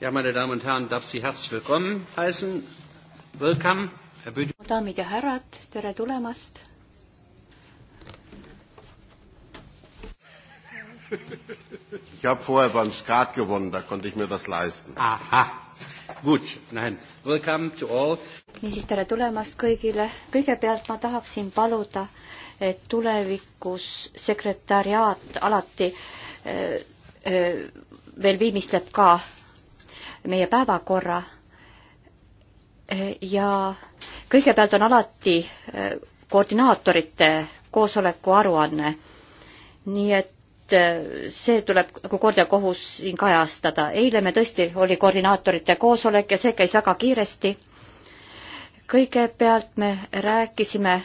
Ja, meine Damen und Herren, darf Sie herzlich willkommen heißen. Welcome. daamid ja härrad, tere tulemast. Ich habe vorher beim Skat gewonnen, da konnte ich mir das leisten. Aha, gut, nein, welcome to all. niisiis, tere tulemast kõigile. kõigepealt ma tahaksin paluda, et tulevikus sekretäriaat alati öö, äh, öö, äh, veel viimistleb ka meie päevakorra ja kõigepealt on alati eh, koordinaatorite koosoleku aruanne. nii et eh, see tuleb nagu kord ja kohus siin kajastada. eile me tõesti oli koordinaatorite koosolek ja see käis väga kiiresti. kõigepealt me rääkisime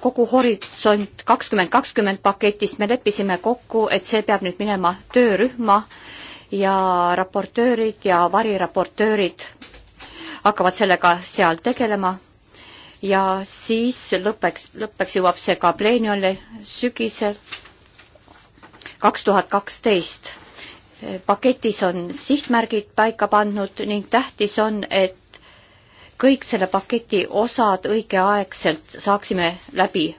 kogu Horisont kakskümmend kakskümmend paketist, me leppisime kokku, et see peab nüüd minema töörühma ja raportöörid ja variraportöörid hakkavad sellega seal tegelema ja siis lõpeks, lõpeks jõuab see ka pleeniole sügisel kaks tuhat kaksteist. paketis on sihtmärgid paika pandud ning tähtis on, et kõik selle paketi osad õigeaegselt saaksime läbi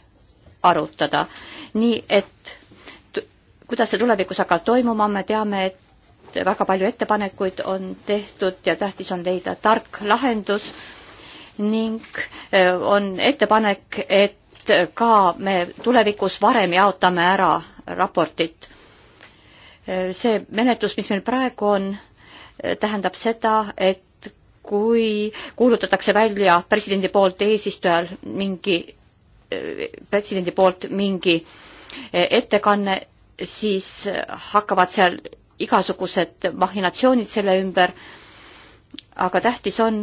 arutada. nii et kuidas see tulevikus hakkab toimuma, me teame, et väga palju ettepanekuid on tehtud ja tähtis on leida tark lahendus ning eh, on ettepanek, et ka me tulevikus varem jaotame ära raportit. Eh, see menetlus, mis meil praegu on, eh, tähendab seda, et kui kuulutatakse välja presidendi poolt eesistujal mingi, presidendi poolt mingi ettekanne, siis hakkavad seal igasugused mahhinatsioonid selle ümber, aga tähtis on,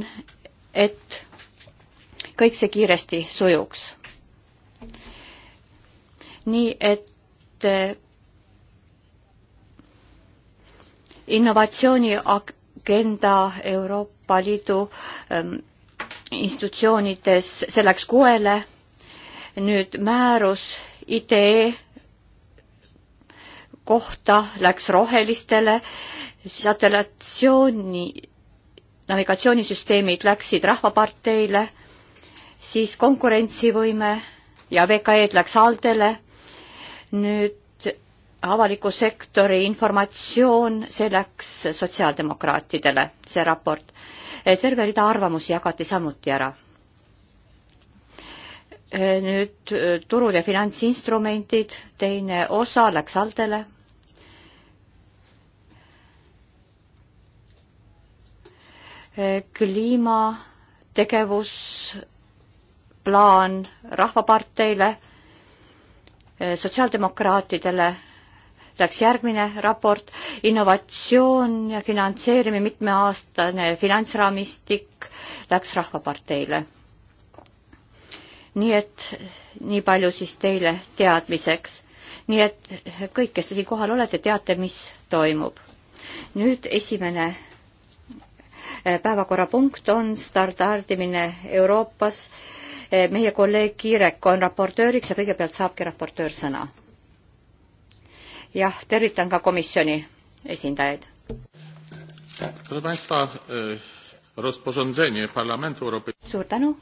et kõik see kiiresti sujuks. nii et eh, innovatsiooniagenda Euroopa Liidu ehm, institutsioonides, see läks kuele, nüüd määrus, idee kohta läks rohelistele, satellatsiooni, navigatsioonisüsteemid läksid Rahvaparteile, siis konkurentsivõime ja VKE-d läks Aldele, nüüd avaliku sektori informatsioon, see läks sotsiaaldemokraatidele, see raport. terve rida arvamusi jagati samuti ära. nüüd turud ja finantsinstrumendid, teine osa läks Aldele kliimategevusplaan Rahvaparteile, sotsiaaldemokraatidele läks järgmine raport, innovatsioon ja finantseerimine, mitmeaastane finantsraamistik läks Rahvaparteile. nii et nii palju siis teile teadmiseks. nii et kõik, kes te siin kohal olete, teate, mis toimub. nüüd esimene Eh, päevakorrapunkt on standardimine Euroopas. Eh, meie kolleeg Kiirek on raportööriks ja kõigepealt saabki raportöör sõna. jah, tervitan ka komisjoni esindajaid. E, suur tänu.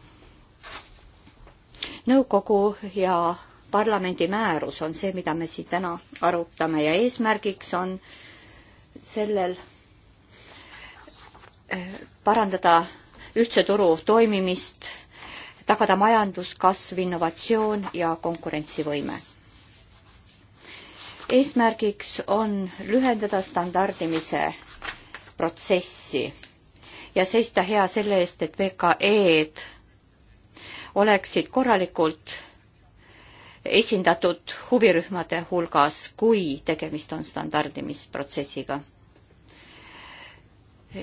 nõukogu ja parlamendi määrus on see, mida me siin täna arutame ja eesmärgiks on sellel parandada ühtse turu toimimist, tagada majanduskasv, innovatsioon ja konkurentsivõime. eesmärgiks on lühendada standardimise protsessi ja seista hea selle eest, et VKE-d oleksid korralikult esindatud huvirühmade hulgas, kui tegemist on standardimisprotsessiga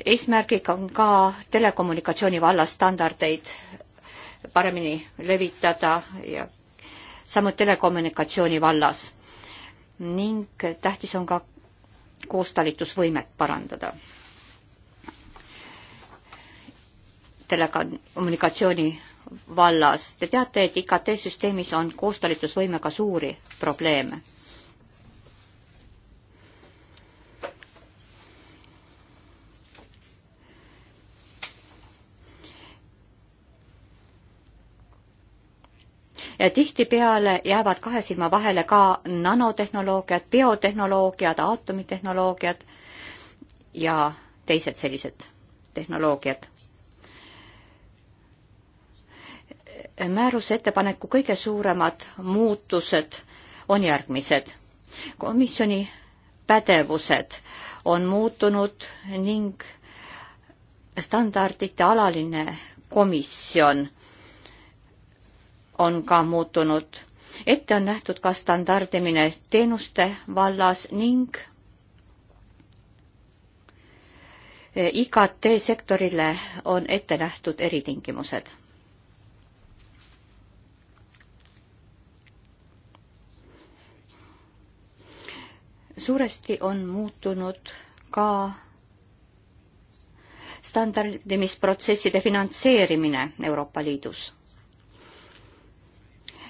eesmärgiga on ka telekommunikatsiooni vallas standardeid paremini levitada ja samuti telekommunikatsiooni vallas ning tähtis on ka koostalitusvõimet parandada. telekommunikatsiooni vallas, te teate, et IKT-süsteemis on koostalitusvõimega suuri probleeme tihtipeale jäävad kahe silma vahele ka nanotehnoloogiad, biotehnoloogiad, aatomitehnoloogiad ja teised sellised tehnoloogiad. määruse ettepaneku kõige suuremad muutused on järgmised. komisjoni pädevused on muutunud ning standardite alaline komisjon on ka muutunud. ette on nähtud ka standardimine teenuste vallas ning IKT sektorile on ette nähtud eritingimused. suuresti on muutunud ka standardimisprotsesside finantseerimine Euroopa Liidus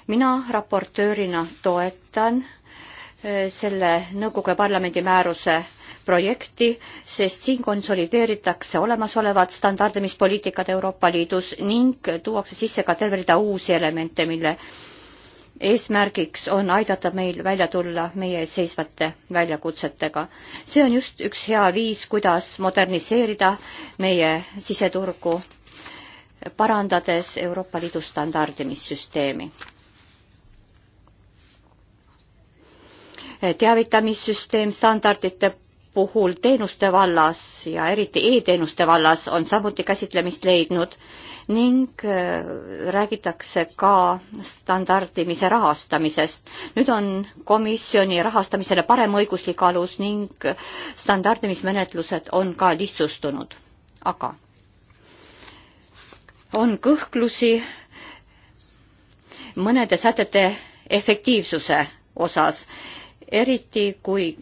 mina raportöörina toetan äh, selle nõukogu ja parlamendi määruse projekti, sest siin konsolideeritakse olemasolevad standardimispoliitikad Euroopa Liidus ning tuuakse sisse ka terve rida uusi elemente, mille eesmärgiks on aidata meil välja tulla meie ees seisvate väljakutsetega. see on just üks hea viis, kuidas moderniseerida meie siseturgu, parandades Euroopa Liidu standardimissüsteemi Eh, teavitamissüsteem standardite puhul teenuste vallas ja eriti e-teenuste vallas on samuti käsitlemist leidnud ning eh, räägitakse ka standardimise rahastamisest. nüüd on komisjoni rahastamisele parem õiguslik alus ning standardimismenetlused on ka lihtsustunud, aga on kõhklusi mõnede sätete efektiivsuse osas eriti kui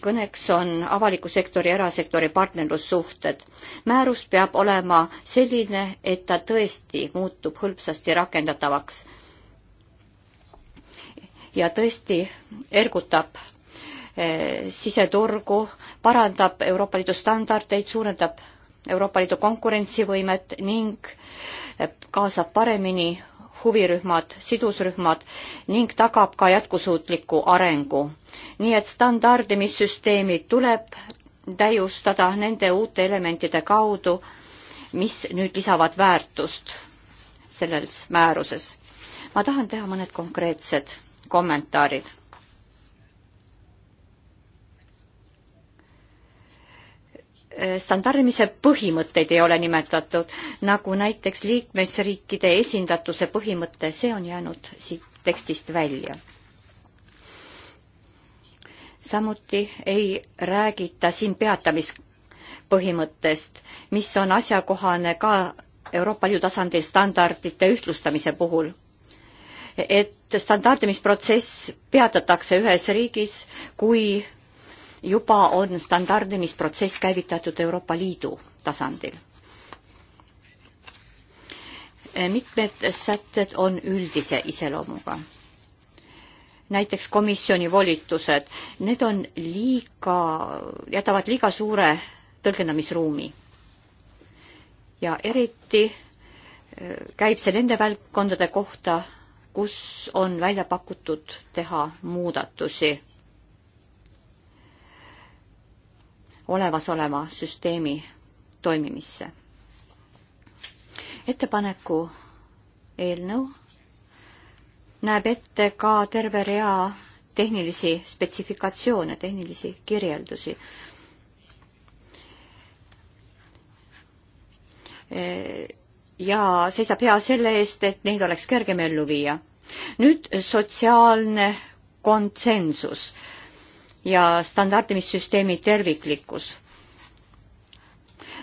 kõneks on avaliku sektori ja erasektori partnerlussuhted. määrus peab olema selline, et ta tõesti muutub hõlpsasti rakendatavaks. ja tõesti ergutab eh, siseturgu, parandab Euroopa Liidu standardeid, suurendab Euroopa Liidu konkurentsivõimet ning eh, kaasab paremini huvirühmad, sidusrühmad ning tagab ka jätkusuutliku arengu. nii et standardimissüsteemid tuleb täiustada nende uute elementide kaudu, mis nüüd lisavad väärtust selles määruses. ma tahan teha mõned konkreetsed kommentaarid Äh, standardimise põhimõtteid ei ole nimetatud, nagu näiteks liikmesriikide esindatuse põhimõte, see on jäänud siit tekstist välja. samuti ei räägita siin peatamispõhimõttest, mis on asjakohane ka Euroopa Liidu tasandil standardite ühtlustamise puhul. et standardimisprotsess peatatakse ühes riigis, kui juba on standardimisprotsess käivitatud Euroopa Liidu tasandil. mitmed sätted on üldise iseloomuga. näiteks komisjoni volitused, need on liiga, jätavad liiga suure tõlgendamisruumi. ja eriti äh, käib see nende valdkondade kohta, kus on välja pakutud teha muudatusi olemasoleva süsteemi toimimisse. ettepaneku eelnõu näeb ette ka terve rea tehnilisi spetsifikatsioone, tehnilisi kirjeldusi. ja seisab hea selle eest, et neid oleks kergem ellu viia. nüüd sotsiaalne konsensus ja standardimissüsteemi terviklikkus,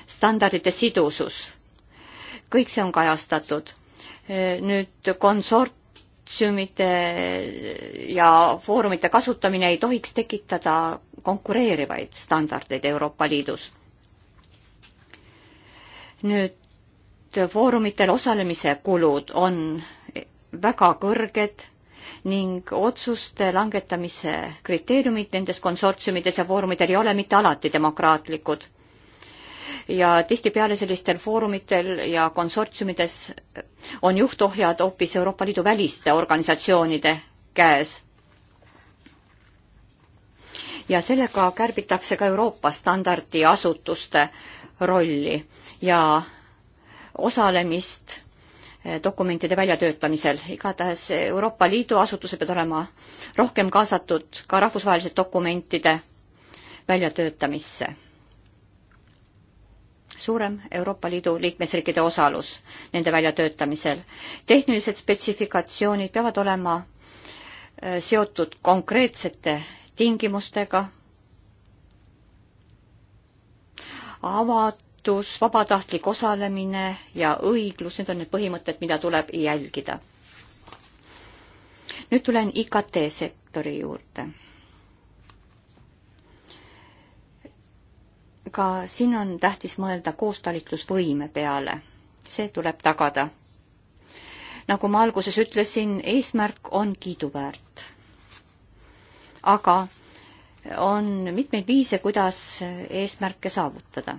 standardite sidusus, kõik see on kajastatud. nüüd konsortsiumide ja foorumite kasutamine ei tohiks tekitada konkureerivaid standardeid Euroopa Liidus. nüüd foorumitel osalemise kulud on väga kõrged ning otsuste langetamise kriteeriumid nendes konsortsiumides ja foorumidel ei ole mitte alati demokraatlikud. ja tihtipeale sellistel foorumitel ja konsortsiumides on juhtohjad hoopis Euroopa Liidu väliste organisatsioonide käes. ja sellega kärbitakse ka Euroopa standardiasutuste rolli ja osalemist Eh, dokumentide väljatöötamisel. igatahes Euroopa Liidu asutused peavad olema rohkem kaasatud ka rahvusvaheliste dokumentide väljatöötamisse. suurem Euroopa Liidu liikmesriikide osalus nende väljatöötamisel. tehnilised spetsifikatsioonid peavad olema eh, seotud konkreetsete tingimustega, avad-, vastutus, vabatahtlik osalemine ja õiglus, need on need põhimõtted, mida tuleb jälgida. nüüd tulen IKT sektori juurde. ka siin on tähtis mõelda koostalitlusvõime peale, see tuleb tagada. nagu ma alguses ütlesin, eesmärk on kiiduväärt. aga on mitmeid viise, kuidas eesmärke saavutada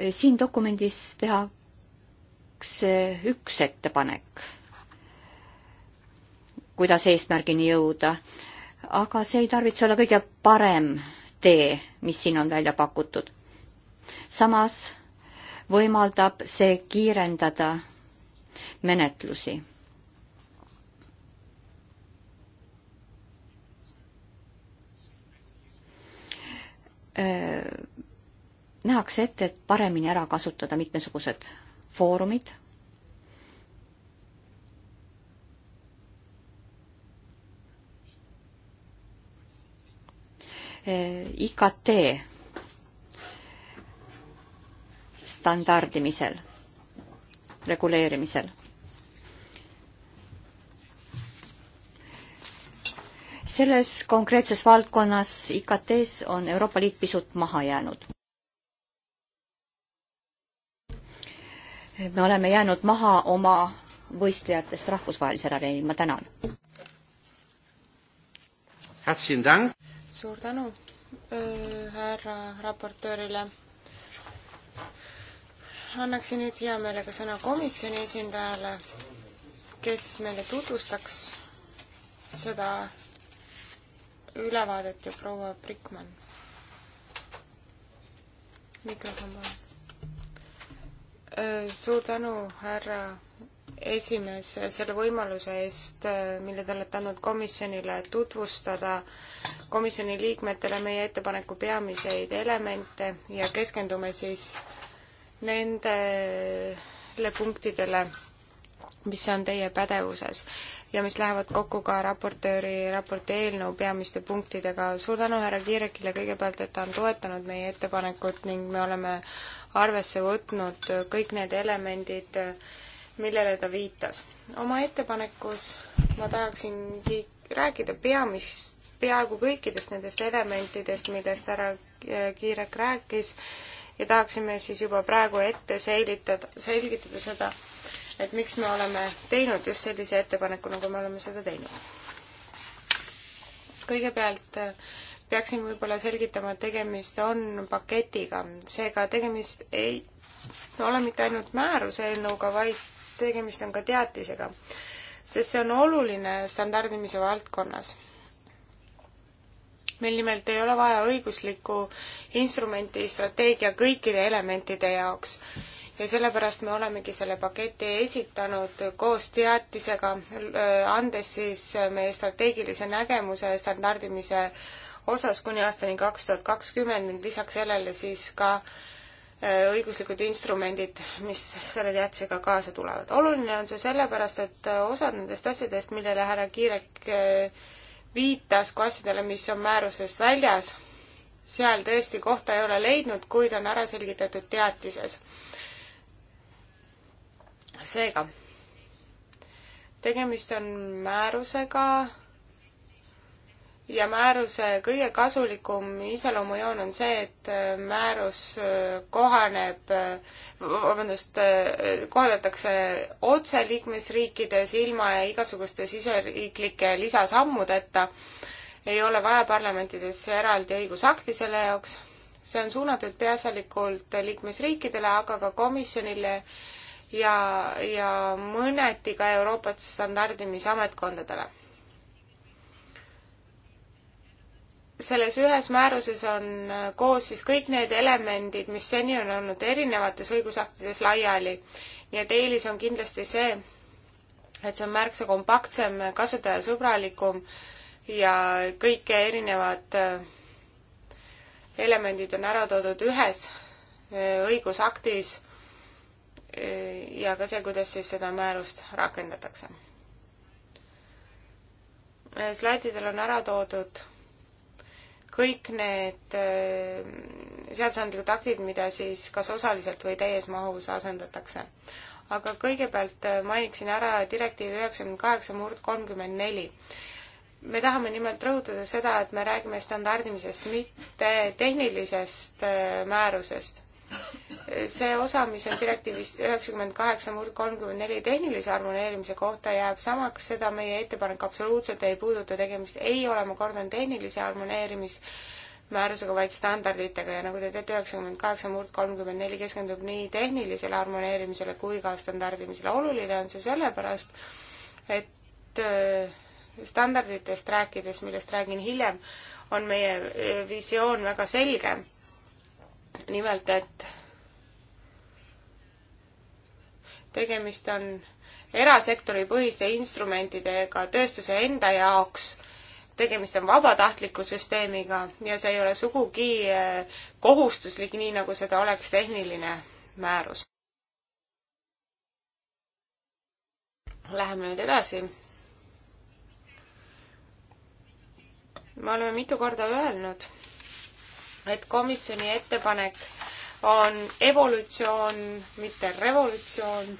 Äh, siin dokumendis tehakse üks ettepanek, kuidas eesmärgini jõuda, aga see ei tarvitse olla kõige parem tee, mis siin on välja pakutud. samas võimaldab see kiirendada menetlusi äh, nähakse ette, et paremini ära kasutada mitmesugused foorumid. Äh, IKT standardimisel, reguleerimisel. selles konkreetses valdkonnas IKT-s on Euroopa Liit pisut maha jäänud me oleme jäänud maha oma võistlejatest rahvusvahelisel areenil, ma tänan. suur tänu härra raportöörile. annaksin nüüd hea meelega sõna komisjoni esindajale, kes meile tutvustaks seda ülevaadet ja proua Brickmann. mikrofon palun. Äh, suur tänu, härra esimees, selle võimaluse eest, äh, mille te olete andnud komisjonile tutvustada komisjoni liikmetele meie ettepaneku peamiseid elemente ja keskendume siis nendele punktidele, mis on teie pädevuses ja mis lähevad kokku ka raportööri raporti eelnõu peamiste punktidega. suur tänu härra Kiirekile kõigepealt, et ta on toetanud meie ettepanekut ning me oleme arvesse võtnud kõik need elemendid, millele ta viitas. oma ettepanekus ma tahaksingi rääkida peamis, peaaegu kõikidest nendest elementidest, millest härra Kiirek rääkis ja tahaksime siis juba praegu ette seilitada, selgitada seda, et miks me oleme teinud just sellise ettepaneku, nagu me oleme seda teinud. kõigepealt äh, peaksin võib-olla selgitama, et tegemist on paketiga, seega tegemist ei ole mitte ainult määruse eelnõuga, vaid tegemist on ka teatisega, sest see on oluline standardimise valdkonnas. meil nimelt ei ole vaja õiguslikku instrumenti, strateegia kõikide elementide jaoks ja sellepärast me olemegi selle paketi esitanud koos teatisega, andes siis meie strateegilise nägemuse standardimise osas kuni aastani kaks tuhat kakskümmend ning lisaks sellele siis ka äh, õiguslikud instrumendid, mis selle teatisega kaasa tulevad. oluline on see sellepärast, et äh, osad nendest asjadest, millele härra Kiirek äh, viitas kui asjadele, mis on määrusest väljas, seal tõesti kohta ei ole leidnud, kuid on ära selgitatud teatises. seega, tegemist on määrusega, ja määruse kõige kasulikum iseloomujoon on see, et äh, määrus äh, kohaneb, äh, vabandust, kohaldatakse otse liikmesriikides ilma igasuguste siseriiklike lisasammudeta. ei ole vaja parlamentides eraldi õigusakti selle jaoks. see on suunatud peaasjalikult liikmesriikidele, aga ka komisjonile ja, ja mõneti ka Euroopa standardimisametkondadele selles ühes määruses on äh, koos siis kõik need elemendid, mis seni on olnud erinevates õigusaktides laiali. nii et eelis on kindlasti see, et see on märksa kompaktsem, kasutajasõbralikum ja kõik erinevad äh, elemendid on ära toodud ühes äh, õigusaktis ja ka see, kuidas siis seda määrust rakendatakse. slaididel on ära toodud kõik need äh, seadusandlikud aktid, mida siis kas osaliselt või täies mahus asendatakse. aga kõigepealt äh, mainiksin ära direktiivi üheksakümmend kaheksa murd kolmkümmend neli. me tahame nimelt rõhutada seda, et me räägime standardimisest, mitte tehnilisest äh, määrusest see osa, mis on direktiivist üheksakümmend kaheksa murd kolmkümmend neli tehnilise harmoneerimise kohta, jääb samaks, seda meie ettepanek absoluutselt ei puuduta, tegemist ei ole, ma kordan, tehnilise harmoneerimismäärusega, vaid standarditega ja nagu te teate, üheksakümmend kaheksa murd kolmkümmend neli keskendub nii tehnilisele harmoneerimisele kui ka standardimisele. oluline on see sellepärast, et äh, standarditest rääkides, millest räägin hiljem, on meie äh, visioon väga selge nimelt, et tegemist on erasektori põhiste instrumentidega tööstuse enda jaoks, tegemist on vabatahtliku süsteemiga ja see ei ole sugugi eh, kohustuslik, nii nagu seda oleks tehniline määrus. Läheme nüüd edasi. me oleme mitu korda öelnud et komisjoni ettepanek on evolutsioon, mitte revolutsioon.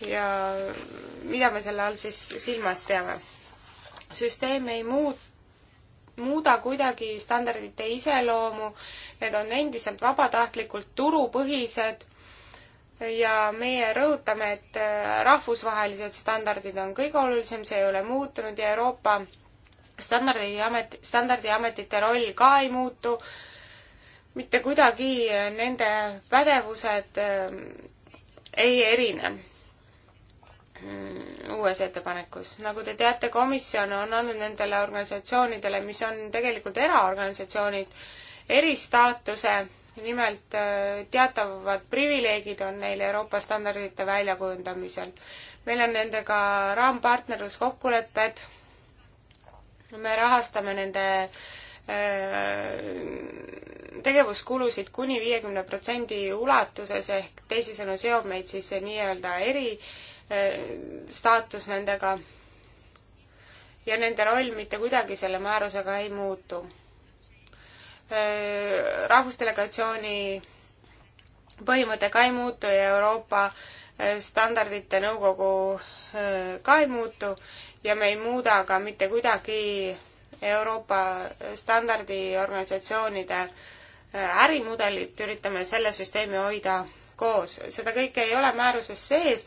ja mida me selle all siis silmas peame? süsteem ei muut-, muuda kuidagi standardite iseloomu, need on endiselt vabatahtlikult turupõhised ja meie rõhutame, et rahvusvahelised standardid on kõige olulisem, see ei ole muutunud ja Euroopa standardiamet, standardiametite roll ka ei muutu, mitte kuidagi nende pädevused äh, ei erine mm, uues ettepanekus. nagu te teate, komisjon on andnud nendele organisatsioonidele, mis on tegelikult eraorganisatsioonid, eristaatuse, nimelt äh, teatavad privileegid on neil Euroopa standardite väljakujundamisel. meil on nendega raampartnerluskokkulepped me rahastame nende äh, tegevuskulusid kuni viiekümne protsendi ulatuses ehk teisisõnu seob meid siis see nii-öelda eri äh, staatus nendega ja nende roll mitte kuidagi selle määrusega ei muutu. Äh, rahvusdelegatsiooni põhimõte ka ei muutu ja Euroopa standardite nõukogu ka ei muutu ja me ei muuda ka mitte kuidagi Euroopa standardiorganisatsioonide äh, ärimudelit, üritame selle süsteemi hoida koos. seda kõike ei ole määruses sees,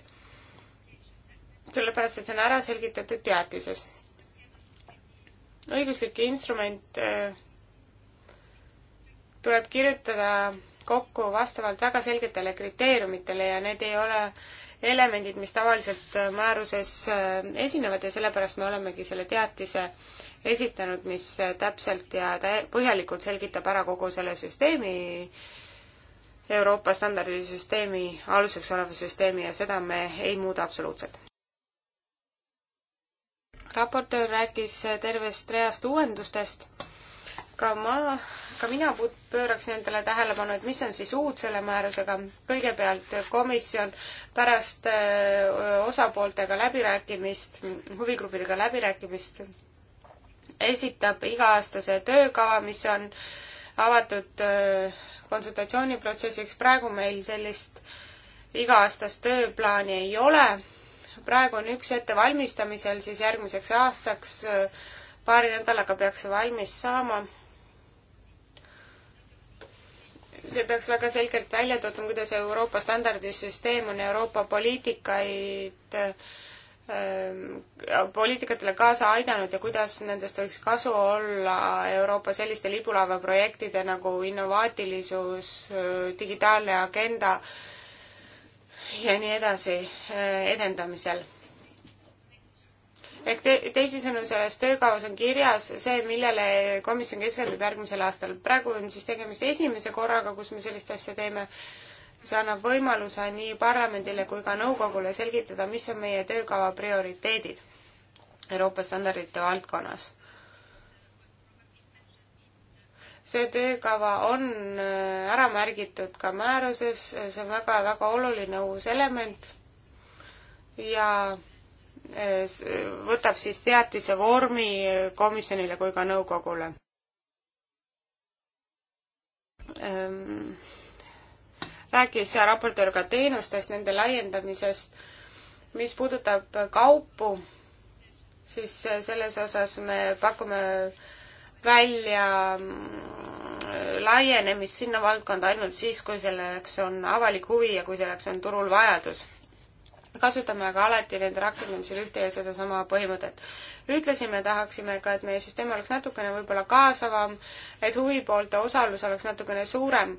sellepärast et see on ära selgitatud teatises. õiguslik instrument äh, tuleb kirjutada kokku vastavalt väga selgetele kriteeriumitele ja need ei ole elemendid, mis tavaliselt äh, määruses äh, esinevad ja sellepärast me olemegi selle teatise esitanud, mis äh, täpselt ja tä-, põhjalikult selgitab ära kogu selle süsteemi, Euroopa standardisüsteemi, aluseks oleva süsteemi ja seda me ei muuda absoluutselt. raportöör rääkis tervest reast uuendustest ka ma, ka mina pööraksin endale tähelepanu, et mis on siis uut selle määrusega. kõigepealt komisjon pärast äh, osapooltega läbirääkimist, huvigruppidega läbirääkimist esitab iga-aastase töökava, mis on avatud äh, konsultatsiooniprotsessiks. praegu meil sellist iga-aastast tööplaani ei ole. praegu on üks ettevalmistamisel siis järgmiseks aastaks äh, paari nädalaga peaks see valmis saama see peaks väga selgelt välja toodama, kuidas Euroopa standardisüsteem on Euroopa poliitikaid ähm, poliitikatele kaasa aidanud ja kuidas nendest võiks kasu olla Euroopa selliste lipulaevaprojektide nagu innovaatilisus, digitaalne agenda ja nii edasi äh, edendamisel ehk te, teisisõnu, selles töökavas on kirjas see, millele komisjon keskendub järgmisel aastal. praegu on siis tegemist esimese korraga, kus me sellist asja teeme. see annab võimaluse nii parlamendile kui ka nõukogule selgitada, mis on meie töökava prioriteedid Euroopa standardite valdkonnas. see töökava on äh, ära märgitud ka määruses, see on väga-väga oluline uus element ja võtab siis teatise vormi komisjonile kui ka nõukogule. Ehm, rääkis raportöör ka teenustest, nende laiendamisest. mis puudutab kaupu, siis selles osas me pakume välja mm, laienemist sinna valdkonda ainult siis, kui selleks on avalik huvi ja kui selleks on turul vajadus kasutame aga alati nende rakendamisel ühte ja sedasama põhimõtet. ütlesime, tahaksime ka, et meie süsteem oleks natukene võib-olla kaasavam, et huvipoolte osalus oleks natukene suurem.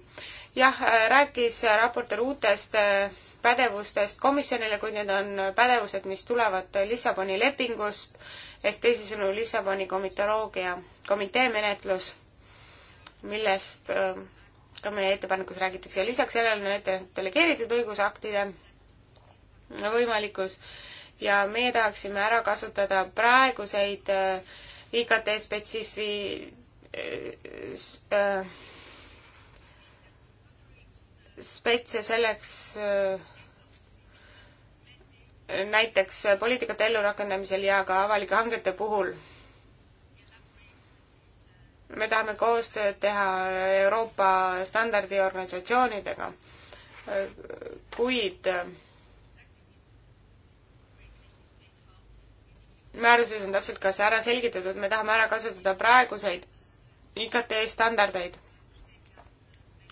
jah, äh, rääkis raportöör uutest äh, pädevustest komisjonile, kuid need on pädevused, mis tulevad Lissaboni lepingust ehk teisisõnu Lissaboni komitoloogia komitee menetlus, millest äh, ka meie ettepanekus räägitakse ja lisaks sellele on ette delegeeritud õigusaktide võimalikkus ja meie tahaksime ära kasutada praeguseid äh, IKT spetsiifi äh, äh, spetse selleks näiteks poliitikate ellurakendamisel ja ka avalike hangete puhul. me tahame koostööd teha Euroopa standardiorganisatsioonidega, kuid määruses on täpselt ka see ära selgitatud, me tahame ära kasutada praeguseid IKT standardeid.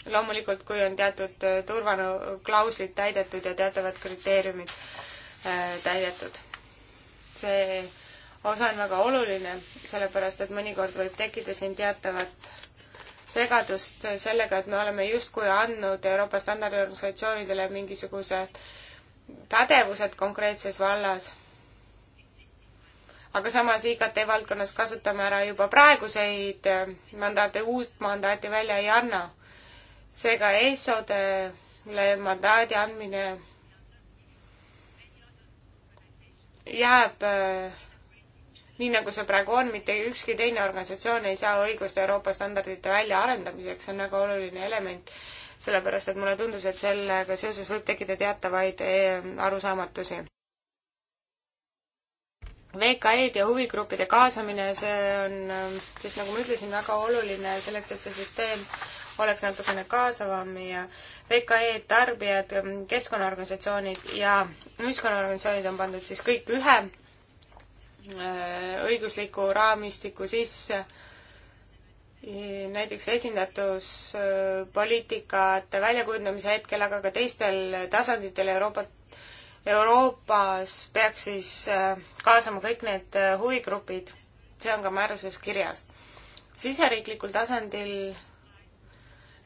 loomulikult, kui on teatud äh, turvaklauslid täidetud ja teatavad kriteeriumid äh, täidetud. see osa on väga oluline, sellepärast et mõnikord võib tekkida siin teatavat segadust sellega, et me oleme justkui andnud Euroopa standardiorganisatsioonidele mingisuguse pädevused konkreetses vallas aga samas IKT valdkonnas kasutame ära juba praeguseid eh, mandaate, uut mandaati välja ei anna. seega ESO-dele mandaadi andmine jääb eh, nii, nagu see praegu on, mitte ükski teine organisatsioon ei saa õigust Euroopa standardite väljaarendamiseks, see on väga oluline element, sellepärast et mulle tundus, et sellega seoses võib tekkida teatavaid eh, arusaamatusi. VKE-d ja huvigruppide kaasamine, see on ähm, siis, nagu ma ütlesin, väga oluline selleks, et see süsteem oleks natukene kaasavam ja VKE-d, tarbijad, ähm, keskkonnaorganisatsioonid ja ühiskonnaorganisatsioonid on pandud siis kõik ühe äh, õigusliku raamistiku sisse. näiteks esindatuspoliitikate äh, väljakujundamise hetkel, aga ka teistel tasanditel Euroopa Euroopas peaks siis äh, kaasama kõik need äh, huvigrupid, see on ka määruses kirjas. siseriiklikul tasandil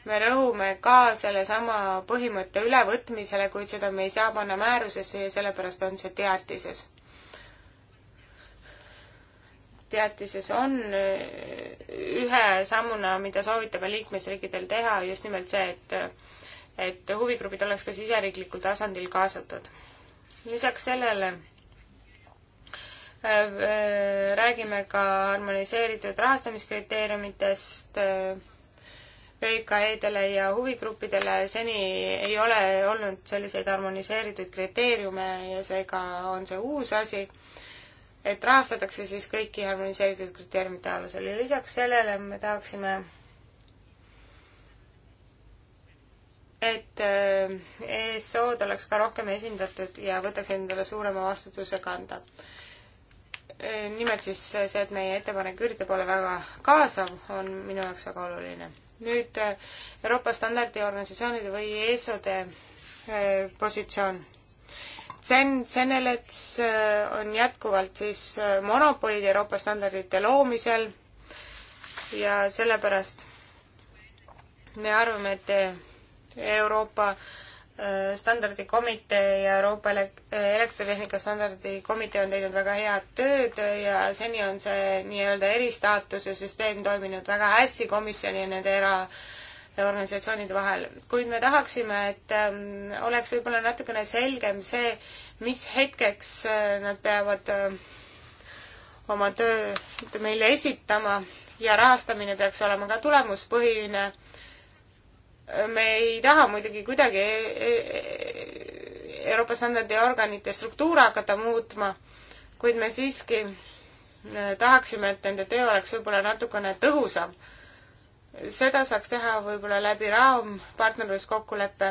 me rõhume ka sellesama põhimõtte ülevõtmisele, kuid seda me ei saa panna määrusesse ja sellepärast on see teatises. teatises on äh, ühe sammuna, mida soovitame liikmesriikidel teha, just nimelt see, et et huvigrupid oleks ka siseriiklikul tasandil kaasatud lisaks sellele äh, äh, räägime ka harmoniseeritud rahastamiskriteeriumitest äh, VKE-dele ja huvigruppidele. seni ei ole olnud selliseid harmoniseeritud kriteeriume ja seega on see uus asi, et rahastatakse siis kõiki harmoniseeritud kriteeriumite alusel ja lisaks sellele me tahaksime et äh, ESO-d oleks ka rohkem esindatud ja võtaks endale suurema vastutuse kanda. Äh, nimelt siis see, et meie ettepanek üritab olla väga kaasav, on minu jaoks väga oluline. nüüd äh, Euroopa standardiorganisatsioonide või ESO-de positsioon. CEN, CENELETS on jätkuvalt siis monopolid Euroopa standardite loomisel ja sellepärast me arvame, et Euroopa äh, standardikomitee ja Euroopa äh, elektritehnika standardikomitee on teinud väga head tööd ja seni on see nii-öelda eristaatuse süsteem toiminud väga hästi komisjoni ja nende eraorganisatsioonide vahel. kuid me tahaksime, et ähm, oleks võib-olla natukene selgem see, mis hetkeks äh, nad peavad oma töö meile esitama ja rahastamine peaks olema ka tulemuspõhine me ei taha muidugi kuidagi e- e- e- Euroopa standardiorganite struktuure hakata muutma, kuid me siiski tahaksime, et nende töö oleks võib-olla natukene tõhusam. seda saaks teha võib-olla läbi raampartnerluskokkuleppe,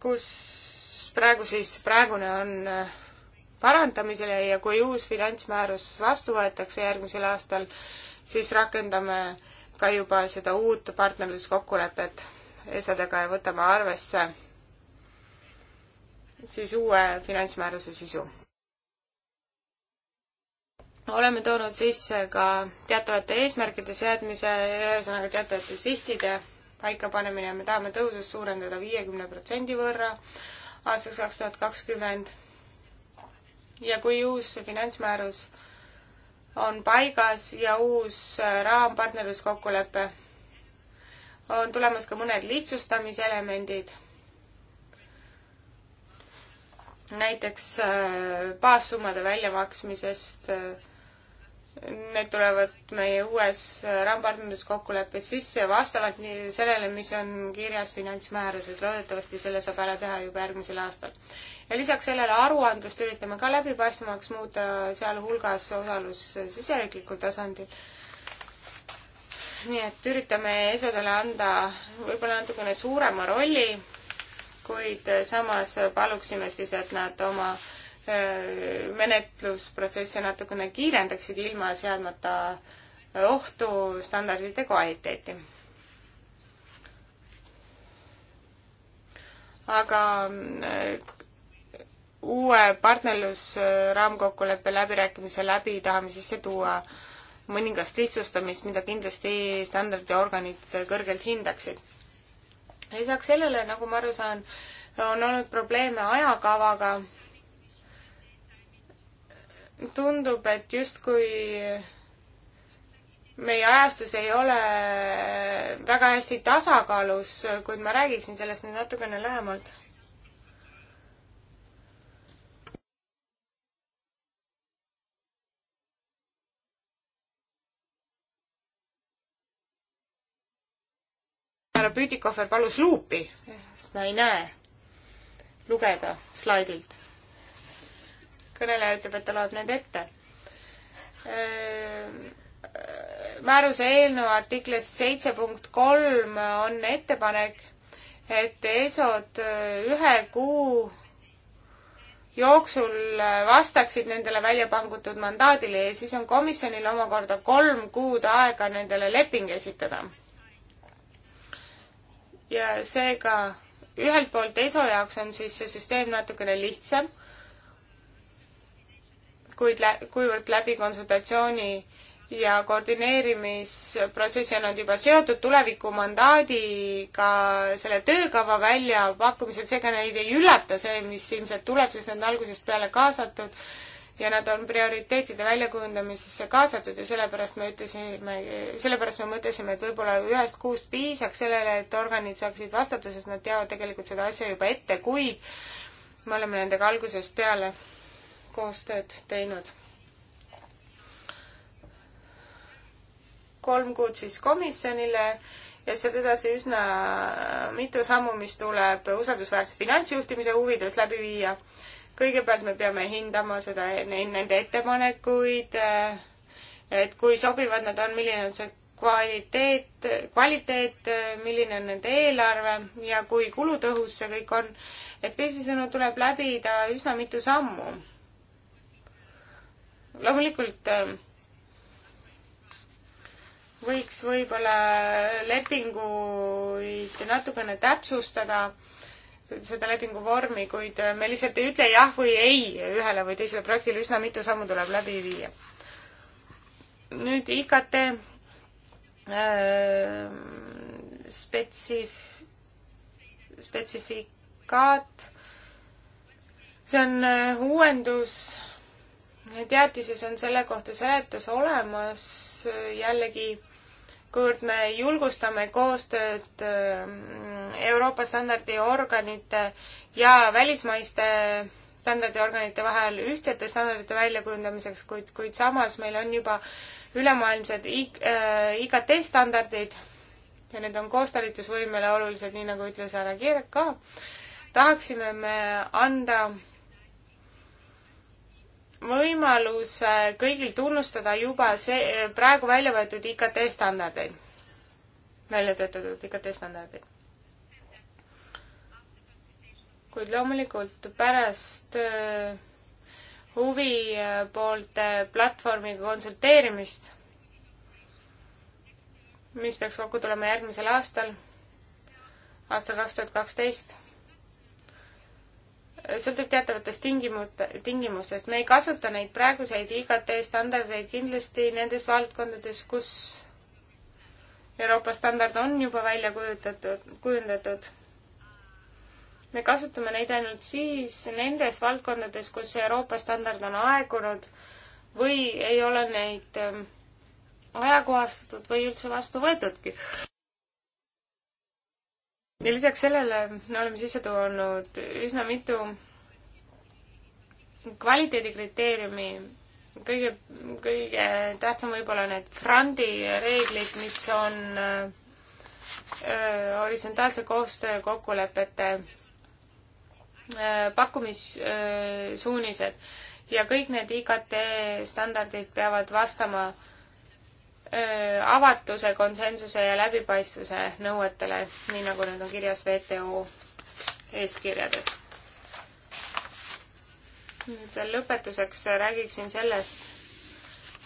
kus praegu siis, praegune on parandamisele ja kui uus finantsmäärus vastu võetakse järgmisel aastal, siis rakendame ka juba seda uut partnerluskokkulepet ESA-dega ja võtame arvesse siis uue finantsmääruse sisu. oleme toonud sisse ka teatavate eesmärkide seadmise, ühesõnaga teatavate sihtide paikapanemine, me tahame tõusust suurendada viiekümne protsendi võrra aastaks kaks tuhat kakskümmend. ja kui uus finantsmäärus on paigas ja uus äh, raampartnerluskokkulepe. on tulemas ka mõned lihtsustamise elemendid. näiteks äh, baassummade väljamaksmisest. Äh, need tulevad meie uues raampartnerluskokkuleppes sisse vastavalt sellele, mis on kirjas finantsmääruses. loodetavasti selle saab ära teha juba järgmisel aastal ja lisaks sellele aruandlust üritame ka läbipaistvamaks muuta, sealhulgas osalus siseriiklikul tasandil. nii et üritame ESO-dele anda võib-olla natukene suurema rolli, kuid samas paluksime siis, et nad oma menetlusprotsesse natukene kiirendaksid, ilma seadmata ohtu standardite kvaliteeti. aga uue partnerlusraamkokkuleppe läbirääkimise läbi tahame sisse tuua mõningast lihtsustamist, mida kindlasti standardiorganid kõrgelt hindaksid. lisaks sellele, nagu ma aru saan, on olnud probleeme ajakavaga. tundub, et justkui meie ajastus ei ole väga hästi tasakaalus, kuid ma räägiksin sellest nüüd natukene lähemalt Püütikohver palus luupi. ma ei näe lugeda slaidilt. kõneleja ütleb, et ta loeb need ette. Ehm, määruse eelnõu artiklis seitse punkt kolm on ettepanek, et ESO-d ühe kuu jooksul vastaksid nendele välja pangutud mandaadile ja siis on komisjonil omakorda kolm kuud aega nendele leping esitada ja seega ühelt poolt ESO jaoks on siis see süsteem natukene lihtsam, kuid lä-, kuivõrd läbi konsultatsiooni ja koordineerimisprotsessi on nad juba seotud tulevikumandaadiga selle töökava väljapakkumisel, seega neid ei üllata see, mis ilmselt tuleb, sest nad on algusest peale kaasatud ja nad on prioriteetide väljakujundamisesse kaasatud ja sellepärast me ütlesime, sellepärast me mõtlesime, et võib-olla ühest kuust piisaks sellele, et organid saaksid vastata, sest nad teavad tegelikult seda asja juba ette, kuid me oleme nendega algusest peale koostööd teinud. kolm kuud siis komisjonile ja sealt edasi üsna mitu sammu, mis tuleb usaldusväärse finantsjuhtimise huvides läbi viia kõigepealt me peame hindama seda, nende ettepanekuid, äh, et kui sobivad nad on, milline on see kvaliteet, kvaliteet, äh, milline on nende eelarve ja kui kulutõhus see kõik on. et teisisõnu tuleb läbida üsna mitu sammu. loomulikult äh, võiks võib-olla lepinguid natukene täpsustada seda lepingu vormi, kuid äh, me lihtsalt ei ütle jah või ei ühele või teisele projektile, üsna mitu sammu tuleb läbi viia. nüüd IKT äh, spetsif-, spetsifikaat, see on äh, uuendus, teatises on selle kohta seletus olemas, jällegi äh, kuivõrd me julgustame koostööd äh, Euroopa standardiorganite ja välismaiste standardiorganite vahel ühtsete standardite väljakujundamiseks, kuid, kuid samas meil on juba ülemaailmsed IKT äh, standardid ja need on koostalitusvõimele olulised, nii nagu ütles härra Kirk ka, tahaksime me anda võimalus kõigil tunnustada juba see, praegu välja võetud IKT standardeid, välja töötatud IKT standardeid. kuid loomulikult pärast äh, huvipoolte äh, platvormiga konsulteerimist, mis peaks kokku tulema järgmisel aastal, aastal kaks tuhat kaksteist sõltub teatavatest tingimu-, tingimustest. me ei kasuta neid praeguseid IKT standardeid kindlasti nendes valdkondades, kus Euroopa standard on juba välja kujutatud, kujundatud. me kasutame neid ainult siis nendes valdkondades, kus Euroopa standard on aegunud või ei ole neid ähm, ajakohastatud või üldse vastu võetudki ja lisaks sellele oleme sisse toonud üsna mitu kvaliteedikriteeriumi. kõige, kõige tähtsam võib-olla need Frandi reeglid, mis on öö, äh, äh, horisontaalse koostöö kokkulepete äh, pakkumissuunised ja kõik need IKT standardid peavad vastama öö, avatuse, konsensuse ja läbipaistvuse nõuetele, nii nagu need on kirjas WTO eeskirjades. nüüd veel lõpetuseks räägiksin sellest,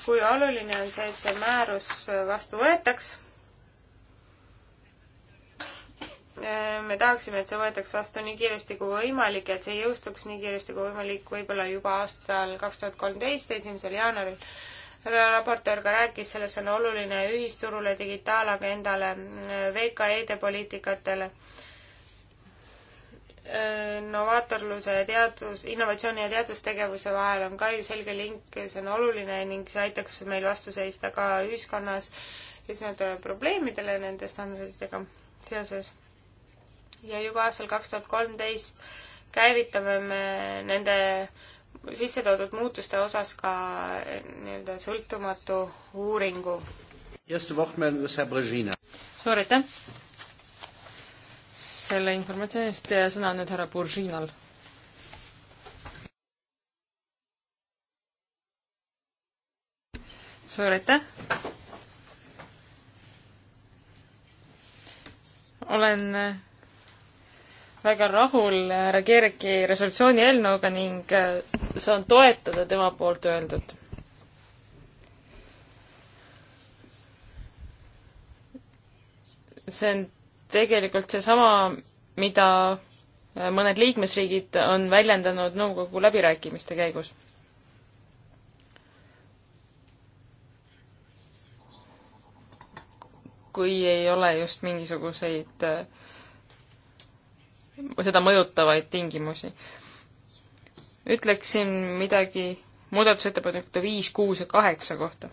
kui oluline on see, et see määrus vastu võetaks. me tahaksime, et see võetaks vastu nii kiiresti kui võimalik ja et see jõustuks nii kiiresti kui võimalik, võib-olla juba aastal kaks tuhat kolmteist, esimesel jaanuaril raportöör ka rääkis, selles on oluline ühisturule, digitaalagendale, VKE-de poliitikatele, novaatorluse ja teadus, innovatsiooni ja teadustegevuse vahel on ka ju selge link, see on oluline ning see aitaks meil vastu seista ka ühiskonnas esinevate probleemidele nende standarditega seoses. ja juba aastal kaks tuhat kolmteist käivitame me nende äh, sisse toodud muutuste osas ka eh, nii-öelda sõltumatu uuringu. suur aitäh selle informatsiooni eest ja sõna on nüüd härra Buržinal. suur aitäh! olen väga rahul härra Kerki resolutsiooni eelnõuga ning äh, saan toetada tema poolt öeldut. see on tegelikult seesama, mida äh, mõned liikmesriigid on väljendanud nõukogu läbirääkimiste käigus. kui ei ole just mingisuguseid äh, seda mõjutavaid tingimusi. ütleksin midagi muudatusettepanekute viis, kuus ja kaheksa kohta.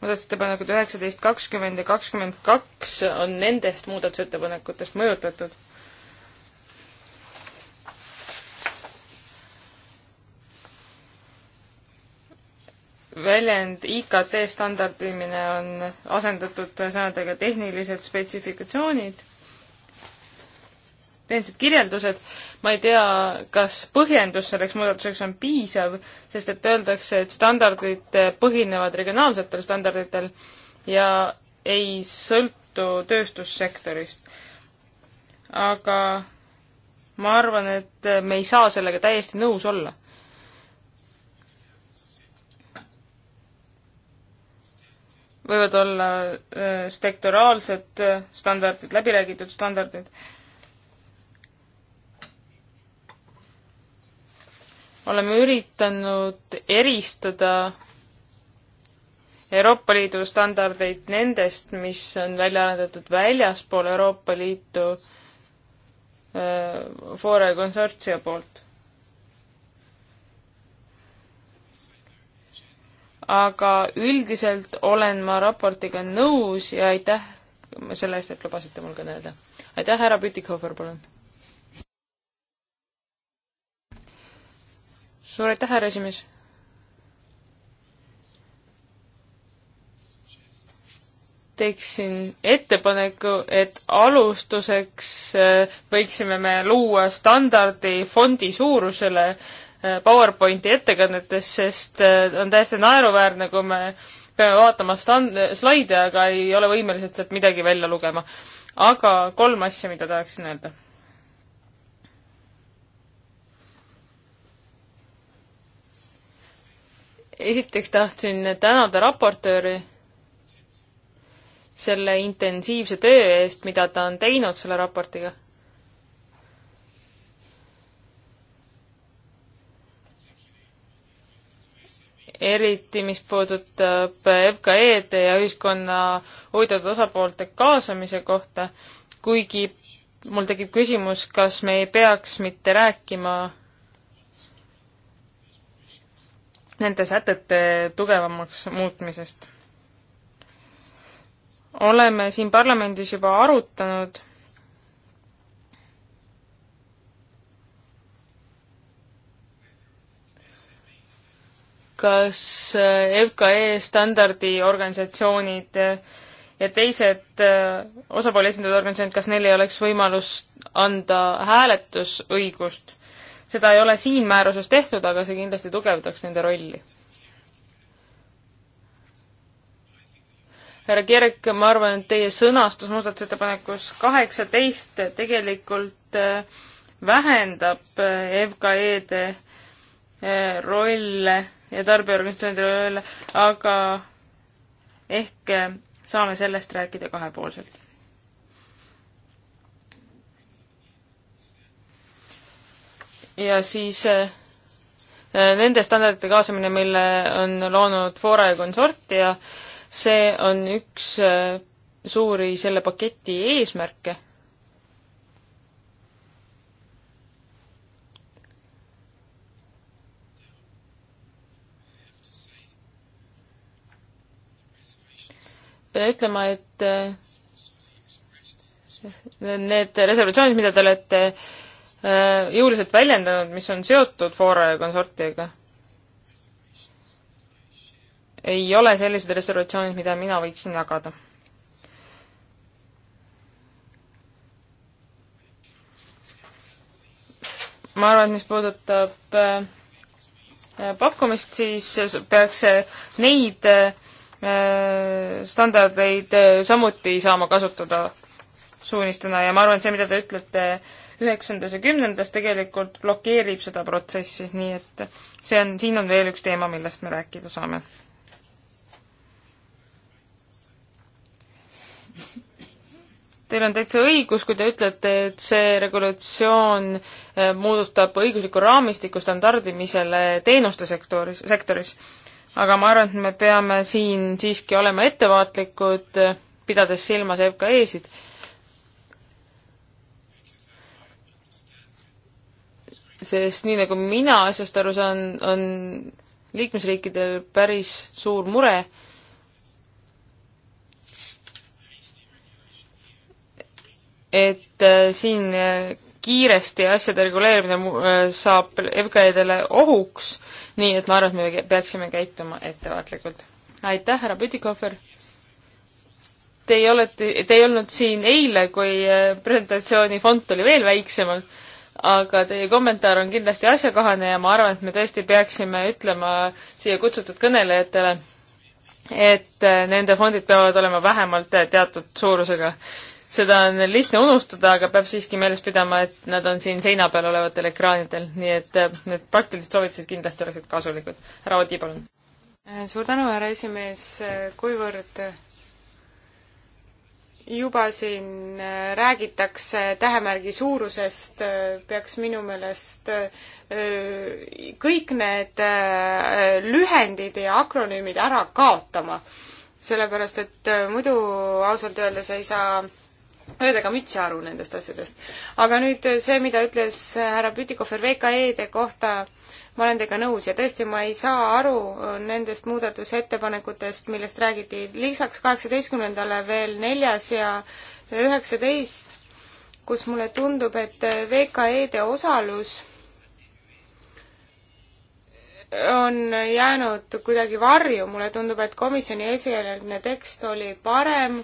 muudatusettepanekud üheksateist, kakskümmend ja kakskümmend kaks on nendest muudatusettepanekutest mõjutatud väljend IKT standardimine on asendatud sõnadega tehnilised spetsifikatsioonid, tehnilised kirjeldused, ma ei tea, kas põhjendus selleks muudatuseks on piisav, sest et öeldakse, et standardid põhinevad regionaalsetel standarditel ja ei sõltu tööstussektorist. aga ma arvan, et me ei saa sellega täiesti nõus olla võivad olla äh, sektoraalsed äh, standardid, läbiräägitud standardid. oleme üritanud eristada Euroopa Liidu standardeid nendest, mis on välja arendatud väljaspool Euroopa Liitu äh, Fore konsortsia poolt aga üldiselt olen ma raportiga nõus ja aitäh selle eest, et lubasite mul kõneleda. aitäh, härra Pütikhofer, palun. suur aitäh, härra esimees. teeksin ettepaneku, et alustuseks äh, võiksime me luua standardi fondi suurusele äh, Äh, PowerPointi ettekannetes, sest äh, on täiesti naeruväärne, kui me peame vaatama stand-, slaide, aga ei ole võimelised sealt midagi välja lugema. aga kolm asja, mida tahaksin öelda. esiteks tahtsin tänada raportööri selle intensiivse töö eest, mida ta on teinud selle raportiga eriti mis puudutab FKE-d ja ühiskonna huvitatud osapoolte kaasamise kohta, kuigi mul tekib küsimus, kas me ei peaks mitte rääkima nende sätete tugevamaks muutmisest. oleme siin parlamendis juba arutanud kas äh, FKE standardi organisatsioonid äh, ja teised äh, osapooli esindavad organisatsioonid, kas neil ei oleks võimalust anda hääletusõigust? seda ei ole siin määruses tehtud, aga see kindlasti tugevdaks nende rolli. härra Kirk, ma arvan, et teie sõnastus muudatusettepanekus kaheksateist tegelikult vähendab FKE-de rolle ja tarbijaorganisatsioonidele öelda, aga ehk saame sellest rääkida kahepoolselt. ja siis äh, nende standardite kaasamine, mille on loonud Fora ja konsort ja see on üks äh, suuri selle paketi eesmärke pean ütlema, et äh, need reservatsioonid, mida te olete äh, jõuliselt väljendanud, mis on seotud Fora ja konsortiga, ei ole sellised reservatsioonid, mida mina võiksin jagada. ma arvan, et mis puudutab äh, pakkumist, siis peaks neid äh, Äh, standardeid äh, samuti saama kasutada suunistena ja ma arvan, et see, mida te ütlete üheksandas ja kümnendas, tegelikult blokeerib seda protsessi, nii et see on, siin on veel üks teema, millest me rääkida saame. Teil on täitsa õigus, kui te ütlete, et see regulatsioon äh, muudustab õiguslikku raamistikku standardimisele teenuste sektoris, sektoris, sektoris aga ma arvan, et me peame siin siiski olema ettevaatlikud, pidades silmas FKE-sid. sest nii, nagu mina asjast aru saan, on liikmesriikidel päris suur mure, et äh, siin kiiresti asjade reguleerimine äh, saab FKE-dele ohuks, nii et ma arvan, et me peaksime käituma ettevaatlikult. aitäh, härra Pütikohver! Teie olete, te ei olnud siin eile, kui äh, presentatsiooni fond oli veel väiksemal, aga teie kommentaar on kindlasti asjakohane ja ma arvan, et me tõesti peaksime ütlema siia kutsutud kõnelejatele, et äh, nende fondid peavad olema vähemalt teatud suurusega seda on lihtne unustada, aga peab siiski meeles pidama, et nad on siin seina peal olevatel ekraanidel, nii et äh, need praktilised soovitused kindlasti oleksid kasulikud. härra Odi, palun. Äh, suur tänu, härra esimees, äh, kuivõrd juba siin räägitakse tähemärgi suurusest, peaks minu meelest kõik need lühendid ja akronüümid ära kaotama. sellepärast, et muidu ausalt öeldes ei saa möödaga mütsi aru nendest asjadest. aga nüüd eh, see, mida ütles eh, härra Pütikofer VKE-de kohta, ma olen teiega nõus ja tõesti, ma ei saa aru eh, nendest muudatusettepanekutest, millest räägiti. lisaks kaheksateistkümnendale veel neljas ja üheksateist, kus mulle tundub, et VKE-de osalus on jäänud kuidagi varju, mulle tundub, et komisjoni esialgne tekst oli parem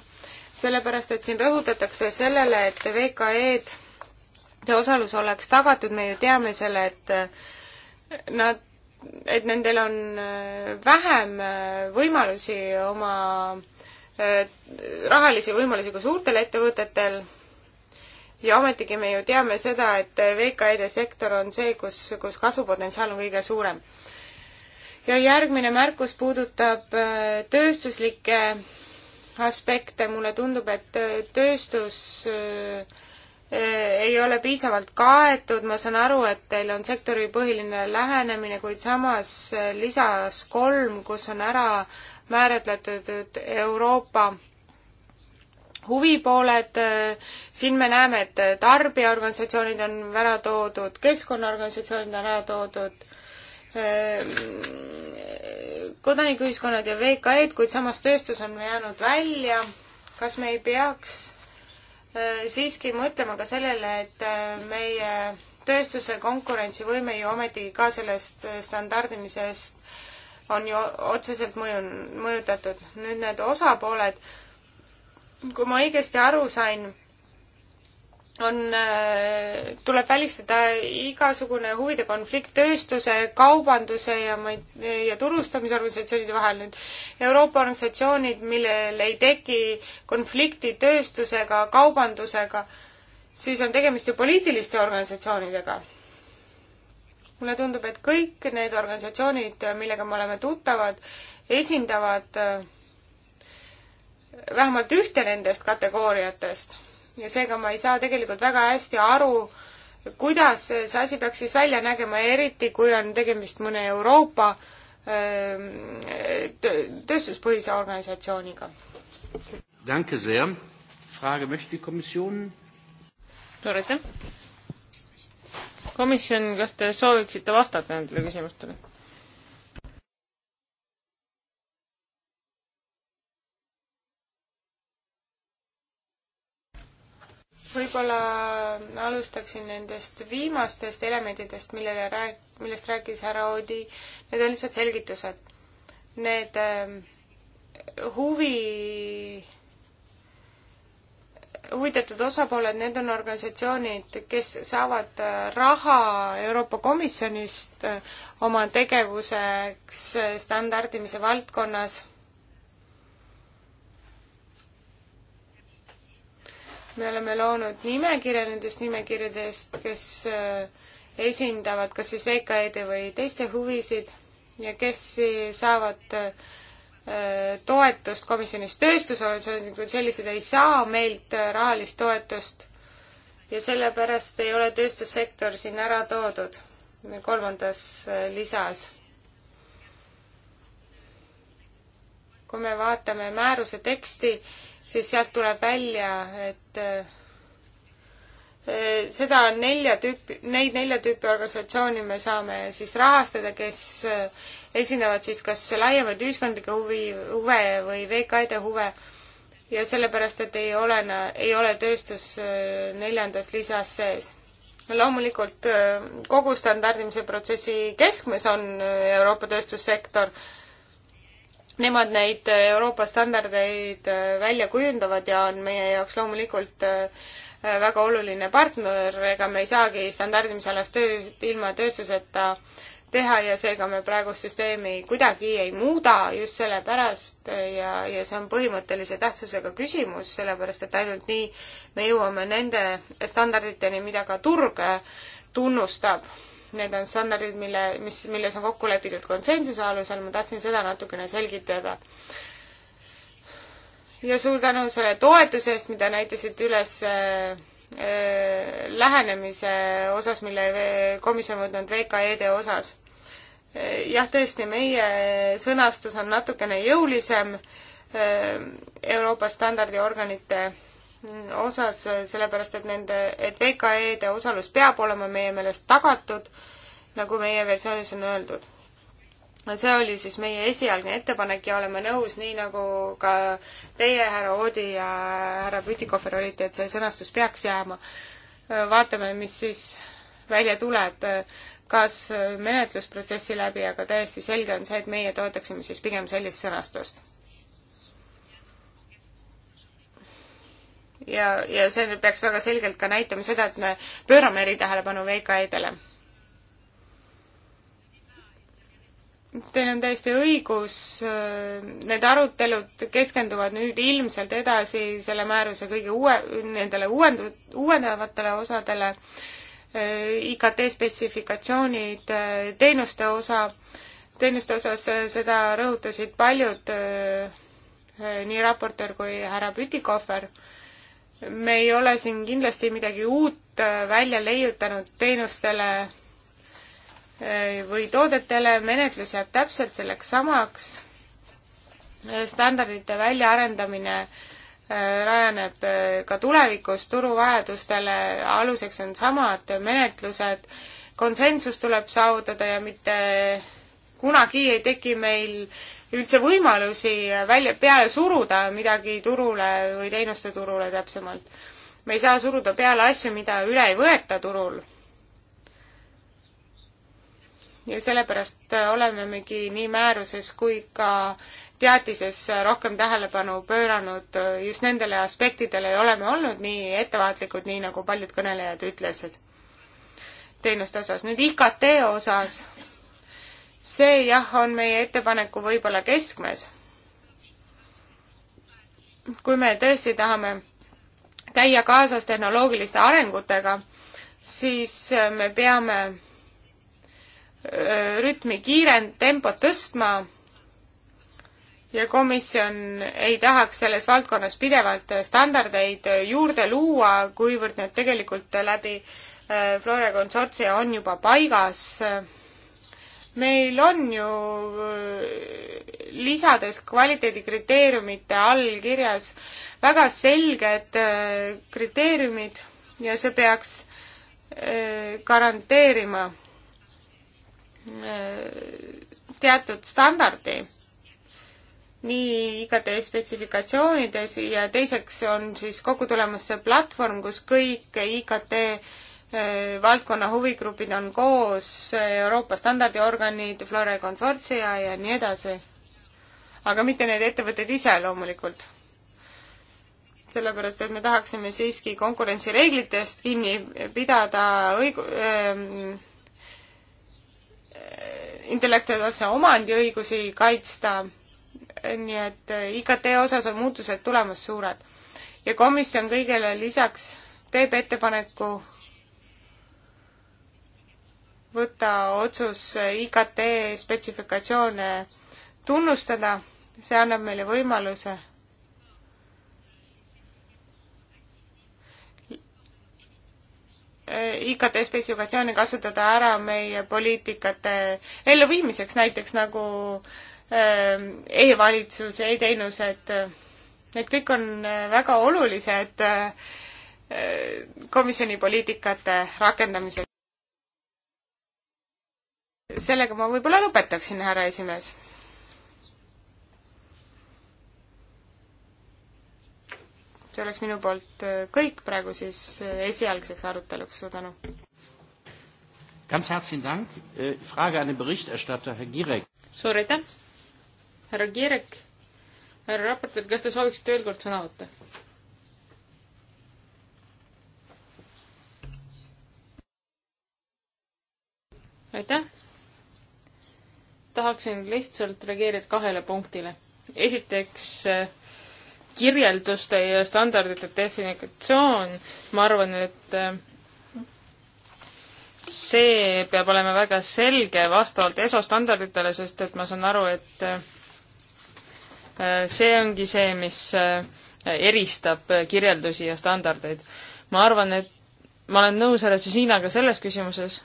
sellepärast et siin rõhutatakse sellele, et VKE-d osalus oleks tagatud, me ju teame selle, et äh, nad, et nendel on äh, vähem äh, võimalusi oma rahalisi võimalusi kui suurtel ettevõtetel ja ometigi me ju teame seda, et VKE-de sektor on see, kus, kus kasvupotentsiaal on kõige suurem. ja järgmine märkus puudutab tööstuslikke aspekte, mulle tundub, et äh, tööstus äh, äh, ei ole piisavalt kaetud, ma saan aru, et teil on sektoripõhiline lähenemine, kuid samas lisas kolm, kus on ära määratletud Euroopa huvipooled, siin me näeme, et tarbijaorganisatsioonid on ära toodud, keskkonnaorganisatsioonid on ära toodud, kodanikuühiskonnad ja VKE-d, kuid samas tööstus on jäänud välja. kas me ei peaks äh, siiski mõtlema ka sellele, et äh, meie tööstuse konkurentsivõime ju ometigi ka sellest äh, standardimisest on ju otseselt mõju, mõjutatud. nüüd need osapooled, kui ma õigesti aru sain, on, äh, tuleb välistada igasugune huvide konflikt tööstuse, kaubanduse ja ma ei, ja turustamisorganisatsioonide vahel. nüüd Euroopa organisatsioonid, millel ei teki konflikti tööstusega, kaubandusega, siis on tegemist ju poliitiliste organisatsioonidega. mulle tundub, et kõik need organisatsioonid, millega me oleme tuttavad, esindavad äh, vähemalt ühte nendest kategooriatest ja seega ma ei saa tegelikult väga hästi aru, kuidas see asi peaks siis välja nägema ja eriti, kui on tegemist mõne Euroopa ähm, tööstuspõhise organisatsiooniga. Danke sehr. Frage möchte die Kommission? suur aitäh. komisjon, kas te sooviksite vastata nendele küsimustele? võib-olla alustaksin nendest viimastest elementidest, millele rääk-, millest rääkis härra Oudi, need on lihtsalt selgitused. Need äh, huvi, huvitatud osapooled, need on organisatsioonid, kes saavad äh, raha Euroopa Komisjonist äh, oma tegevuseks äh, standardimise valdkonnas me oleme loonud nimekirja nendest nimekirjadest, kes äh, esindavad kas siis VKE-de või teiste huvisid ja kes saavad äh, toetust komisjonis tööstusorganisatsioonid kui sellised ei saa meilt äh, rahalist toetust ja sellepärast ei ole tööstussektor siin ära toodud kolmandas lisas. kui me vaatame määruse teksti, siis sealt tuleb välja, et eh, seda nelja tüüpi, neid nelja tüüpi organisatsiooni me saame siis rahastada, kes eh, esinevad siis kas laiemaid ühiskondlikke huvi, huve või VKD huve ja sellepärast, et ei ole, ei ole tööstus eh, neljandas lisas sees. loomulikult kogu standardimise protsessi keskmes on Euroopa tööstussektor nemad neid äh, Euroopa standardeid äh, välja kujundavad ja on meie jaoks loomulikult äh, väga oluline partner, ega me ei saagi standardimisalast tööd ilma tööstuseta teha ja seega me praegust süsteemi kuidagi ei muuda just sellepärast ja, ja see on põhimõttelise tähtsusega küsimus, sellepärast et ainult nii me jõuame nende standarditeni, mida ka turg tunnustab need on standardid, mille, mis, milles on kokku lepitud konsensuse alusel, ma tahtsin seda natukene selgitada. ja suur tänu selle toetuse eest, mida näitasite üles äh, äh, lähenemise osas, mille komisjon võtnud VKE-de osas. Äh, jah, tõesti, meie sõnastus on natukene jõulisem äh, Euroopa standardiorganite osas, sellepärast et nende, et VKE-de osalus peab olema meie meelest tagatud, nagu meie versioonis on öeldud. see oli siis meie esialgne ettepanek ja oleme nõus, nii nagu ka teie, härra Oodi ja härra Pütikofer olite, et see sõnastus peaks jääma. vaatame, mis siis välja tuleb, kas menetlusprotsessi läbi, aga täiesti selge on see, et meie toetaksime siis pigem sellist sõnastust ja, ja see peaks väga selgelt ka näitama seda, et me pöörame eritähelepanu VKE-dele. Teil on täiesti õigus, need arutelud keskenduvad nüüd ilmselt edasi selle määruse kõige uue, nendele uuendu-, uuendavatele osadele, IKT spetsifikatsioonid, teenuste osa, teenuste osas seda rõhutasid paljud, nii raportöör kui härra Pütikohver me ei ole siin kindlasti midagi uut äh, välja leiutanud teenustele äh, või toodetele, menetlus jääb täpselt selleks samaks. Äh, standardite väljaarendamine rajaneb ka tulevikus turuvajadustele, aluseks on samad menetlused, konsensus tuleb saavutada ja mitte kunagi ei teki meil üldse võimalusi välja, peale suruda midagi turule või teenuste turule täpsemalt. me ei saa suruda peale asju, mida üle ei võeta turul. ja sellepärast olemegi nii määruses kui ka teatises rohkem tähelepanu pööranud just nendele aspektidele ja oleme olnud nii ettevaatlikud, nii nagu paljud kõnelejad ütlesid teenuste osas. nüüd IKT osas see jah, on meie ettepaneku võib-olla keskmes. kui me tõesti tahame käia kaasas tehnoloogiliste arengutega, siis äh, me peame äh, rütmi kiirend-, tempot tõstma ja komisjon ei tahaks selles valdkonnas pidevalt äh, standardeid juurde luua, kuivõrd need tegelikult läbi Flora konsortsia on juba paigas meil on ju lisades kvaliteedikriteeriumite all kirjas väga selged äh, kriteeriumid ja see peaks äh, garanteerima äh, teatud standardi nii IKT spetsifikatsioonides ja teiseks on siis kokku tulemas see platvorm, kus kõik IKT Äh, valdkonna huvigrupid on koos, äh, Euroopa standardiorganid, Flore konsortsia ja nii edasi. aga mitte need ettevõtted ise loomulikult. sellepärast, et me tahaksime siiski konkurentsireeglitest kinni pidada õigu- ähm,, äh, intellektuaalse omandiõigusi kaitsta, nii et IKT osas on muutused tulemas suured. ja komisjon kõigele lisaks teeb ettepaneku võta otsus IKT spetsifikatsioone tunnustada, see annab meile võimaluse IKT spetsifikatsiooni kasutada ära meie poliitikate elluviimiseks, näiteks nagu ähm, e-valitsus e, e-teenused, need kõik on äh, väga olulised äh, äh, komisjoni poliitikate rakendamisel sellega ma võib-olla lõpetaksin, härra esimees. see oleks minu poolt äh, kõik praegu siis äh, esialgseks aruteluks, suur tänu. Ganz herzlichen Dank. Äh, Frage an den Berichterstatter, Herr Girek. suur aitäh, härra Girek, härra raportöör, kas te sooviksite veel kord sõna võtta? aitäh tahaksin lihtsalt reageerida kahele punktile. esiteks äh, kirjelduste ja standardite definitsioon, ma arvan, et äh, see peab olema väga selge vastavalt ESO standarditele, sest et ma saan aru, et äh, see ongi see, mis eristab kirjeldusi ja standardeid. ma arvan, et ma olen nõus härra Tšesinaga selles küsimuses,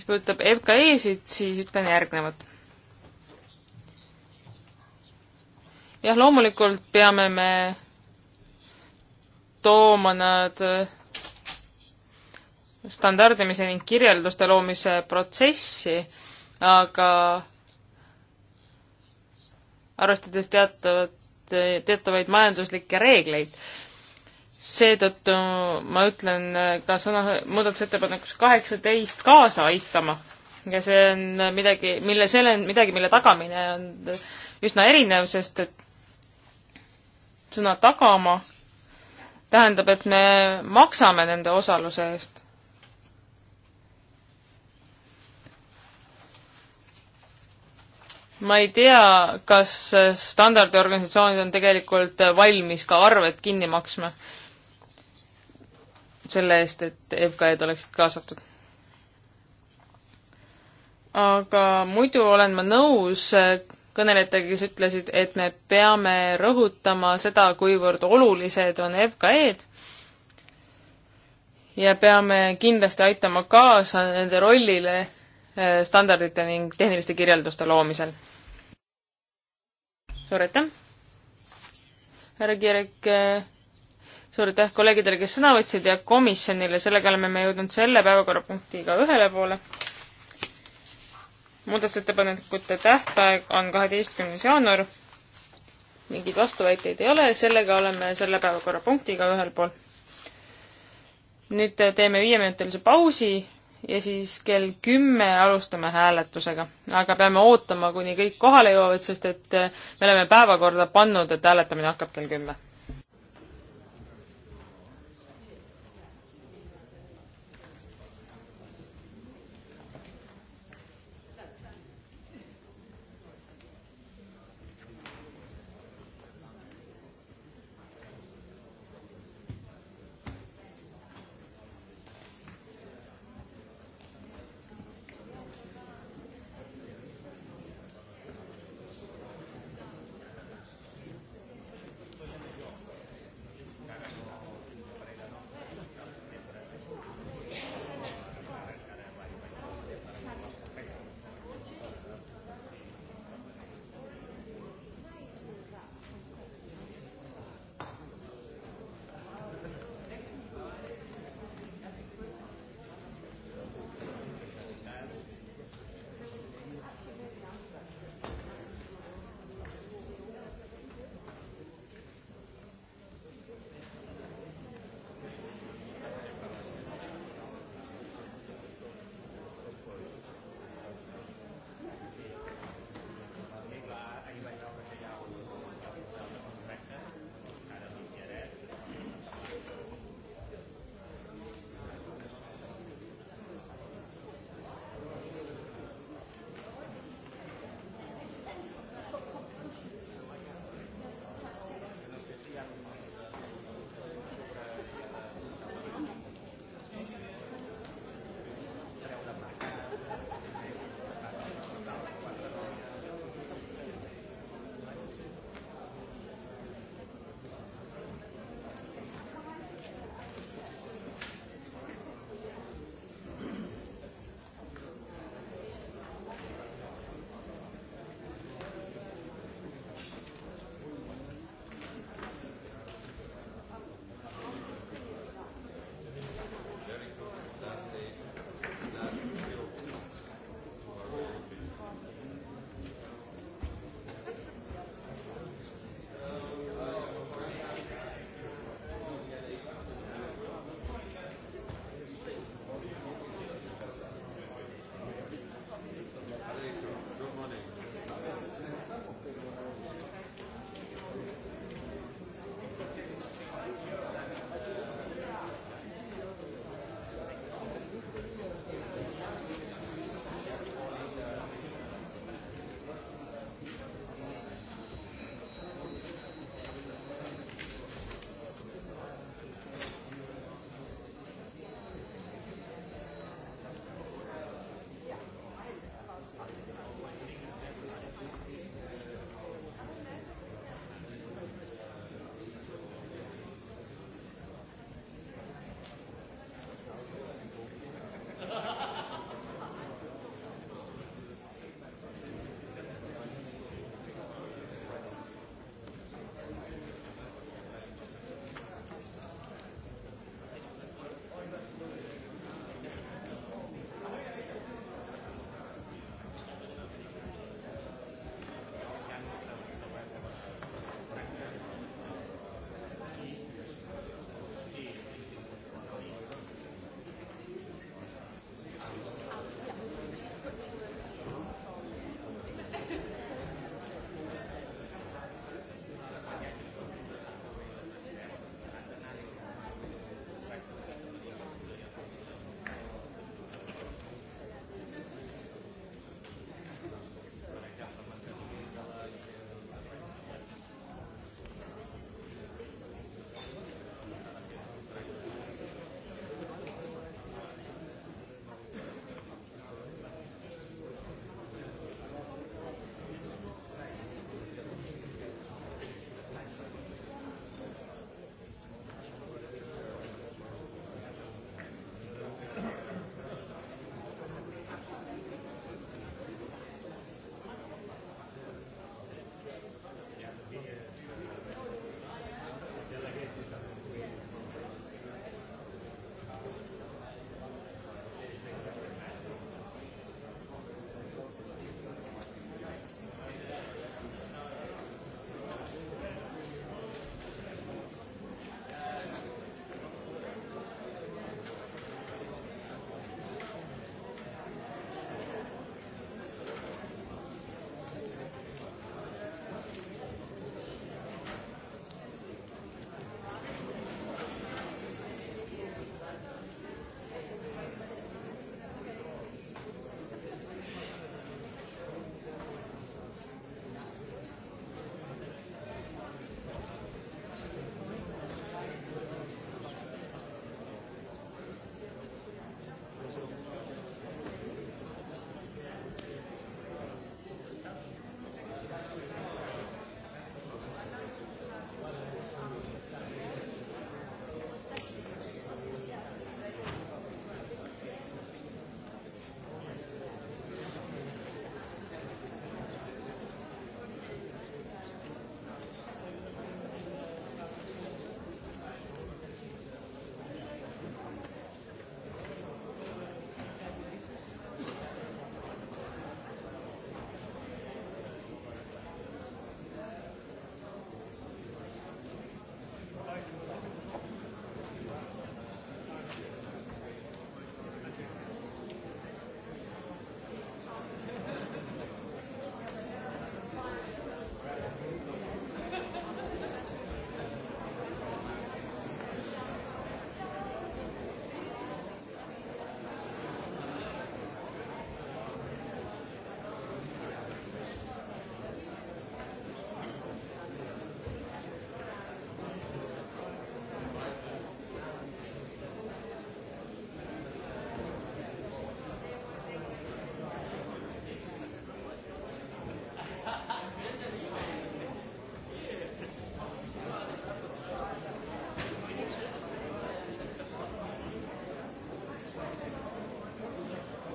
mis puudutab FKE-sid, siis ütlen järgnevat. jah, loomulikult peame me tooma nad äh, standardimise ning kirjelduste loomise protsessi, aga arvestades teatavat, teatavaid majanduslikke reegleid seetõttu ma ütlen äh, ka sõna muudatusettepanekus kaheksateist kaasa aitama ja see on äh, midagi, mille, see on midagi, mille tagamine on äh, üsna erinev, sest et sõna tagama tähendab, et me maksame nende osaluse eest. ma ei tea, kas standardiorganisatsioonid on tegelikult valmis ka arved kinni maksma selle eest, et FKE-d oleksid kaasatud. aga muidu olen ma nõus kõnelejatega, kes ütlesid, et me peame rõhutama seda, kuivõrd olulised on FKE-d ja peame kindlasti aitama kaasa nende rollile eh, standardite ning tehniliste kirjelduste loomisel. suur aitäh! härra Kirek eh, suur aitäh kolleegidele, kes sõna võtsid ja komisjonile, sellega oleme me jõudnud selle päevakorrapunktiga ühele poole. muudatusettepanekute tähtaeg on kaheteistkümnes jaanuar. mingeid vastuväiteid ei ole, sellega oleme selle päevakorrapunktiga ühel pool. nüüd teeme viieminutilise pausi ja siis kell kümme alustame hääletusega. aga peame ootama, kuni kõik kohale jõuavad, sest et me oleme päevakorda pannud, et hääletamine hakkab kell kümme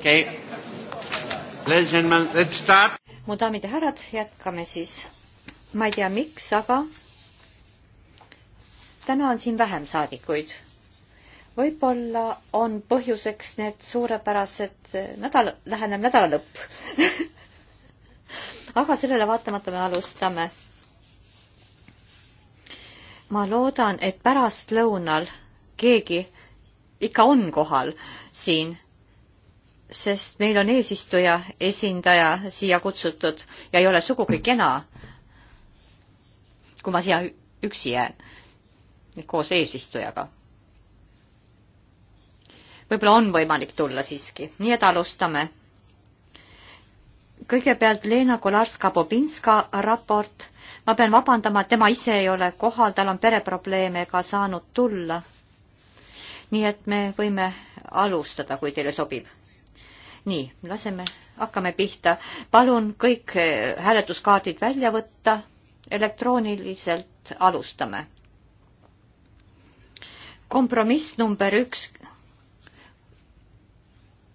okei okay.. mu daamid ja härrad, jätkame siis. ma ei tea, miks, aga täna on siin vähem saadikuid. võib-olla on põhjuseks need suurepärased nädal, läheneb nädala lõpp aga sellele vaatamata me alustame. ma loodan, et pärastlõunal keegi ikka on kohal siin sest meil on eesistuja esindaja siia kutsutud ja ei ole sugugi kena, kui ma siia üksi jään koos eesistujaga. võib-olla on võimalik tulla siiski, nii et alustame. kõigepealt Leena Kolarska-Bobinska raport. ma pean vabandama, et tema ise ei ole kohal, tal on pereprobleeme ega saanud tulla. nii et me võime alustada, kui teile sobib nii, laseme, hakkame pihta. palun kõik eh, hääletuskaardid välja võtta, elektrooniliselt alustame. kompromiss number üks.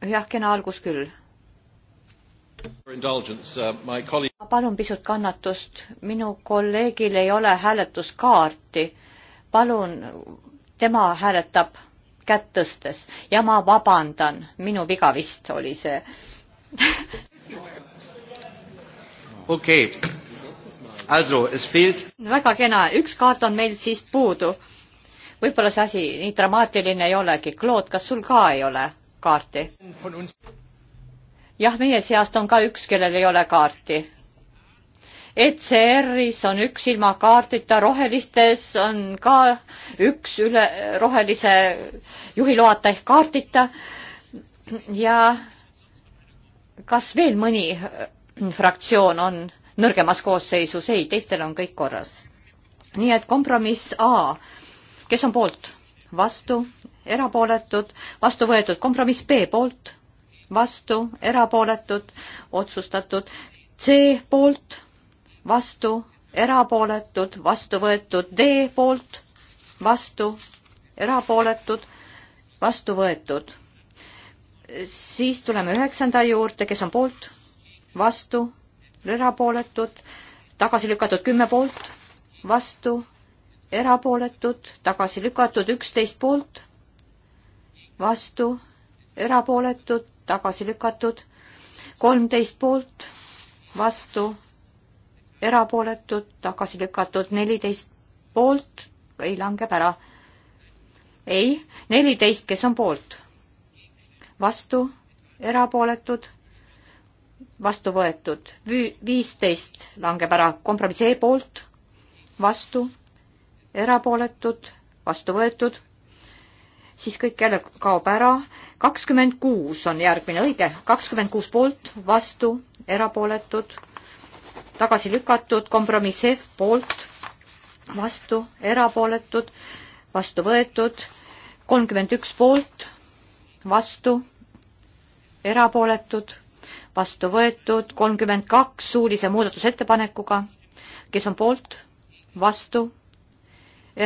jah, kena algus küll uh, ma palun pisut kannatust, minu kolleegil ei ole hääletuskaarti. palun, tema hääletab kätt tõstes ja ma vabandan, minu viga vist oli see okei okay., also es fehlt. väga kena, üks kaart on meil siis puudu. võib-olla see asi nii dramaatiline ei olegi. Claude, kas sul ka ei ole kaarti? jah, meie seast on ka üks, kellel ei ole kaarti ECR-is on üks ilma kaardita, rohelistes on ka üks üle rohelise juhiloata ehk kaardita. ja kas veel mõni äh, fraktsioon on nõrgemas koosseisus? ei, teistel on kõik korras. nii et kompromiss A, kes on poolt? vastu, erapooletud, vastu võetud, kompromiss B poolt, vastu, erapooletud, otsustatud, C poolt vastu, erapooletud, vastu võetud D poolt, vastu, erapooletud, vastu võetud. siis tuleme üheksanda juurde, kes on poolt, vastu, erapooletud, tagasi lükatud kümme poolt, vastu, erapooletud, tagasi lükatud üksteist poolt, vastu, erapooletud, tagasi lükatud kolmteist poolt, vastu erapooletud, tagasi lükatud, neliteist poolt või langeb ära? ei, neliteist, kes on poolt? vastu, erapooletud, vastu võetud, viisteist langeb ära, kompromiss E poolt, vastu, erapooletud, vastu võetud, siis kõik jälle kaob ära, kakskümmend kuus on järgmine, õige, kakskümmend kuus poolt, vastu, erapooletud tagasi lükatud, kompromiss F poolt, vastu, erapooletud, vastu võetud, kolmkümmend üks poolt, vastu, erapooletud, vastu võetud, kolmkümmend kaks suulise muudatusettepanekuga, kes on poolt, vastu,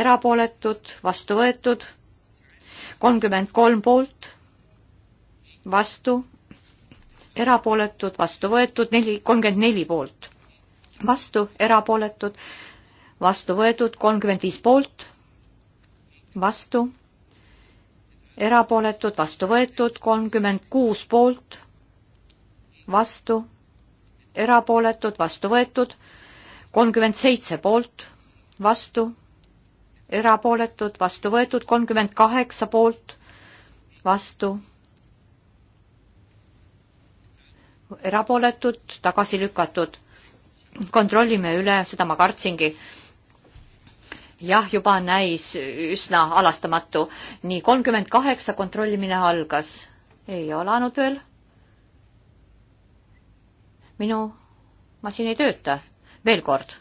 erapooletud, vastu võetud, kolmkümmend kolm poolt, vastu, erapooletud, vastu võetud, neli, kolmkümmend neli poolt vastu, erapooletud, vastu võetud, kolmkümmend viis poolt, vastu, erapooletud, vastu võetud, kolmkümmend kuus poolt, vastu, erapooletud, vastu võetud, kolmkümmend seitse poolt, vastu, erapooletud, vastu võetud, kolmkümmend kaheksa poolt, vastu erapooletud, tagasi lükatud kontrollime üle, seda ma kartsingi. jah, juba näis üsna alastamatu. nii, kolmkümmend kaheksa kontrollimine algas. ei alanud veel. minu masin ei tööta. veel kord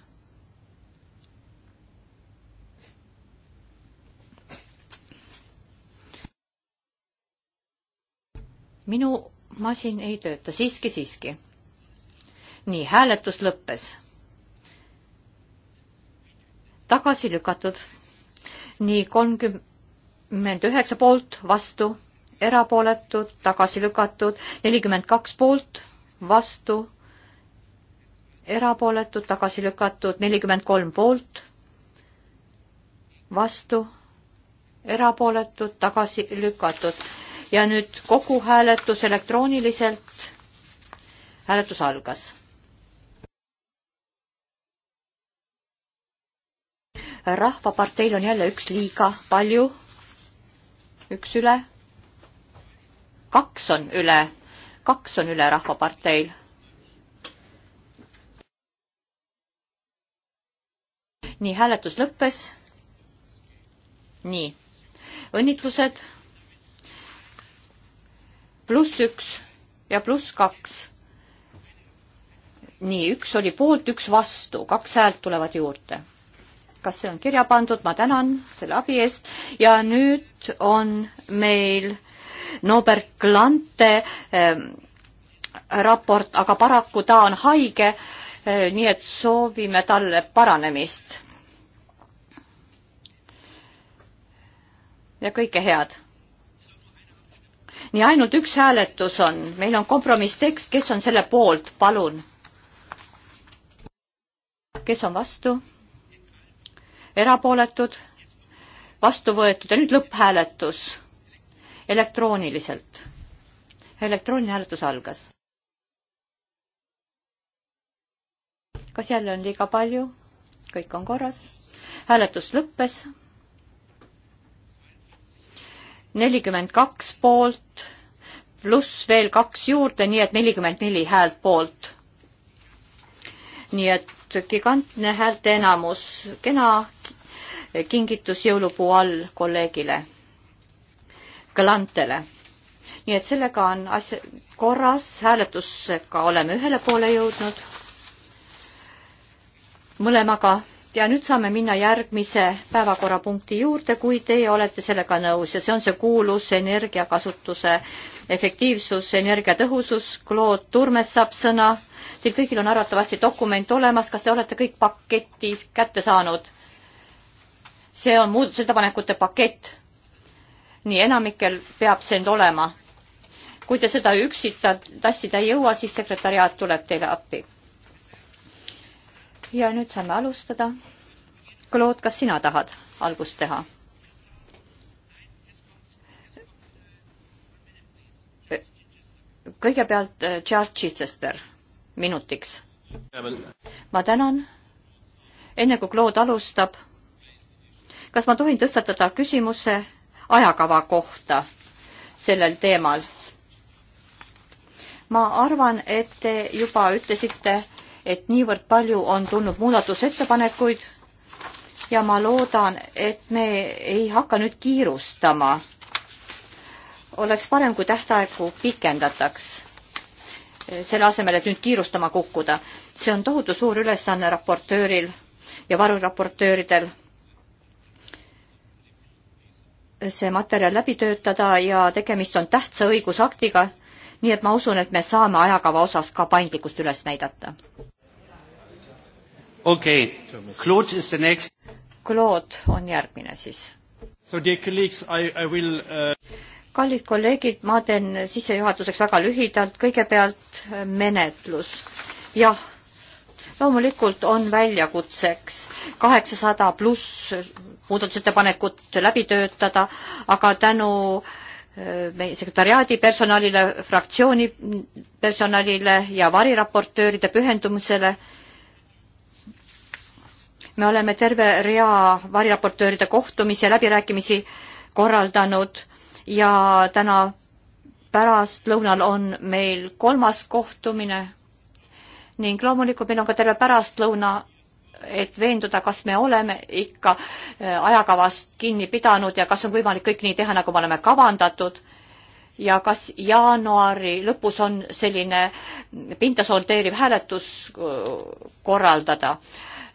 minu masin ei tööta, siiski, siiski nii, hääletus lõppes. tagasi lükatud. nii, kolmkümmend üheksa poolt, vastu, erapooletud, tagasi lükatud, nelikümmend kaks poolt, vastu, erapooletud, tagasi lükatud, nelikümmend kolm poolt, vastu, erapooletud, tagasi lükatud. ja nüüd kogu hääletus elektrooniliselt. hääletus algas rahvaparteil on jälle üks liiga palju, üks üle, kaks on üle, kaks on üle Rahvaparteil. nii, hääletus lõppes. nii, õnnitlused. pluss üks ja pluss kaks nii, üks oli poolt, üks vastu, kaks häält tulevad juurde kas see on kirja pandud, ma tänan selle abi eest ja nüüd on meil Norbert Glante ähm, raport, aga paraku ta on haige, äh, nii et soovime talle paranemist. ja kõike head nii ainult üks hääletus on, meil on kompromisstekst, kes on selle poolt, palun. kes on vastu? erapooletud, vastu võetud ja nüüd lõpphääletus elektrooniliselt. elektrooniline hääletus algas. kas jälle on liiga palju? kõik on korras. hääletus lõppes. nelikümmend kaks poolt pluss veel kaks juurde, nii et nelikümmend neli häält poolt. nii et gigantne häälteenamus, kena kingitus jõulupuu all kolleegile, galantele. nii et sellega on asja korras, hääletusega oleme ühele poole jõudnud, mõlemaga ja nüüd saame minna järgmise päevakorrapunkti juurde, kui teie olete sellega nõus ja see on see kuulus energiakasutuse efektiivsus, energiatõhusus, Claude Turmes saab sõna. Teil kõigil on arvatavasti dokument olemas, kas te olete kõik paketis kätte saanud? see on muudatusettepanekute pakett. nii enamikel peab see nüüd olema. kui te seda üksi tassida ei jõua, siis sekretäriaat tuleb teile appi ja nüüd saame alustada. Claude, kas sina tahad algust teha? kõigepealt eh, Charles Chichester minutiks. ma tänan. enne kui Claude alustab, kas ma tohin tõstatada küsimuse ajakava kohta sellel teemal? ma arvan, et te juba ütlesite et niivõrd palju on tulnud muudatusettepanekuid ja ma loodan, et me ei hakka nüüd kiirustama. oleks parem, kui tähtaegu pikendataks, selle asemel, et nüüd kiirustama kukkuda. see on tohutu suur ülesanne raportööril ja varuraportööridel see materjal läbi töötada ja tegemist on tähtsa õigusaktiga, nii et ma usun, et me saame ajakava osas ka paindlikkust üles näidata okei okay., Claude is the next. Claude on järgmine siis. So dear colleagues, I, I will uh... kallid kolleegid, ma teen sissejuhatuseks väga lühidalt, kõigepealt äh, menetlus. jah, loomulikult on väljakutseks kaheksasada pluss muudatusettepanekut läbi töötada, aga tänu äh, meie sekretariaadi personalile, fraktsiooni personalile ja variraportööride pühendumusele äh, me oleme terve rea variraportööride kohtumisi ja läbirääkimisi korraldanud ja täna pärastlõunal on meil kolmas kohtumine ning loomulikult meil on ka terve pärastlõuna, et veenduda, kas me oleme ikka äh, ajakavast kinni pidanud ja kas on võimalik kõik nii teha, nagu me oleme kavandatud ja kas jaanuari lõpus on selline pinda sondeeriv hääletus äh, korraldada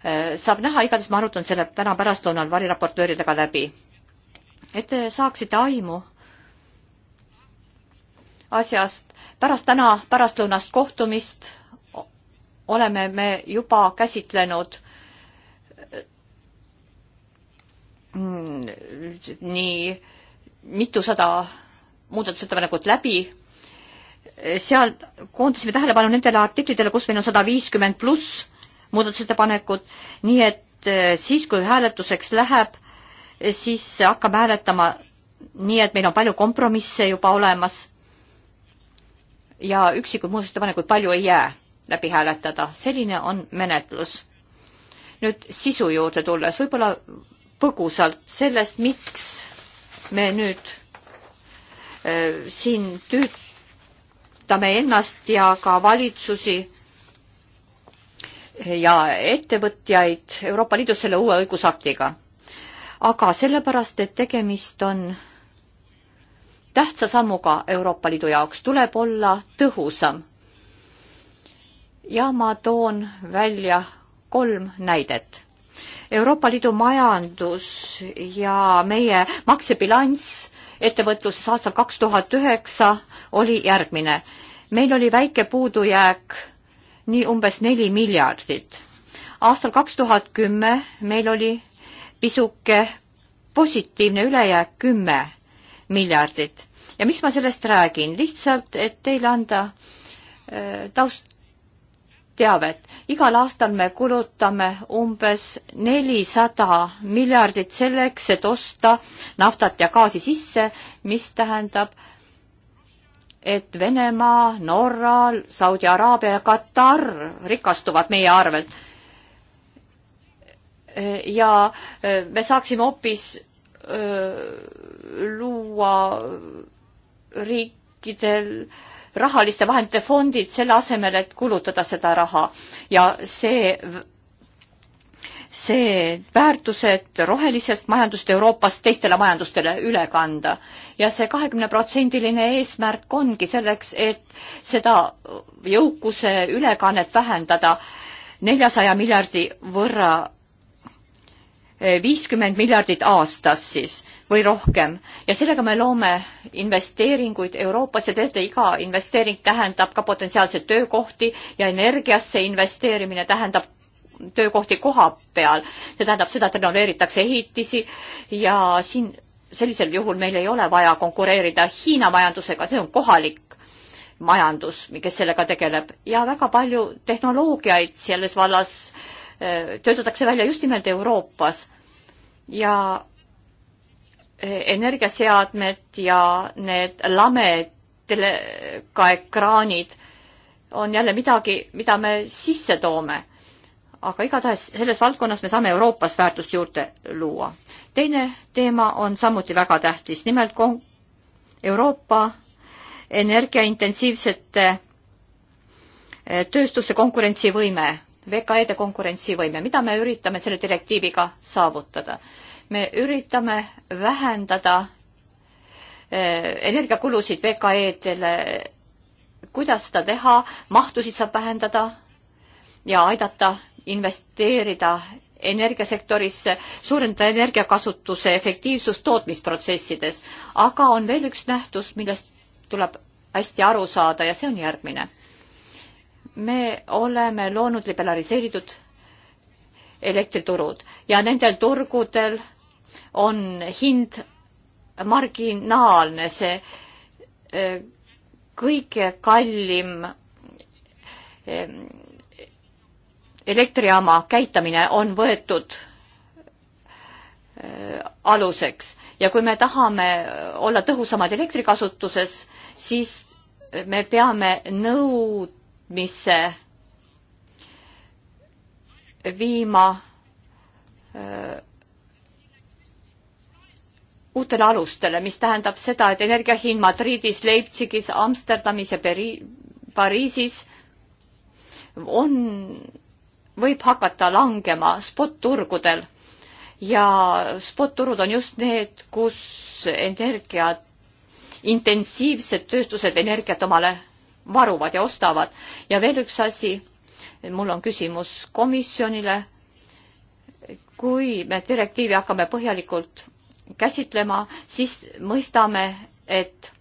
saab näha, igatahes ma arutan selle täna pärastlõunal variraportööridega läbi. et te saaksite aimu asjast, pärast täna pärastlõunast kohtumist oleme me juba käsitlenud mm, nii mitusada muudatusettepanekut läbi. seal koondasime tähelepanu nendele artiklitele, kus meil on sada viiskümmend pluss muudatusettepanekud, nii et eh, siis, kui hääletuseks läheb, eh, siis hakkame hääletama nii, et meil on palju kompromisse juba olemas ja üksikuid muudatusettepanekuid palju ei jää läbi hääletada, selline on menetlus. nüüd sisu juurde tulles, võib-olla põgusalt sellest, miks me nüüd äh, siin tüütame ennast ja ka valitsusi ja ettevõtjaid Euroopa Liidus selle uue õigusaktiga. aga sellepärast, et tegemist on tähtsa sammuga Euroopa Liidu jaoks, tuleb olla tõhusam. ja ma toon välja kolm näidet. Euroopa Liidu majandus ja meie maksebilanss ettevõtluses aastal kaks tuhat üheksa oli järgmine. meil oli väike puudujääk nii umbes neli miljardit. aastal kaks tuhat kümme meil oli pisuke positiivne ülejääk kümme miljardit ja miks ma sellest räägin, lihtsalt, et teile anda äh, taustteavet. igal aastal me kulutame umbes nelisada miljardit selleks, et osta naftat ja gaasi sisse, mis tähendab, et Venemaa, Norra, Saudi Araabia ja Katar rikastuvad meie arvelt. ja e, me saaksime hoopis e, luua riikidel rahaliste vahendite fondid selle asemel, et kulutada seda raha ja see see väärtused rohelisest majandust Euroopast teistele majandustele üle kanda. ja see kahekümneprotsendiline eesmärk ongi selleks, et seda jõukuse ülekannet vähendada neljasaja miljardi võrra, eh, viiskümmend miljardit aastas siis või rohkem ja sellega me loome investeeringuid Euroopasse, teate iga investeering tähendab ka potentsiaalseid töökohti ja energiasse investeerimine tähendab töökohti koha peal. see tähendab seda, et renoveeritakse ehitisi ja siin sellisel juhul meil ei ole vaja konkureerida Hiina majandusega, see on kohalik majandus, kes sellega tegeleb ja väga palju tehnoloogiaid selles vallas eh, töötatakse välja just nimelt Euroopas ja eh, energiaseadmed ja need lamed teleka ekraanid on jälle midagi, mida me sisse toome aga igatahes selles valdkonnas me saame Euroopas väärtust juurde luua. teine teema on samuti väga tähtis, nimelt kon-, Euroopa energiaintensiivsete eh, tööstuse konkurentsivõime, VKE-de konkurentsivõime, mida me üritame selle direktiiviga saavutada? me üritame vähendada eh, energiakulusid VKE-dele, kuidas seda teha, mahtusid saab vähendada ja aidata investeerida energiasektorisse, suurendada energiakasutuse efektiivsust tootmisprotsessides. aga on veel üks nähtus, millest tuleb hästi aru saada ja see on järgmine. me oleme loonud liberaliseeritud elektriturud ja nendel turgudel on hind marginaalne, see eh, kõige kallim eh, elektrijaama käitamine on võetud äh, aluseks ja kui me tahame olla tõhusamad elektrikasutuses, siis me peame nõudmise viima öö, äh, uutele alustele, mis tähendab seda, et energiahind Madridis, Leipzigis, Amsterdamis ja Peri-, Pariisis on võib hakata langema spot-turgudel ja spot-turud on just need, kus energiat, intensiivsed tööstused energiat omale varuvad ja ostavad. ja veel üks asi, mul on küsimus komisjonile. kui me direktiivi hakkame põhjalikult käsitlema, siis mõistame, et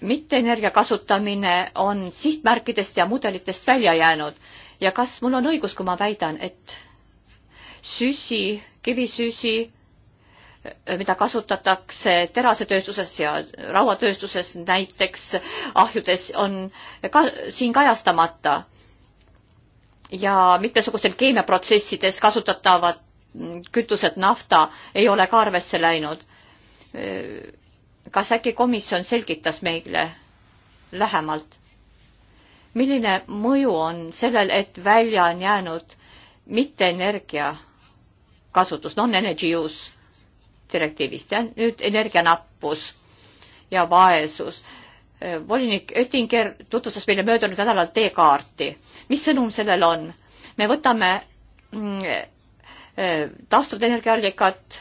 mitteenergia kasutamine on sihtmärkidest ja mudelitest välja jäänud ja kas mul on õigus, kui ma väidan, et süsi, kivisüsi, mida kasutatakse terasetööstuses ja rauatööstuses näiteks ahjudes, on ka siin kajastamata ja mitmesugustel keemiaprotsessides kasutatavad kütused, nafta ei ole ka arvesse läinud kas äkki komisjon selgitas meile lähemalt, milline mõju on sellel, et välja on jäänud mitte energia kasutus, non-energy use direktiivist ja nüüd energianappus ja vaesus. volinik Oettinger tutvustas meile möödunud nädalal teekaarti. mis sõnum sellel on? me võtame mm, eh, taastuvenergiaallikat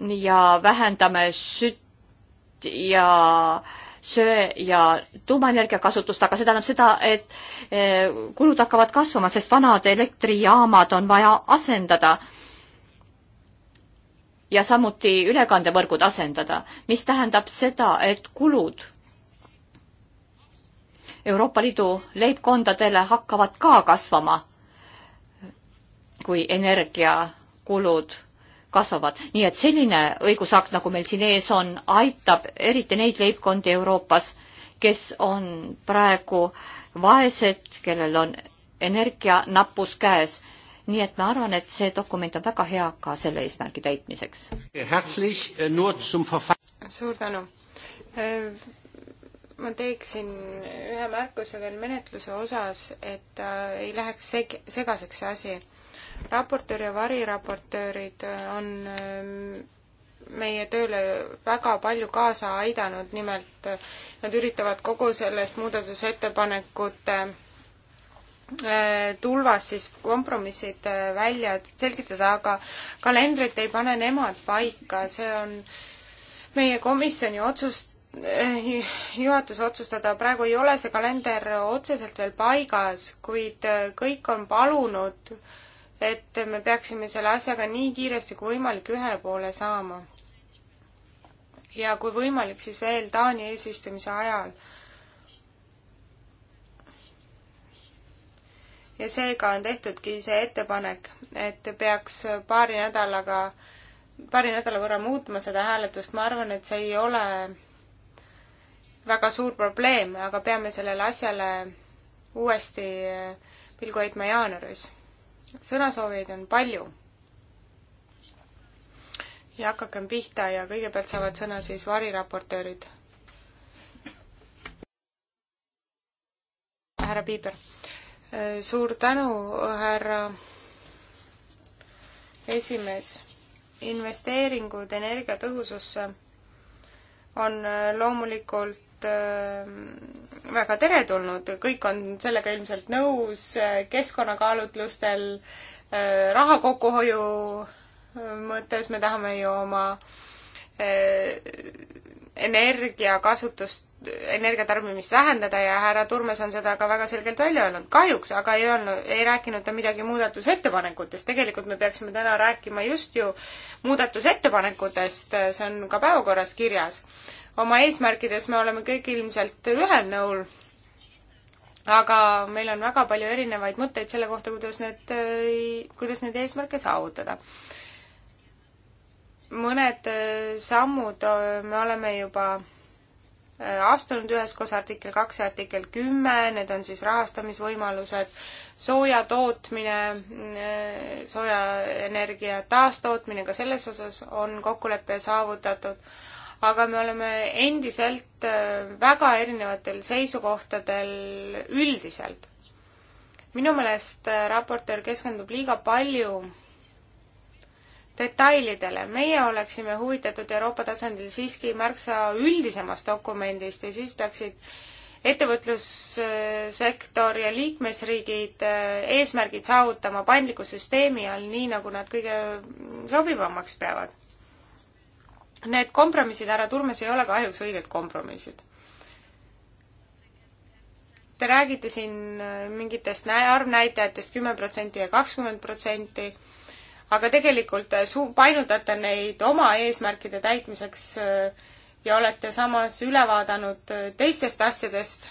ja vähendame sütt ja söe ja tuumaenergia kasutust, aga see tähendab seda, et eh, kulud hakkavad kasvama, sest vanad elektrijaamad on vaja asendada. ja samuti ülekandevõrgud asendada, mis tähendab seda, et kulud Euroopa Liidu leibkondadele hakkavad ka kasvama, kui energiakulud kasvavad. nii et selline õigusakt, nagu meil siin ees on, aitab eriti neid leibkondi Euroopas, kes on praegu vaesed, kellel on energianappus käes. nii et ma arvan, et see dokument on väga hea ka selle eesmärgi täitmiseks. Äh, suur tänu äh, ma teeksin ühe märkuse veel menetluse osas, et äh, ei läheks seg-, segaseks see asi raportöör ja variraportöörid äh, on äh, meie tööle väga palju kaasa aidanud, nimelt äh, nad üritavad kogu sellest muudatusettepanekute tulvas siis kompromissid välja selgitada, aga kalendrit ei pane nemad paika, see on meie komisjoni otsus, juhatus otsustada, praegu ei ole see kalender otseselt veel paigas, kuid kõik on palunud äh, et me peaksime selle asjaga nii kiiresti kui võimalik ühele poole saama. ja kui võimalik, siis veel Taani eesistumise ajal. ja seega on tehtudki see ettepanek, et peaks paari nädalaga, paari nädala võrra muutma seda hääletust, ma arvan, et see ei ole väga suur probleem, aga peame sellele asjale uuesti pilgu heitma jaanuaris sõnasoovijaid on palju. ja hakakem pihta ja kõigepealt saavad sõna siis variraportöörid. härra Piiber. suur tänu, härra esimees. investeeringud energiatõhususse on loomulikult olnud äh, väga teretulnud, kõik on sellega ilmselt nõus, äh, keskkonnakaalutlustel, äh, raha kokkuhoiu mõttes me tahame ju oma energiakasutust, energiatarbimist vähendada ja härra Turmes on seda ka väga selgelt välja öelnud. kahjuks aga ei olnud, ei rääkinud ta midagi muudatusettepanekutest, tegelikult me peaksime täna rääkima just ju muudatusettepanekutest, see on ka päevakorras kirjas oma eesmärkides me oleme kõik ilmselt ühel nõul, aga meil on väga palju erinevaid mõtteid selle kohta, kuidas need, äh, kuidas neid eesmärke saavutada. mõned äh, sammud äh, me oleme juba astunud üheskoos artikkel kaks ja artikkel kümme, need on siis rahastamisvõimalused, sooja tootmine, soojaenergia taastootmine, ka selles osas on kokkulepe saavutatud, aga me oleme endiselt äh, väga erinevatel seisukohtadel üldiselt. minu meelest äh, raportöör keskendub liiga palju detailidele. meie oleksime huvitatud Euroopa tasandil siiski märksa üldisemast dokumendist ja siis peaksid ettevõtlussektor ja liikmesriigid äh, eesmärgid saavutama paindliku süsteemi all, nii nagu nad kõige sobivamaks peavad Need kompromissid, härra Turmes, ei ole kahjuks õiged kompromissid. Te räägite siin äh, mingitest arvnäitajatest kümme protsenti ja kakskümmend protsenti, aga tegelikult äh, suu-, painutate neid oma eesmärkide täitmiseks äh, ja olete samas üle vaadanud teistest asjadest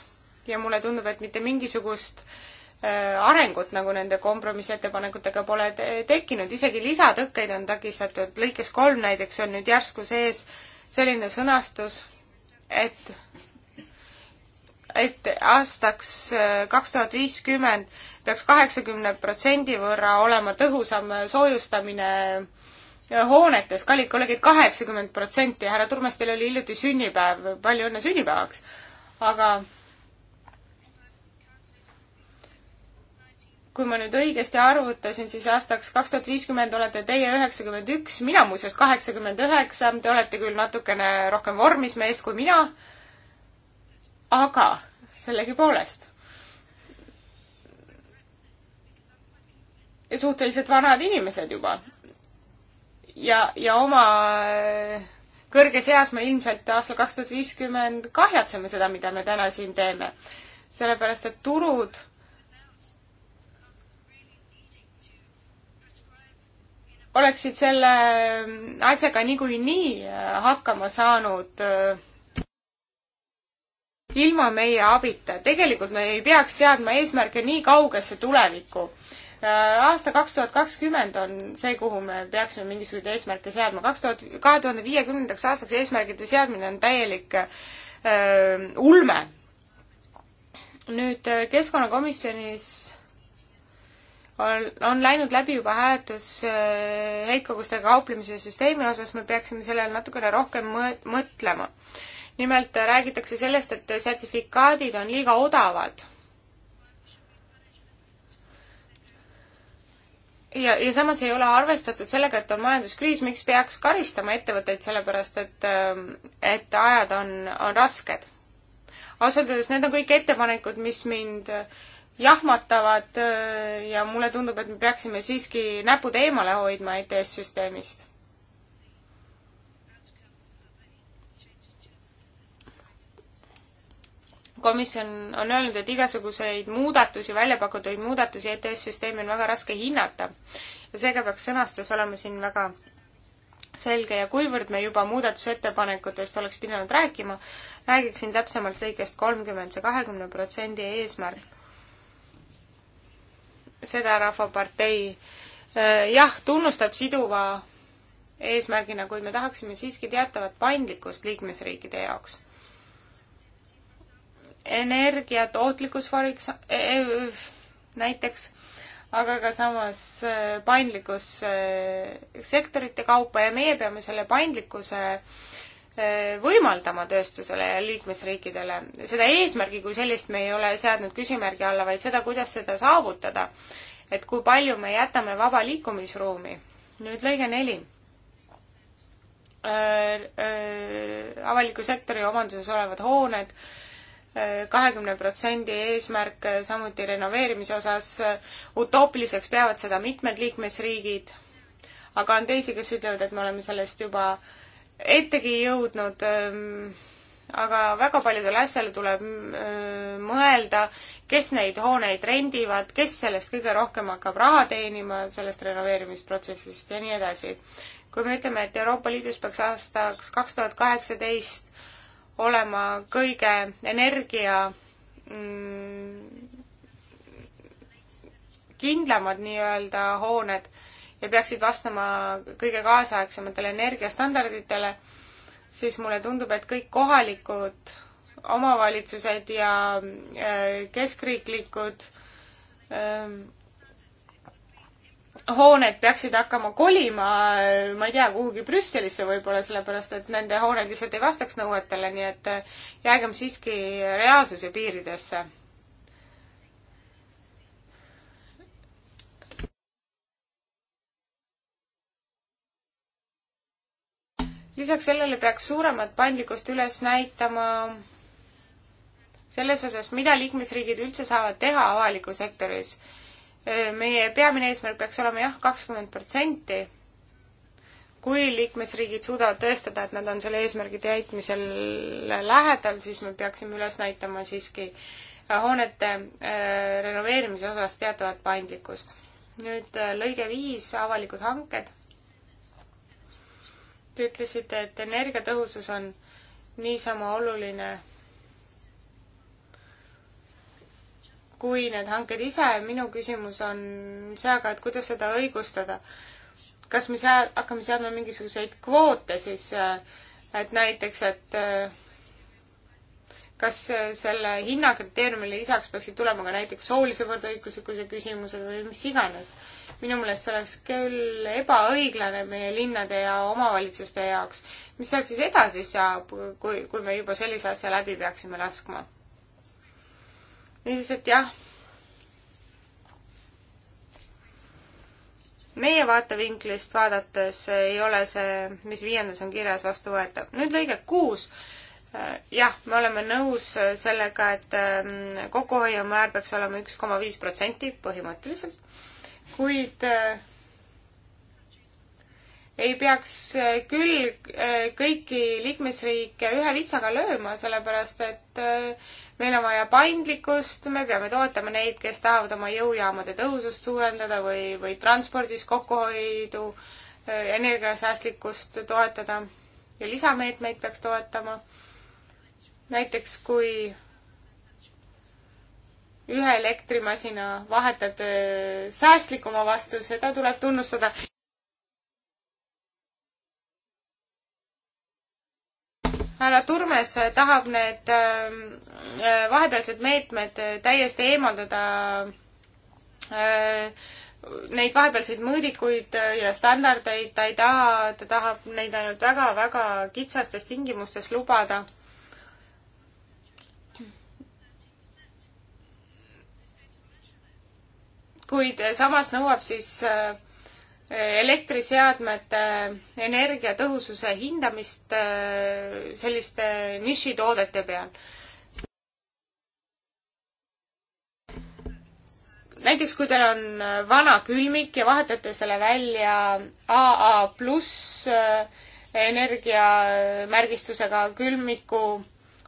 ja mulle tundub, et mitte mingisugust äh, Äh, arengut, nagu nende kompromissettepanekutega pole tekkinud, isegi lisatõkkeid on takistatud, lõikes kolm näiteks on nüüd järsku sees selline sõnastus, et et aastaks äh, kaks tuhat viiskümmend peaks kaheksakümne protsendi võrra olema tõhusam soojustamine äh, hoonetes, kallid kolleegid, kaheksakümmend protsenti, härra Turmas, teil oli hiljuti sünnipäev, palju õnne sünnipäevaks! aga kui ma nüüd õigesti arvutasin, siis aastaks kaks tuhat viiskümmend olete teie üheksakümmend üks, mina muuseas kaheksakümmend üheksa, te olete küll natukene rohkem vormis mees kui mina, aga sellegipoolest. suhteliselt vanad inimesed juba. ja, ja oma äh, kõrges eas me ilmselt aastal kaks tuhat viiskümmend kahjatseme seda, mida me täna siin teeme. sellepärast, et turud oleksid selle asjaga niikuinii äh, hakkama saanud äh, ilma meie abita. tegelikult me ei peaks seadma eesmärke nii kaugesse tulevikku. Äh, aasta kaks tuhat kakskümmend on see, kuhu me peaksime mingisuguseid eesmärke seadma. kaks tuhat, kahe tuhande viiekümnendaks aastaks eesmärgide seadmine on täielik öö, ulme. nüüd keskkonnakomisjonis on, on läinud läbi juba hääletus äh, heitkogustega kauplemise süsteemi osas, me peaksime sellele natukene rohkem mõt-, mõtlema. nimelt äh, räägitakse sellest, et sertifikaadid on liiga odavad. ja, ja samas ei ole arvestatud sellega, et on majanduskriis, miks peaks karistama ettevõtteid, sellepärast et, äh, et ajad on, on rasked. ausalt öeldes need on kõik ettepanekud, mis mind äh, jahmatavad äh, ja mulle tundub, et me peaksime siiski näpud eemale hoidma ETS süsteemist. komisjon on öelnud, et igasuguseid muudatusi, välja pakutud muudatusi ETS süsteemi on väga raske hinnata ja seega peaks sõnastus olema siin väga selge ja kuivõrd me juba muudatusettepanekutest oleks pidanud rääkima, räägiksin täpsemalt lõikest kolmkümmend, see kahekümne protsendi eesmärk seda Rahvapartei äh, jah, tunnustab siduva eesmärgina, kuid me tahaksime siiski teatavat paindlikkust liikmesriikide jaoks. energia tootlikkus foriks, e-, e-, näiteks, aga ka samas äh, paindlikkus äh, sektorite kaupa ja meie peame selle paindlikkuse Eh, võimaldama tööstusele ja liikmesriikidele. seda eesmärgi kui sellist me ei ole seadnud küsimärgi alla, vaid seda, kuidas seda saavutada. et kui palju me jätame vaba liikumisruumi. nüüd lõige neli. Äh, äh, avaliku sektori omanduses olevad hooned, äh, kahekümne protsendi eesmärk samuti renoveerimise osas, utoopiliseks peavad seda mitmed liikmesriigid, aga on teisi, kes ütlevad, et me oleme sellest juba äh, ettegi jõudnud, ähm, aga väga paljudele asjale tuleb ähm, mõelda, kes neid hooneid rendivad, kes sellest kõige rohkem hakkab raha teenima sellest renoveerimisprotsessist ja nii edasi. kui me ütleme, et Euroopa Liidus peaks aastaks kaks tuhat kaheksateist olema kõige energia mm, kindlamad nii-öelda hooned ja peaksid vastama kõige kaasaegsematele energiastandarditele, siis mulle tundub, et kõik kohalikud omavalitsused ja äh, keskriiklikud ähm, hooned peaksid hakkama kolima, äh, ma ei tea, kuhugi Brüsselisse võib-olla, sellepärast et nende hooned lihtsalt ei vastaks nõuetele, nii et äh, jäägem siiski reaalsuse piiridesse lisaks sellele peaks suuremat paindlikkust üles näitama selles osas, mida liikmesriigid üldse saavad teha avalikus sektoris. meie peamine eesmärk peaks olema jah, kakskümmend protsenti, kui liikmesriigid suudavad tõestada, et nad on selle eesmärgi täitmisele lähedal, siis me peaksime üles näitama siiski äh, hoonete äh, renoveerimise osas teatavat paindlikkust. nüüd äh, lõige viis, avalikud hanked Te ütlesite, et energiatõhusus on niisama oluline kui need hanked ise. minu küsimus on see aga, et kuidas seda õigustada. kas me seal hakkame seadma mingisuguseid kvoote siis, et näiteks, et kas äh, selle hinnakriteeriumile lisaks peaksid tulema ka näiteks soolise võrdõiguslikkuse küsimused või mis iganes? minu meelest see oleks küll ebaõiglane meie linnade ja omavalitsuste jaoks. mis sealt siis edasi saab, kui, kui me juba sellise asja läbi peaksime laskma? niisiis, et jah. meie vaatevinklist vaadates ei ole see, mis viiendas on kirjas, vastuvõetav. nüüd lõige kuus Äh, jah, me oleme nõus äh, sellega, et ähm, kokkuhoiumäär peaks olema üks koma viis protsenti põhimõtteliselt, kuid äh, ei peaks küll kõiki liikmesriike ühe vitsaga lööma, sellepärast et meil on vaja paindlikkust, me peame toetama neid, kes tahavad oma jõujaamade tõhusust suurendada või, või transpordis kokkuhoidu, energiasäästlikkust toetada ja lisameetmeid peaks toetama näiteks kui ühe elektrimasina vahetad äh, säästlikuma vastu, seda tuleb tunnustada. härra Turmes tahab need äh, äh, vahepealsed meetmed täiesti eemaldada, neid vahepealseid mõõdikuid ja standardeid ta ei taha, ta tahab neid ainult väga-väga kitsastes tingimustes lubada kuid samas nõuab siis äh, elektriseadmete äh, energiatõhususe hindamist äh, selliste nišitoodete peal. näiteks kui teil on vana külmik ja vahetate selle välja AA pluss energiamärgistusega külmiku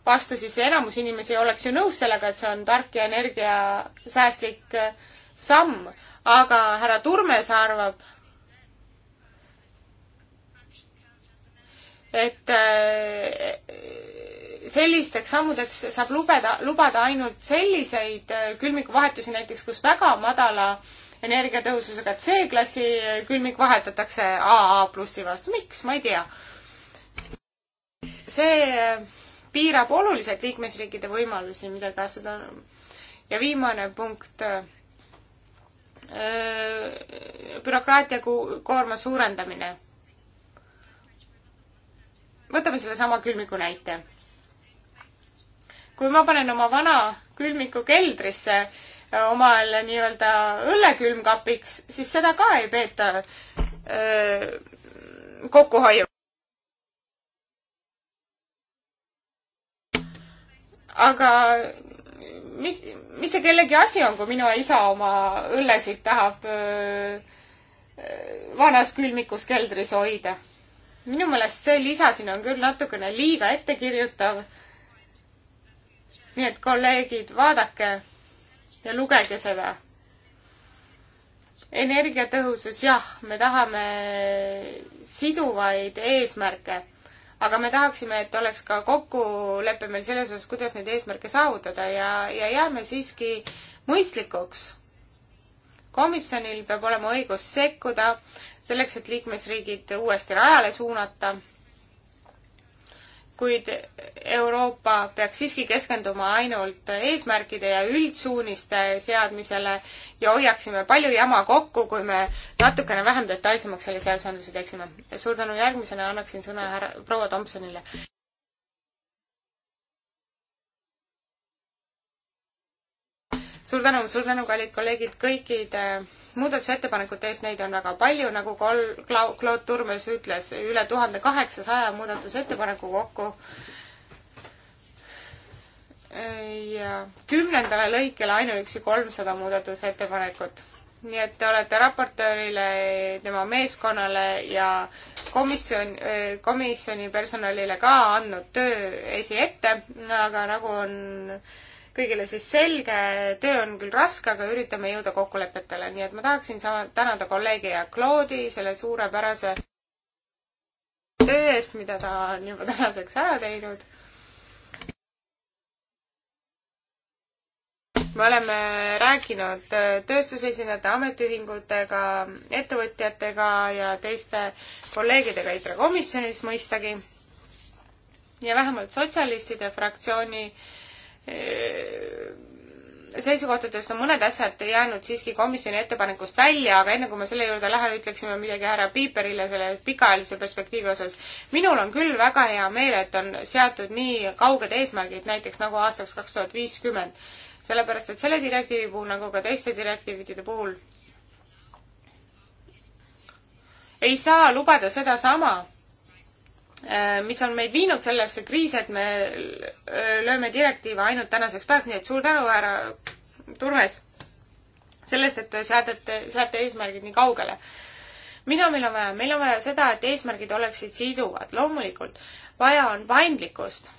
vastu, siis enamus inimesi oleks ju nõus sellega, et see on tark ja energiasäästlik samm, aga härra Turmes arvab, et äh, sellisteks sammudeks saab lubeda, lubada ainult selliseid äh, külmikuvahetusi näiteks, kus väga madala energiatõhususega C-klassi äh, külmik vahetatakse AA plussi vastu. miks, ma ei tea. see piirab oluliselt liikmesriikide võimalusi midagi astuda. ja viimane punkt Äh, bürokraatia koorma suurendamine. võtame sellesama külmiku näite. kui ma panen oma vana külmiku keldrisse äh, omale nii-öelda õllekülmkapiks, siis seda ka ei peeta äh, kokkuhoiu. aga mis, mis see kellegi asi on, kui minu isa oma õllesid tahab öö, vanas külmikus keldris hoida? minu meelest see lisa siin on küll natukene liiga ettekirjutav. nii et kolleegid, vaadake ja lugege seda. energiatõhusus, jah, me tahame siduvaid eesmärke aga me tahaksime, et oleks ka kokkulepe meil selles osas, kuidas neid eesmärke saavutada ja, ja jääme siiski mõistlikuks. komisjonil peab olema õigus sekkuda selleks, et liikmesriigid uuesti rajale suunata kuid Euroopa peaks siiski keskenduma ainult eesmärkide ja üldsuuniste seadmisele ja hoiaksime palju jama kokku, kui me natukene vähem detailsemaks selle seadusandluse teeksime. suur tänu, järgmisena annaksin sõna härra, proua Tomsonile. suur tänu, suur tänu, kallid kolleegid, kõikide muudatusettepanekute eest, neid on väga palju, nagu kol-, Claude Turmes ütles, üle tuhande kaheksasaja muudatusettepaneku kokku. ja kümnendale lõikele ainuüksi kolmsada muudatusettepanekut nii et te olete raportöörile, tema meeskonnale ja komisjon, komisjoni personalile ka andnud töö esiette, aga nagu on äh, kõigile siis selge, töö on küll raske, aga üritame jõuda kokkulepetele, nii et ma tahaksin sama, tänada kolleegi ja Claude'i selle suurepärase töö eest, mida ta on juba tänaseks ära teinud. me oleme rääkinud äh, tööstusesindajate, ametiühingutega, ettevõtjatega ja teiste kolleegidega ITRE komisjonis mõistagi. ja vähemalt sotsialistide fraktsiooni äh, seisukohtadest on mõned asjad jäänud siiski komisjoni ettepanekust välja, aga enne kui ma selle juurde lähen, ütleksime midagi härra Piiperile selle pikaajalise perspektiivi osas. minul on küll väga hea meel, et on seatud nii kauged eesmärgid, näiteks nagu aastaks kaks tuhat viiskümmend. sellepärast, et selle direktiivi puhul nagu ka teiste direktiivide puhul ei saa lubada sedasama Äh, mis on meid viinud sellesse kriisi, et me äh, lööme direktiive ainult tänaseks päevaks, nii et suur tänu, härra Turmes, sellest, et te seadete, seate eesmärgid nii kaugele. mida meil on vaja? meil on vaja seda, et eesmärgid oleksid siduvad. loomulikult, vaja on paindlikkust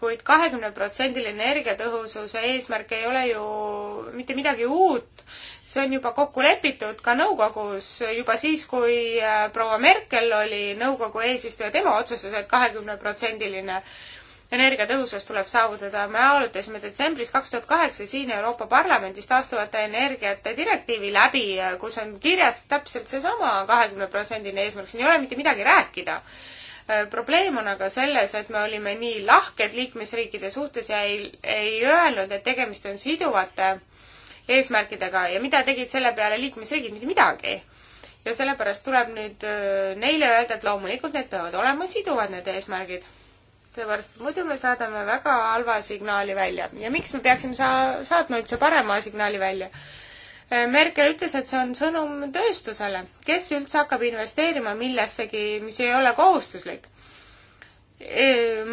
kuid kahekümne protsendil energiatõhususe eesmärk ei ole ju mitte midagi uut. see on juba kokku lepitud ka nõukogus juba siis, kui äh, proua Merkel oli nõukogu eesistuja, tema otsustas, et kahekümneprotsendiline energiatõhusus tuleb saavutada. me arutasime detsembris kaks tuhat kaheksa siin Euroopa Parlamendis taastuvate energiate direktiivi läbi, äh, kus on kirjas täpselt seesama kahekümne protsendine eesmärk, siin ei ole mitte midagi rääkida Äh, probleem on aga selles, et me olime nii lahked liikmesriikide suhtes ja ei, ei öelnud, et tegemist on siduvate eesmärkidega ja mida tegid selle peale liikmesriigid, mitte midagi. ja sellepärast tuleb nüüd äh, neile öelda, et loomulikult need peavad olema siduvad, need eesmärgid. sellepärast, et muidu me saadame väga halva signaali välja ja miks me peaksime sa-, saatma üldse parema signaali välja? Merkel ütles, et see on sõnum tööstusele, kes üldse hakkab investeerima millessegi, mis ei ole kohustuslik. E,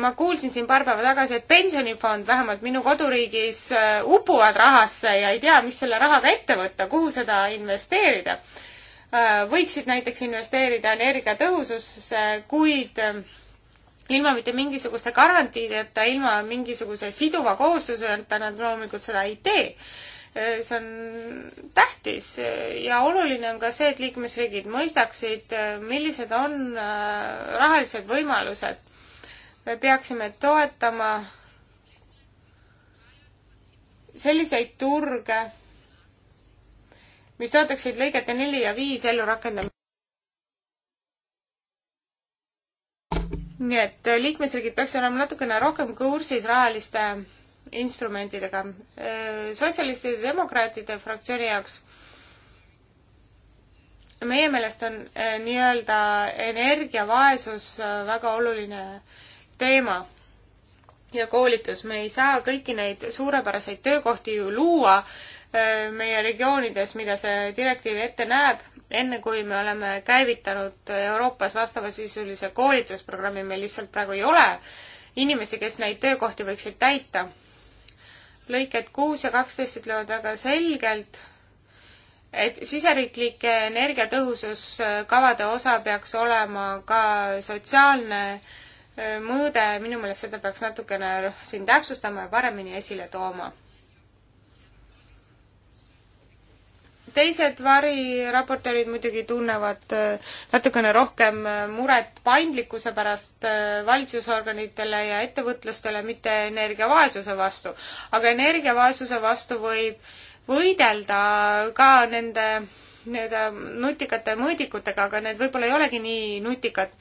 ma kuulsin siin paar päeva tagasi, et pensionifond vähemalt minu koduriigis e, upuvad rahasse ja ei tea, mis selle rahaga ette võtta, kuhu seda investeerida. E, võiksid näiteks investeerida energiatõhususse, kuid ilma mitte mingisuguste garantiideta, ilma mingisuguse siduva kohustuseta nad loomulikult seda ei tee Äh, see on tähtis ja oluline on ka see, et liikmesriigid mõistaksid, äh, millised on äh, rahalised võimalused. me peaksime toetama selliseid turge, mis toetaksid lõigete neli ja viis ellurakendamist. nii et liikmesriigid peaks olema natukene rohkem kursis rahaliste instrumentidega. sotsialistide ja demokraatide fraktsiooni jaoks meie meelest on eh, nii-öelda energiavaesus eh, väga oluline teema ja koolitus. me ei saa kõiki neid suurepäraseid töökohti ju luua eh, meie regioonides, mida see direktiiv ette näeb, enne kui me oleme käivitanud Euroopas vastavasisulise koolitusprogrammi, meil lihtsalt praegu ei ole inimesi, kes neid töökohti võiksid täita lõiked kuus ja kaksteist ütlevad väga selgelt, et siseriiklike energiatõhususkavade osa peaks olema ka sotsiaalne äh, mõõde, minu meelest seda peaks natukene siin täpsustama ja paremini esile tooma teised variraportöörid muidugi tunnevad äh, natukene rohkem äh, muret paindlikkuse pärast äh, valitsusorganitele ja ettevõtlustele, mitte energiavaesuse vastu. aga energiavaesuse vastu võib võidelda ka nende nii-öelda nutikate mõõdikutega, aga need võib-olla ei olegi nii nutikad.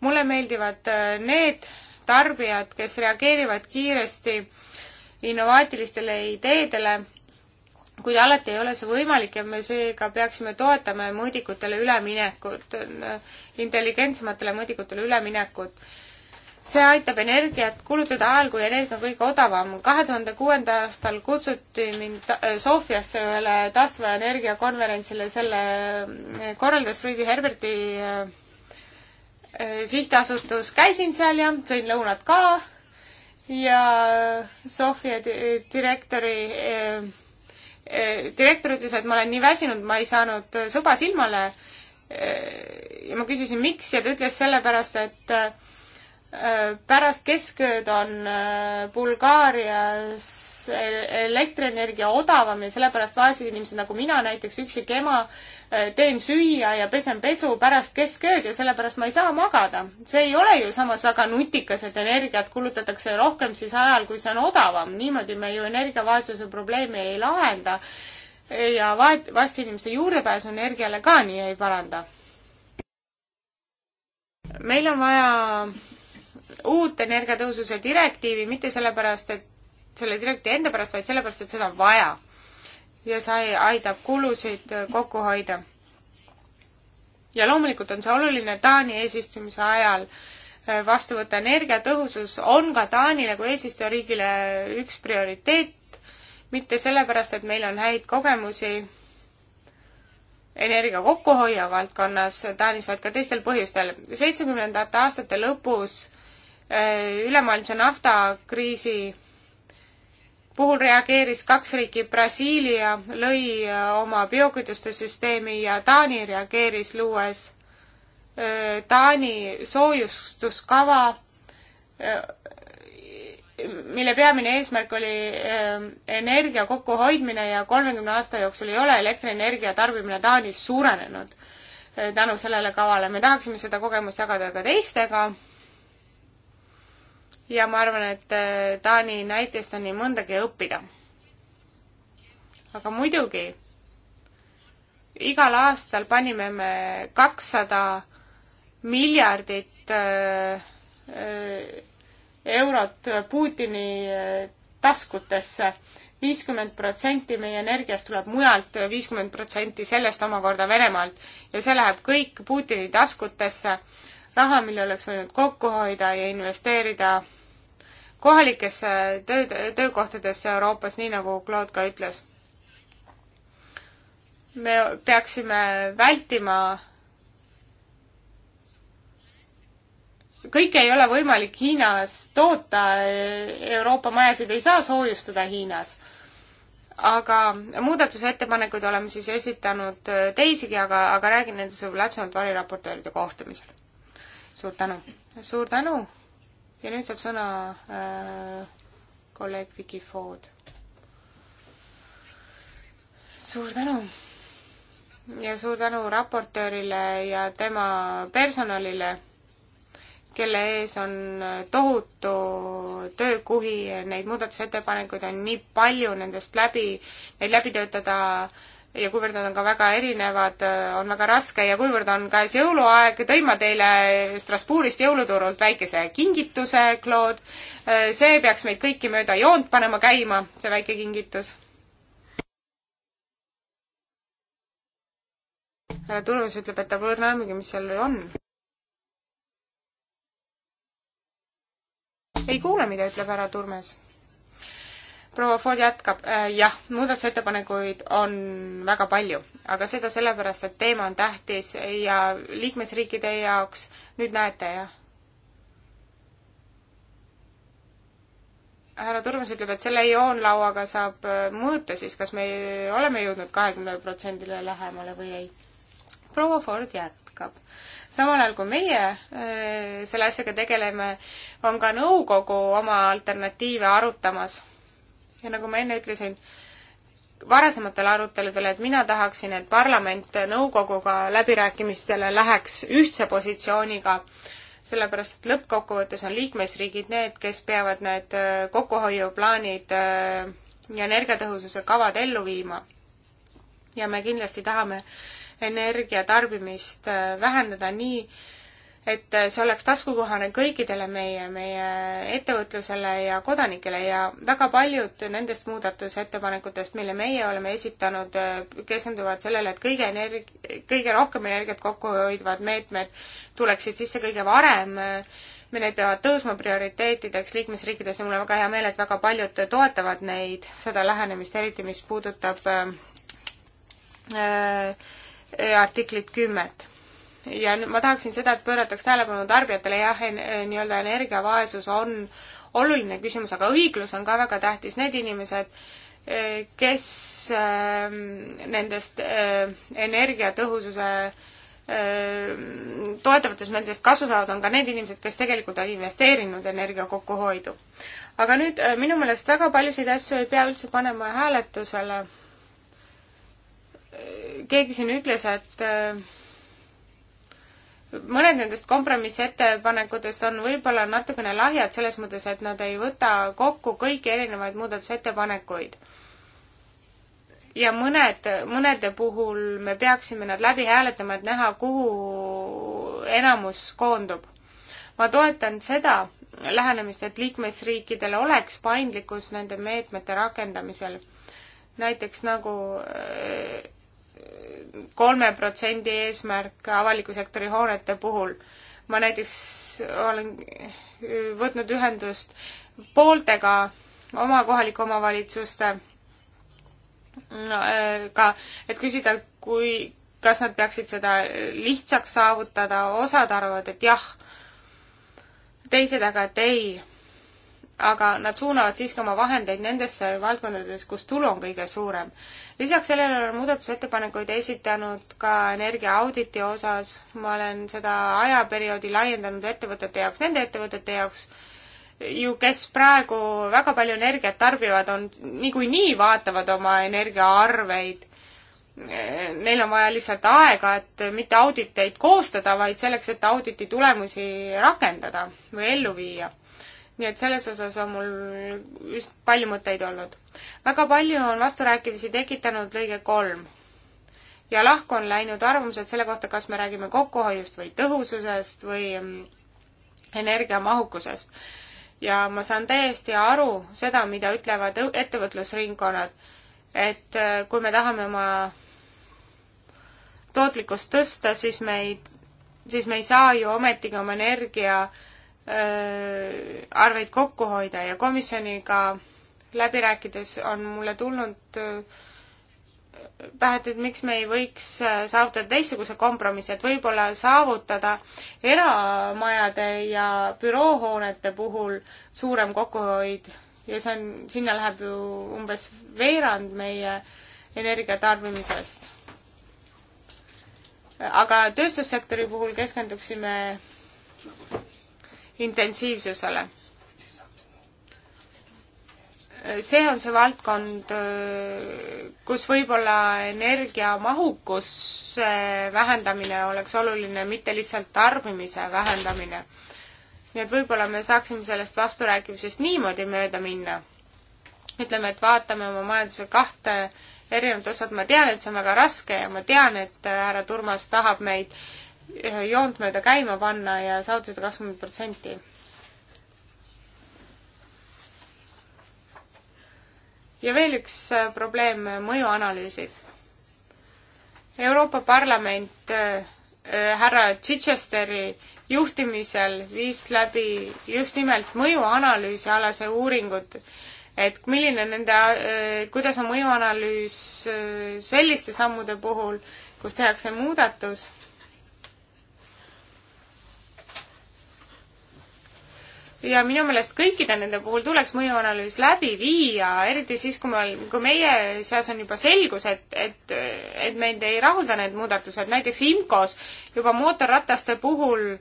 mulle meeldivad need tarbijad, kes reageerivad kiiresti innovaatilistele ideedele kuid alati ei ole see võimalik ja me seega peaksime toetama mõõdikutele üleminekut, intelligentsematele mõõdikutele üleminekut. see aitab energiat kulutada ajal, kui energia on kõige odavam. kahe tuhande kuuendal aastal kutsuti mind äh, Sofiasse ühele taastuva energia konverentsile, selle äh, korraldas Friedi Herberti äh, sihtasutus, käisin seal ja sõin lõunat ka ja Sofia direktori direktor ütles, et ma olen nii väsinud, ma ei saanud sõba silmale. ja ma küsisin, miks ja ta ütles sellepärast, et Äh, pärast keskööd on äh, Bulgaarias elektrienergia odavam ja sellepärast vaesed inimesed nagu mina näiteks, üksik ema, äh, teen süüa ja pesen pesu pärast keskööd ja sellepärast ma ei saa magada. see ei ole ju samas väga nutikas, et energiat kulutatakse rohkem siis ajal, kui see on odavam. niimoodi me ju energiavaesuse probleemi ei lahenda ja vaet-, vaeste inimeste juurdepääsu energiale ka nii ei paranda. meil on vaja uut energiatõhususe direktiivi mitte sellepärast, et selle direktiivi enda pärast, vaid sellepärast, et seda on vaja. ja see aitab kulusid äh, kokku hoida. ja loomulikult on see oluline Taani eesistumise ajal äh, vastu võtta. energiatõhusus on ka Taanile kui eesistujariigile üks prioriteet, mitte sellepärast, et meil on häid kogemusi energia kokkuhoiu valdkonnas Taanis, vaid ka teistel põhjustel. seitsmekümnendate aastate lõpus Äh, ülemaailmse naftakriisi puhul reageeris kaks riiki, Brasiilia lõi äh, oma biokütuste süsteemi ja Taani reageeris, luues äh, Taani soojustuskava, mille peamine eesmärk oli energia kokkuhoidmine ja kolmekümne aasta jooksul ei ole elektrienergia tarbimine Taanis suurenenud tänu sellele kavale. me tahaksime seda kogemust jagada ka teistega ja ma arvan, et äh, Taani näitest on nii mõndagi õppida. aga muidugi, igal aastal panime me kakssada miljardit äh, äh, eurot Putini taskutesse. viiskümmend protsenti meie energiast tuleb mujalt, viiskümmend protsenti sellest omakorda Venemaalt ja see läheb kõik Putini taskutesse raha, mille oleks võinud kokku hoida ja investeerida kohalikesse äh, tööd, töökohtadesse Euroopas, nii nagu Claude ka ütles. me peaksime vältima kõike ei ole võimalik Hiinas toota, Euroopa majasid ei saa soojustada Hiinas. aga muudatusettepanekuid oleme siis esitanud teisigi, aga, aga räägin nendest võib-olla täpsemalt variraportööride kohtumisel. suur tänu! suur tänu! ja nüüd saab sõna äh, kolleeg Vicky Ford. suur tänu! ja suur tänu raportöörile ja tema personalile, kelle ees on tohutu töökuhi, neid muudatusettepanekuid on nii palju, nendest läbi, neid läbi töötada äh, ja kuivõrd nad on ka väga erinevad, äh, on väga raske ja kuivõrd on käes jõuluaeg, tõin ma teile Strasbourgist jõuluturult väikese kingituse, Claude. Äh, see peaks meid kõiki mööda joont panema käima, see väike kingitus. härra Turus ütleb, et ta pole õrna aimugi, mis seal on. ei kuule, mida ütleb härra Turmes proua Ford jätkab, äh, jah, muudatusettepanekuid on väga palju, aga seda sellepärast, et teema on tähtis ja liikmesriikide jaoks, nüüd näete, jah. härra Turmas ütleb, et selle joonlauaga saab äh, mõõta siis, kas me oleme jõudnud kahekümne protsendile lähemale või ei. proua Ford jätkab samal ajal kui meie äh, selle asjaga tegeleme, on ka nõukogu oma alternatiive arutamas ja nagu ma enne ütlesin, varasematel aruteludel, et mina tahaksin, et parlament nõukoguga läbirääkimistele läheks ühtse positsiooniga, sellepärast et lõppkokkuvõttes on liikmesriigid need, kes peavad need äh, kokkuhoiuplaanid äh, ja energiatõhususe kavad ellu viima. ja me kindlasti tahame energiatarbimist äh, vähendada nii, et see oleks taskukohane kõikidele meie, meie ettevõtlusele ja kodanikele ja väga paljud nendest muudatusettepanekutest, mille meie oleme esitanud, keskenduvad sellele, et kõige energ-, kõige rohkem energiat kokku hoidvad meetmed tuleksid sisse kõige varem, need peavad tõusma prioriteetideks liikmesriikides ja mul on väga hea meel, et väga paljud toetavad neid, seda lähenemist, eriti mis puudutab äh, äh, artiklit kümmet ja ma tahaksin seda, et pöörataks tähelepanu tarbijatele, jah, eh, nii-öelda energiavaesus on oluline küsimus, aga õiglus on ka väga tähtis, need inimesed, eh, kes ehm, nendest eh, energiatõhususe ehm, toetavatest nendest kasu saavad, on ka need inimesed, kes tegelikult on investeerinud energia kokkuhoidu. aga nüüd minu meelest väga paljusid asju ei pea üldse panema hääletusele. keegi siin ütles, et äh, mõned nendest kompromissettepanekutest on võib-olla natukene lahjad selles mõttes, et nad ei võta kokku kõiki erinevaid muudatusettepanekuid. ja mõned, mõnede puhul me peaksime nad läbi hääletama, et näha, kuhu enamus koondub. ma toetan seda lähenemist, et liikmesriikidel oleks paindlikkus nende meetmete rakendamisel. näiteks nagu äh, kolme protsendi eesmärk avaliku sektori hoonete puhul. ma näiteks olen äh, võtnud ühendust pooltega oma kohalike omavalitsuste äh, ka, et küsida, kui, kas nad peaksid seda lihtsaks saavutada, osad arvavad, et jah, teised aga, et ei aga nad suunavad siiski oma vahendeid nendesse valdkondades, kus tulu on kõige suurem. lisaks sellele olen muudatusettepanekuid esitanud ka energiaauditi osas, ma olen seda ajaperioodi laiendanud ettevõtete jaoks, nende ettevõtete jaoks, ju kes praegu väga palju energiat tarbivad, on niikuinii vaatavad oma energiaarveid neil on vaja lihtsalt aega, et mitte auditeid koostada, vaid selleks, et auditi tulemusi rakendada või ellu viia nii et selles osas on mul vist palju mõtteid olnud. väga palju on vasturääkimisi tekitanud lõige kolm. ja lahku on läinud arvamused selle kohta, kas me räägime kokkuhoiust või tõhususest või mm, energiamahukusest. ja ma saan täiesti aru seda, mida ütlevad ettevõtlusringkonnad, et äh, kui me tahame oma tootlikkust tõsta, siis me ei, siis me ei saa ju ometigi oma energia äh, Äh, arveid kokku hoida ja komisjoniga läbi rääkides on mulle tulnud äh, pähe, et miks me ei võiks äh, saavutada teistsuguse kompromissi, et võib-olla saavutada eramajade ja büroohoonete puhul suurem kokkuhoid ja see on, sinna läheb ju umbes veerand meie energiatarbimisest. aga tööstussektori puhul keskenduksime intensiivsusele. see on see valdkond, kus võib-olla energiamahukuse vähendamine oleks oluline, mitte lihtsalt tarbimise vähendamine. nii et võib-olla me saaksime sellest vasturääkimisest niimoodi mööda minna. ütleme, et vaatame oma majanduse kahte erinevat osad, ma tean, et see on väga raske ja ma tean, et härra Turmas tahab meid äh, joont mööda käima panna ja saavutada kakskümmend protsenti. ja veel üks äh, probleem, äh, mõjuanalüüsid. Euroopa Parlament äh, härra Chichesteri juhtimisel viis läbi just nimelt mõjuanalüüsi alase uuringud, et milline nende, kuidas on mõjuanalüüs selliste sammude puhul, kus tehakse muudatus ja minu meelest kõikide nende puhul tuleks mõjuanalüüs läbi viia, eriti siis, kui meil, kui meie seas on juba selgus, et, et, et meid ei rahulda need muudatused, näiteks IMCO-s juba mootorrataste puhul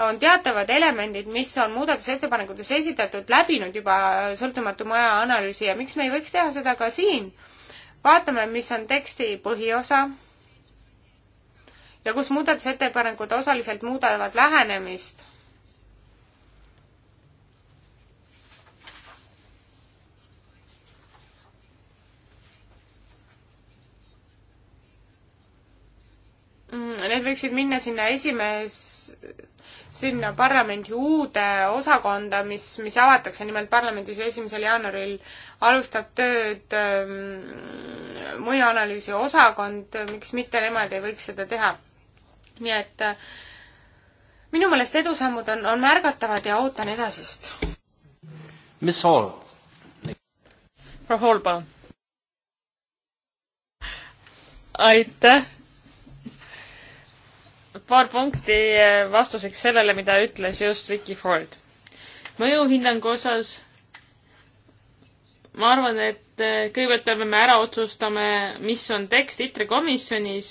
on teatavad elemendid, mis on muudatusettepanekutes esitatud, läbinud juba sõltumatu maja analüüsi ja miks me ei võiks teha seda ka siin? vaatame, mis on teksti põhiosa ja kus muudatusettepanekud osaliselt muudavad lähenemist Mm, need võiksid minna sinna esimees, sinna parlamendi uude osakonda, mis, mis avatakse nimelt parlamendis esimesel jaanuaril, alustab tööd ähm, mõjuanalüüsi osakond, miks mitte nemad ei võiks seda teha. nii et äh, minu meelest edusammud on, on märgatavad ja ootan edasist. mis Hall? proua Hall, palun. aitäh paar punkti eh, vastuseks sellele, mida ütles just Vicky Ford. mõjuhinnangu osas ma arvan, et eh, kõigepealt peame me ära otsustama, mis on tekst ITRE komisjonis,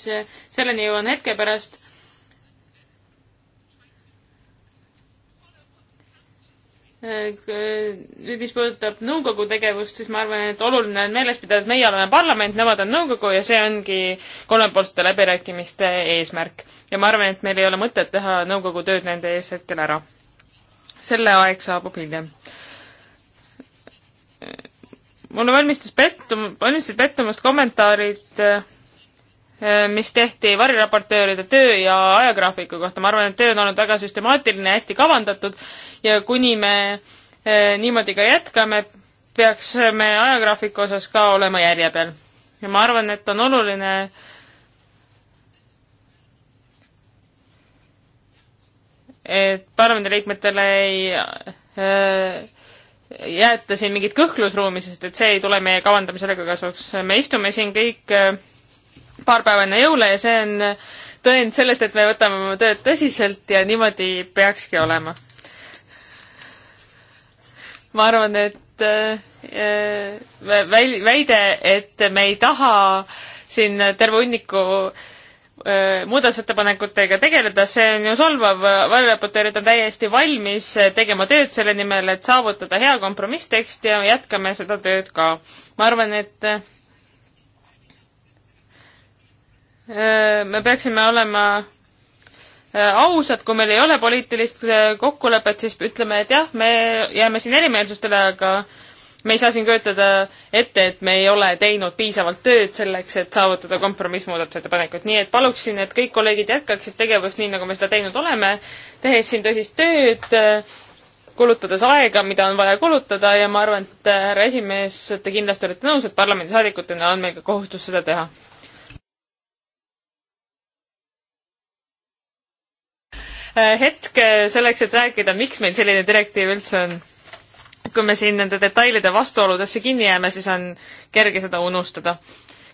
selleni jõuan hetke pärast, Äh, nüüd, mis puudutab nõukogu tegevust, siis ma arvan, et oluline on meeles pidada, et meie oleme parlament, nemad on nõukogu ja see ongi kolmepoolsete läbirääkimiste eesmärk. ja ma arvan, et meil ei ole mõtet teha nõukogu tööd nende ees hetkel ära. selle aeg saabub hiljem. Äh, mulle valmistas pettum-, valmistasid pettumust kommentaarid äh, Äh, mis tehti variraportööride töö ja ajagraafiku kohta. ma arvan, et töö on olnud väga süstemaatiline, hästi kavandatud ja kuni me äh, niimoodi ka jätkame, peaks me ajagraafiku osas ka olema järje peal. ja ma arvan, et on oluline et parlamendiliikmetele ei äh, jäeta siin mingit kõhklusruumi, sest et see ei tule meie kavandamisele ka kasuks. me istume siin kõik äh, paar päeva enne jõule ja see on tõend sellest, et me võtame oma tööd tõsiselt ja niimoodi peakski olema. ma arvan, et äh, väl-, väide, et me ei taha siin terve hunniku äh, muudatusettepanekutega tegeleda, see on ju solvav, varjuraportöörid on täiesti valmis tegema tööd selle nimel, et saavutada hea kompromisstekst ja jätkame seda tööd ka. ma arvan, et Äh, me peaksime olema äh, ausad, kui meil ei ole poliitilist äh, kokkulepet, siis ütleme, et jah, me jääme siin erimeelsustele, aga me ei saa siin kujutada ette, et me ei ole teinud piisavalt tööd selleks, et saavutada kompromissmuudatusettepanekut, nii et paluksin, et kõik kolleegid jätkaksid tegevust nii, nagu me seda teinud oleme, tehes siin tõsist tööd, kulutades aega, mida on vaja kulutada ja ma arvan, et härra esimees, te kindlasti olete nõus, et parlamendisaadikutena on meil ka kohustus seda teha Eh, hetke eh, selleks, et rääkida, miks meil selline direktiiv üldse on. kui me siin nende detailide vastuoludesse kinni jääme, siis on kerge seda unustada.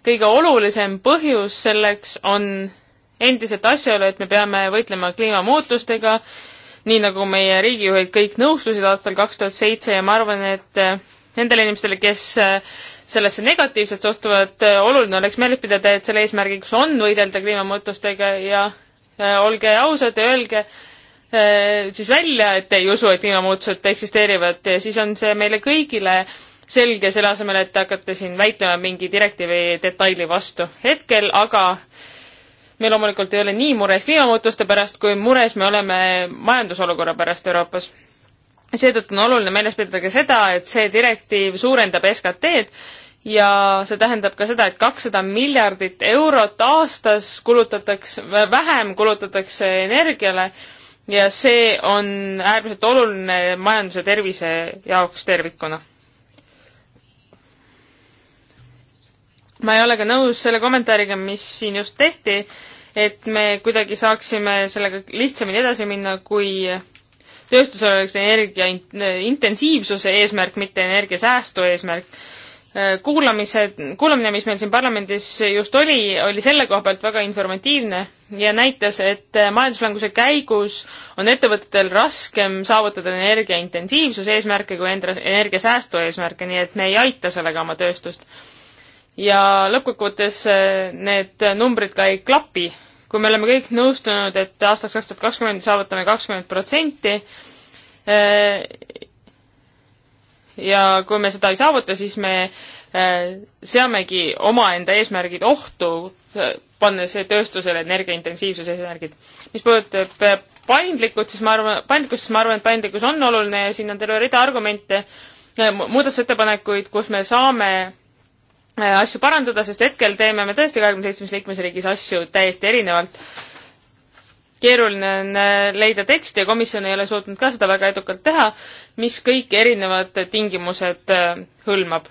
kõige olulisem põhjus selleks on endiselt asjaolu, et me peame võitlema kliimamuutustega, nii nagu meie riigijuhid kõik nõustusid aastal kaks tuhat seitse ja ma arvan, et eh, nendele inimestele, kes sellesse negatiivselt suhtuvad, oluline oleks meeles pidada, et selle eesmärgiks on võidelda kliimamuutustega ja Äh, olge ausad ja öelge äh, siis välja, et te ei usu, et kliimamuutused eksisteerivad ja siis on see meile kõigile selge, selle asemel, et hakata siin väitlema mingi direktiivi detaili vastu. hetkel aga me loomulikult ei ole nii mures kliimamuutuste pärast, kui mures me oleme majandusolukorra pärast Euroopas. seetõttu on oluline meeles pidada ka seda, et see direktiiv suurendab SKT-d ja see tähendab ka seda, et kakssada miljardit eurot aastas kulutatakse, vähem kulutatakse energiale ja see on äärmiselt oluline majanduse tervise jaoks tervikuna. ma ei ole ka nõus selle kommentaariga, mis siin just tehti, et me kuidagi saaksime sellega lihtsamini edasi minna, kui tööstusel oleks energia intensiivsuse eesmärk, mitte energiasäästu eesmärk Äh, kuulamised, kuulamine, mis meil siin parlamendis just oli, oli selle koha pealt väga informatiivne ja näitas, et äh, majanduslanguse käigus on ettevõtetel raskem saavutada energiaintensiivsuse eesmärke kui enda energiasäästu eesmärke, nii et me ei aita sellega oma tööstust. ja lõppkokkuvõttes äh, need numbrid ka ei klapi. kui me oleme kõik nõustunud, et aastaks kaks tuhat kakskümmend saavutame kakskümmend protsenti, ja kui me seda ei saavuta, siis me äh, seamegi omaenda eesmärgid ohtu, äh, pannes tööstusele energiaintensiivsuse eesmärgid. mis puudutab äh, paindlikkust, siis ma arvan, paindlikkust, siis ma arvan, et paindlikkus on oluline ja siin on terve rida argumente, muudatusettepanekuid, kus me saame asju parandada, sest hetkel teeme me tõesti kahekümne seitsmes liikmesriigis asju täiesti erinevalt keeruline on äh, leida teksti ja komisjon ei ole suutnud ka seda väga edukalt teha, mis kõik erinevad tingimused äh, hõlmab.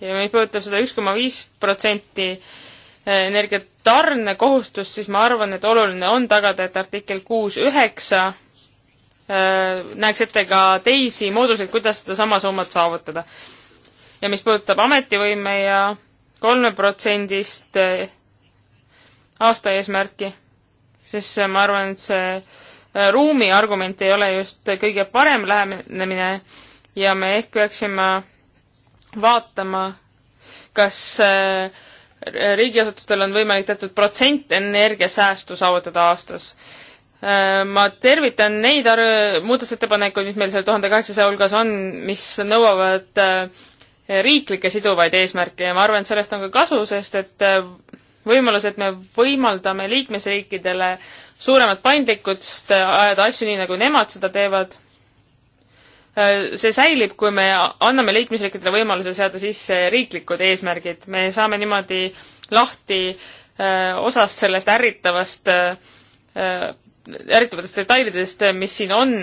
ja mis puudutab seda üks koma viis protsenti äh, energiatarne kohustust, siis ma arvan, et oluline on tagada, et artikkel kuus üheksa näeks ette ka teisi mooduseid, kuidas sedasama summat saavutada. ja mis puudutab ametivõime ja kolmeprotsendist aasta eesmärki siis ma arvan, et see äh, ruumi argument ei ole just kõige parem lähenemine ja me ehk peaksime vaatama, kas äh, riigiasutustel on võimalik teatud protsent energiasäästu saavutada aastas. Äh, ma tervitan neid arv-, muudatusettepanekuid, mis meil seal tuhande kaheksasaja hulgas on, mis nõuavad riiklikke siduvaid eesmärke ja ma arvan, et sellest on ka kasu, sest et võimalus, et me võimaldame liikmesriikidele suuremat paindlikkust äh, ajada asju nii, nagu nemad seda teevad. Äh, see säilib, kui me anname liikmesriikidele võimaluse seada sisse riiklikud eesmärgid. me saame niimoodi lahti äh, osast sellest ärritavast, ärritavatest detailidest, mis siin on.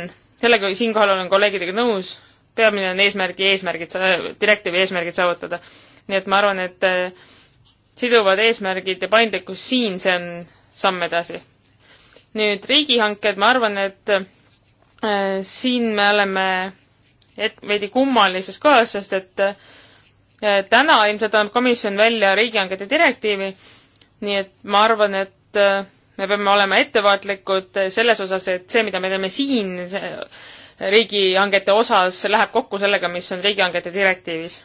sellega siinkohal olen kolleegidega nõus. peamine on eesmärgi eesmärgid, direktiivi eesmärgid saavutada. nii et ma arvan, et siduvad eesmärgid ja paindlikkus siin, see on samm edasi. nüüd riigihanked, ma arvan, et äh, siin me oleme et veidi kummalises kohas, sest et äh, täna ilmselt annab komisjon välja riigihangete direktiivi, nii et ma arvan, et äh, me peame olema ettevaatlikud selles osas, et see, mida me teeme siin see, äh, riigihangete osas, läheb kokku sellega, mis on riigihangete direktiivis.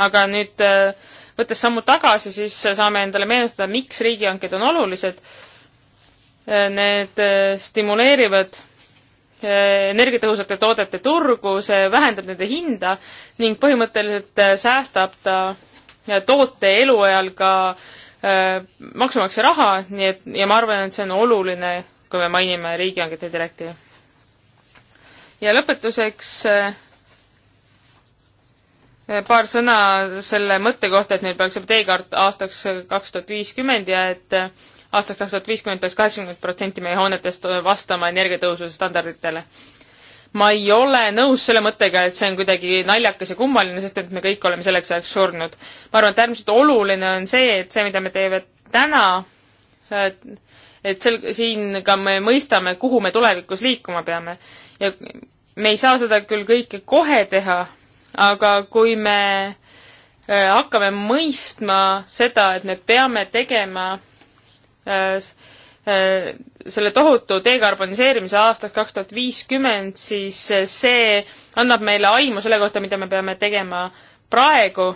aga nüüd äh, võttes sammu tagasi, siis saame endale meenutada, miks riigihanked on olulised. Need äh, stimuleerivad äh, energiatõhusate toodete turgu, see vähendab nende hinda ning põhimõtteliselt äh, säästab ta toote eluajal ka maksumaksja raha, nii et ja ma arvan, et see on oluline, kui me mainime riigihangete direktiivi. ja lõpetuseks Eh, paar sõna selle mõtte kohta, et meil peaks olema teekaart aastaks eh, kaks tuhat viiskümmend ja et eh, aastaks kaks tuhat viiskümmend peaks kaheksakümmend protsenti meie hoonetest vastama energiatõhususe standarditele. ma ei ole nõus selle mõttega, et see on kuidagi naljakas ja kummaline, sest et me kõik oleme selleks ajaks surnud. ma arvan, et äärmiselt oluline on see, et see, mida me teeme täna, et sel-, siin ka me mõistame, kuhu me tulevikus liikuma peame. ja me ei saa seda küll kõike kohe teha, aga kui me äh, hakkame mõistma seda, et me peame tegema äh, äh, selle tohutu dekarboniseerimise aastaks kaks tuhat viiskümmend, siis see annab meile aimu selle kohta, mida me peame tegema praegu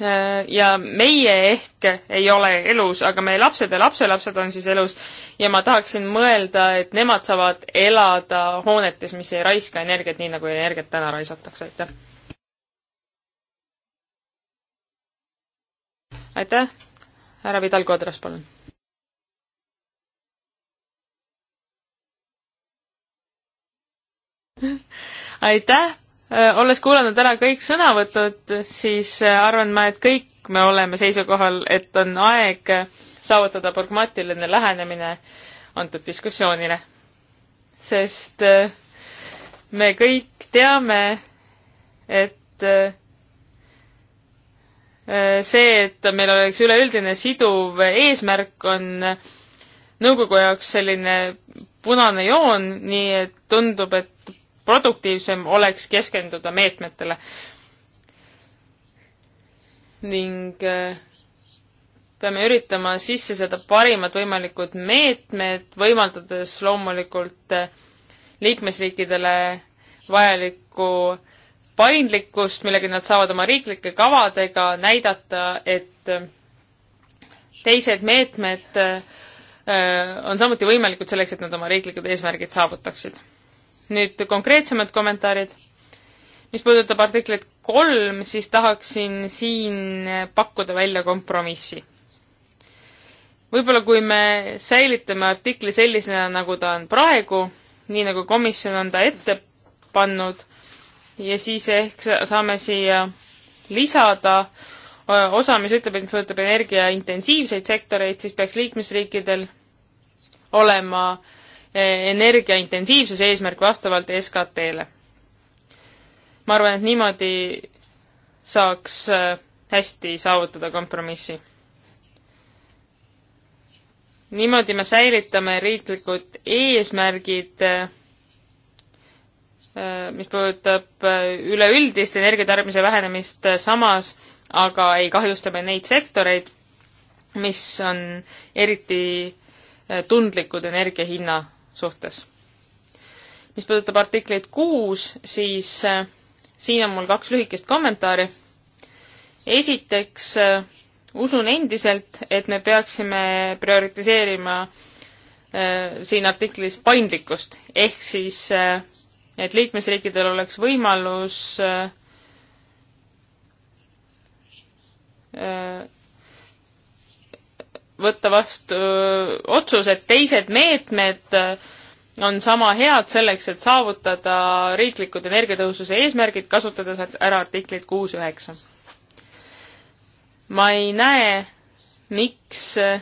Äh, ja meie ehk ei ole elus, aga meie lapsed ja lapselapsed on siis elus ja ma tahaksin mõelda, et nemad saavad elada hoonetes, mis ei raiska energiat, nii nagu energiat täna raisatakse, aitäh. aitäh, härra Vidal Kodras, palun. aitäh Äh, olles kuulanud ära kõik sõnavõtud, siis äh, arvan ma, et kõik me oleme seisukohal, et on aeg saavutada pragmaatiline lähenemine antud diskussioonile. sest äh, me kõik teame, et see, et meil oleks üleüldine siduv eesmärk, on nõukogu jaoks selline punane joon, nii et tundub, et produktiivsem oleks keskenduda meetmetele. ning äh, peame üritama sisse seda parimad võimalikud meetmed, võimaldades loomulikult äh, liikmesriikidele vajalikku paindlikkust, millega nad saavad oma riiklike kavadega näidata, et äh, teised meetmed on samuti võimalikud selleks, et nad oma riiklikud eesmärgid saavutaksid nüüd konkreetsemad kommentaarid. mis puudutab artiklit kolm, siis tahaksin siin pakkuda välja kompromissi. võib-olla kui me säilitame artikli sellisena, nagu ta on praegu, nii nagu komisjon on ta ette pannud, ja siis ehk saame siia lisada osa, mis ütleb, et mis puudutab energiaintensiivseid sektoreid, siis peaks liikmesriikidel olema äh, energiaintensiivsuse eesmärk vastavalt SKT-le. ma arvan, et niimoodi saaks äh, hästi saavutada kompromissi. niimoodi me säilitame riiklikud eesmärgid, äh, äh, mis puudutab üleüldist energiatarbimise vähenemist samas, aga ei kahjusta me neid sektoreid, mis on eriti tundlikud energia hinna suhtes. mis puudutab artiklit kuus, siis äh, siin on mul kaks lühikest kommentaari. esiteks äh, usun endiselt, et me peaksime prioritiseerima äh, siin artiklis paindlikkust, ehk siis et liikmesriikidel oleks võimalus võtta vastu otsus, et teised meetmed on sama head selleks, et saavutada riiklikud energiatõhususe eesmärgid, kasutades ära artiklit kuus üheksa. ma ei näe, miks äh,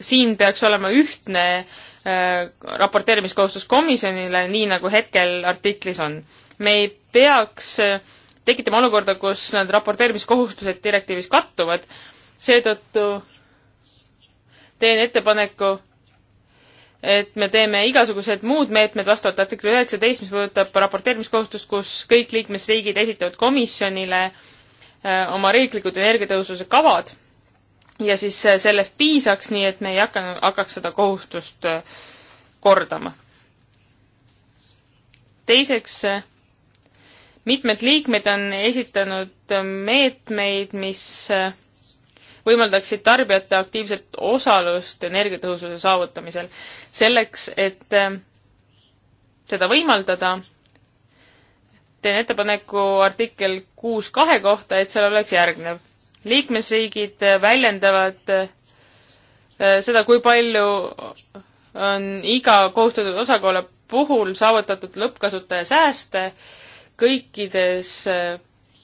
siin peaks olema ühtne äh, raporteerimiskohustus komisjonile, nii nagu hetkel artiklis on. me ei peaks äh, tekitame olukorda, kus need raporteerimiskohustused direktiivis kattuvad, seetõttu teen ettepaneku, et me teeme igasugused muud meetmed vastavalt artikli üheksateist, mis puudutab raporteerimiskohustust, kus kõik liikmesriigid esitavad komisjonile äh, oma riiklikud energiatõhususe kavad ja siis äh, sellest piisaks, nii et me ei hakka, hakkaks seda kohustust äh, kordama. teiseks mitmed liikmed on esitanud meetmeid, mis võimaldaksid tarbijate aktiivset osalust energiatõhususe saavutamisel. selleks, et ähm, seda võimaldada, teen ettepaneku artikkel kuus kahe kohta, et seal oleks järgnev. liikmesriigid väljendavad äh, seda, kui palju on iga kohustatud osakoole puhul saavutatud lõppkasutaja sääste kõikides äh,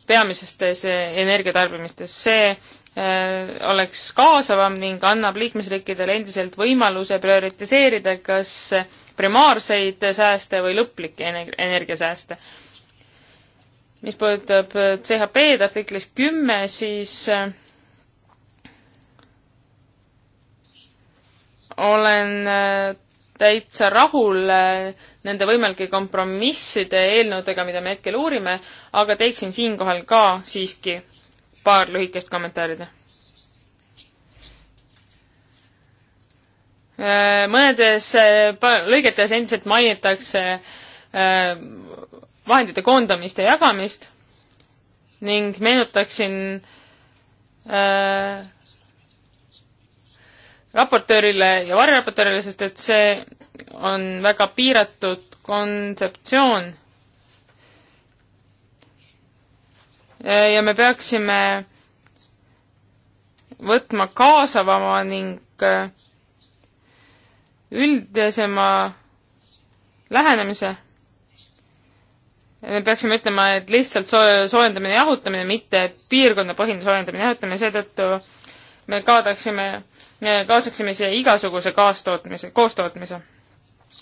peamistes äh, energiatarbimistes. see äh, oleks kaasavam ning annab liikmesriikidele endiselt võimaluse prioritiseerida kas primaarseid sääste või lõplikke energiasääste. mis puudutab CHP-d artiklis kümme, siis olen täitsa rahul eh, nende võimalike kompromisside eelnõudega, mida me hetkel uurime, aga teeksin siinkohal ka siiski paar lühikest kommentaarida. Eh, mõnedes eh, lõigetes endiselt mainitakse vahendite koondamist ja jagamist ning meenutaksin äh, raportöörile ja varjeraportöörile, sest et see on väga piiratud kontseptsioon. ja me peaksime võtma kaasavama ning äh, üldisema lähenemise. me peaksime ütlema, et lihtsalt soo-, soojendamine ja jahutamine, mitte piirkonnapõhine soojendamine ja jahutamine, seetõttu me kaotaksime, kaasaksime siia igasuguse kaastootmise, koostootmise,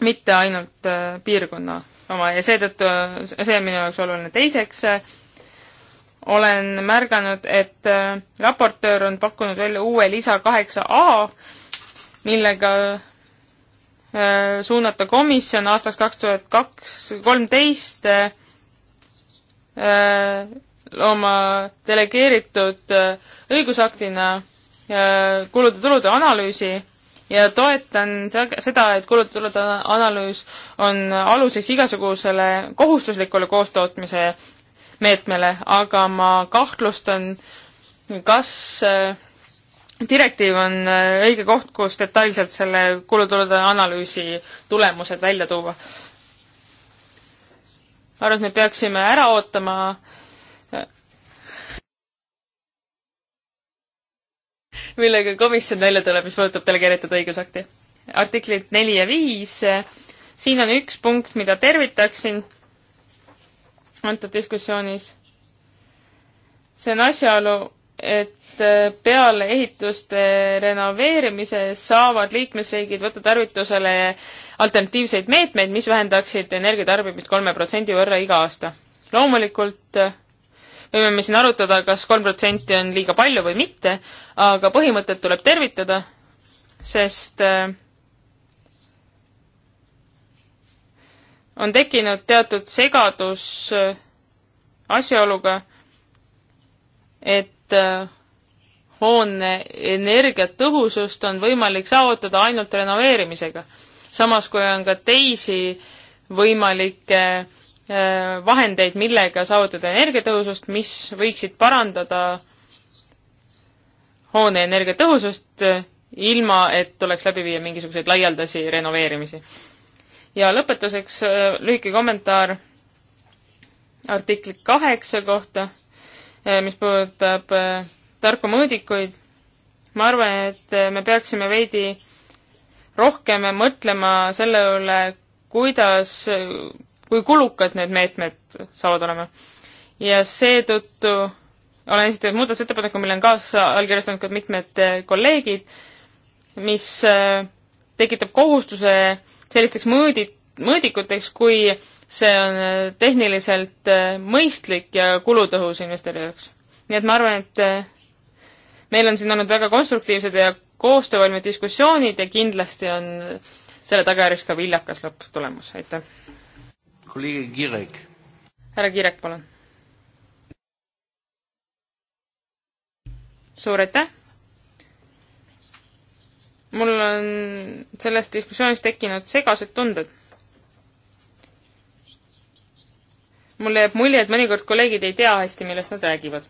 mitte ainult äh, piirkonna oma ja seetõttu see on minu jaoks oluline. teiseks äh, olen märganud, et äh, raportöör on pakkunud välja uue lisa kaheksa A, millega suunata komisjon aastaks kaks tuhat kaks, kolmteist oma delegeeritud õigusaktina kulude-tulude analüüsi ja toetan seda, et kulude-tulude analüüs on aluseks igasugusele kohustuslikule koostootmise meetmele, aga ma kahtlustan, kas äh, direktiiv on äh, õige koht, kus detailselt selle kulutulude analüüsi tulemused välja tuua. ma arvan, et me peaksime ära ootama äh, millega komisjon välja tuleb, mis puudutab delegeeritud õigusakti. artiklid neli ja viis, siin on üks punkt, mida tervitaksin antud diskussioonis. see on asjaolu, et peale ehituste renoveerimise saavad liikmesriigid võtta tarvitusele alternatiivseid meetmeid, mis vähendaksid energiatarbimist kolme protsendi võrra iga aasta. loomulikult võime me siin arutada, kas kolm protsenti on liiga palju või mitte, aga põhimõtet tuleb tervitada, sest äh, on tekkinud teatud segadus äh, asjaoluga, et äh, hoone energiatõhusust on võimalik saavutada ainult renoveerimisega. samas kui on ka teisi võimalikke äh, Äh, vahendeid, millega saavutada energiatõhusust, mis võiksid parandada hoone energiatõhusust, äh, ilma et tuleks läbi viia mingisuguseid laialdasi renoveerimisi. ja lõpetuseks äh, lühike kommentaar artikli kaheksa kohta, mis puudutab tarku mõõdikuid. ma arvan, et me peaksime veidi rohkem mõtlema selle üle, kuidas kui kulukad need meetmed saavad olema. ja seetõttu olen esitanud muudatusettepaneku, mille on kaasa allkirjastanud ka mitmed eh, kolleegid, mis eh, tekitab kohustuse sellisteks mõõdi-, mõõdikuteks, kui see on eh, tehniliselt mõistlik ja kulutõhus investori jaoks. nii et ma arvan, et meil on siin olnud väga konstruktiivsed ja koostöövalmid diskussioonid ja kindlasti on selle tagajärjeks ka viljakas lõpptulemus, aitäh! kolleeg Kirek. härra Kirek, palun. suur aitäh. mul on sellest diskussioonist tekkinud segased tunded. mulle jääb mulje, et mõnikord kolleegid ei tea hästi, millest nad räägivad.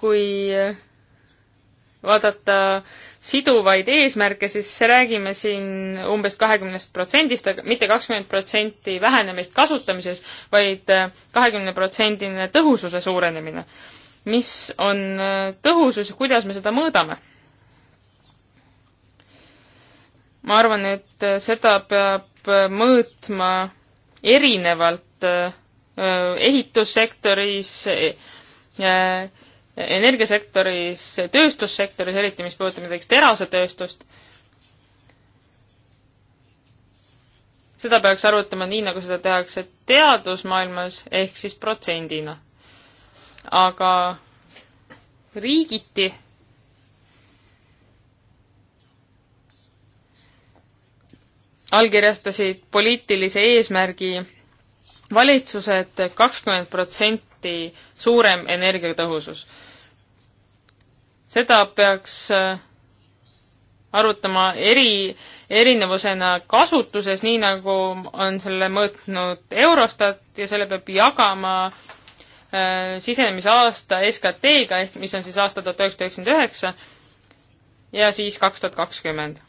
kui äh, vaadata siduvaid eesmärke, siis räägime siin umbes kahekümnest protsendist, aga mitte kakskümmend protsenti vähenemist kasutamises vaid, vaid kahekümne protsendine tõhususe suurenemine. mis on tõhusus ja kuidas me seda mõõdame? ma arvan, et seda peab mõõtma erinevalt eh, ehitussektoris, eh, energiasektoris, tööstussektoris, eriti mis puudutab näiteks terasetööstust, seda peaks arvutama nii, nagu seda tehakse teadusmaailmas, ehk siis protsendina. aga riigiti allkirjastasid poliitilise eesmärgi valitsused kakskümmend protsenti suurem energiatõhusus seda peaks äh, arutama eri, erinevusena kasutuses, nii nagu on selle mõõtnud Eurostat ja selle peab jagama äh, sisenemise aasta SKT-ga ehk mis on siis aasta tuhat üheksasada üheksakümmend üheksa ja siis kaks tuhat kakskümmend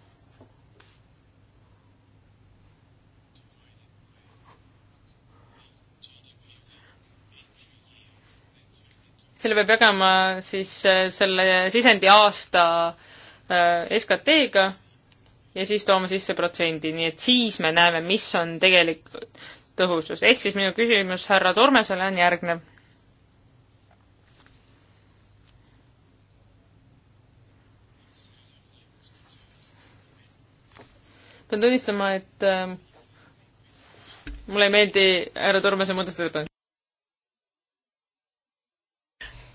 selle peab jagama siis äh, selle sisendi aasta äh, SKT-ga ja siis tooma sisse protsendi, nii et siis me näeme, mis on tegelik tõhusus. ehk siis minu küsimus härra Tormesele on järgnev. pean tunnistama, et äh, mulle ei meeldi härra Tormese muudatusettepanek.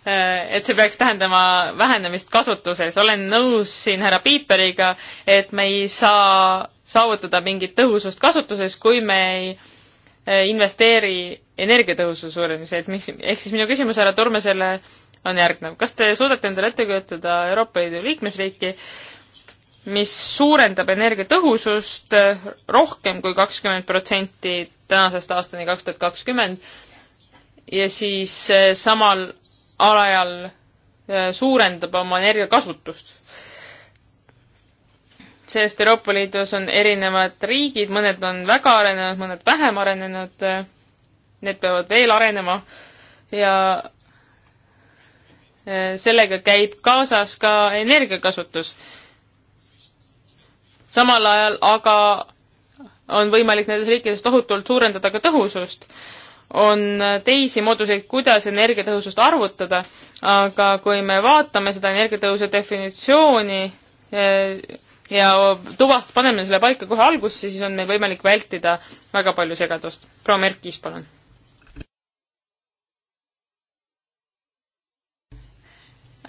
Äh, et see peaks tähendama vähenemist kasutuses. olen nõus siin härra Piiperiga, et me ei saa saavutada mingit tõhusust kasutuses, kui me ei äh, investeeri energiatõhususe suurenemise, et miks, ehk siis minu küsimus härra Turmesele on järgnev. kas te suudate endale ette kujutada Euroopa Liidu liikmesriiki, mis suurendab energiatõhusust äh, rohkem kui kakskümmend protsenti tänasest aastani kaks tuhat kakskümmend ja siis samal alajal äh, suurendab oma energiakasutust. sest Euroopa Liidus on erinevad riigid, mõned on väga arenenud, mõned vähem arenenud, äh, need peavad veel arenema ja äh, sellega käib kaasas ka energiakasutus. samal ajal aga on võimalik nendes riikides tohutult suurendada ka tõhusust on teisi mooduseid, kuidas energiatõhusust arvutada, aga kui me vaatame seda energiatõhususe definitsiooni eh, ja tuvast paneme selle paika kohe algusse, siis on meil võimalik vältida väga palju segadust. proua Merkis, palun.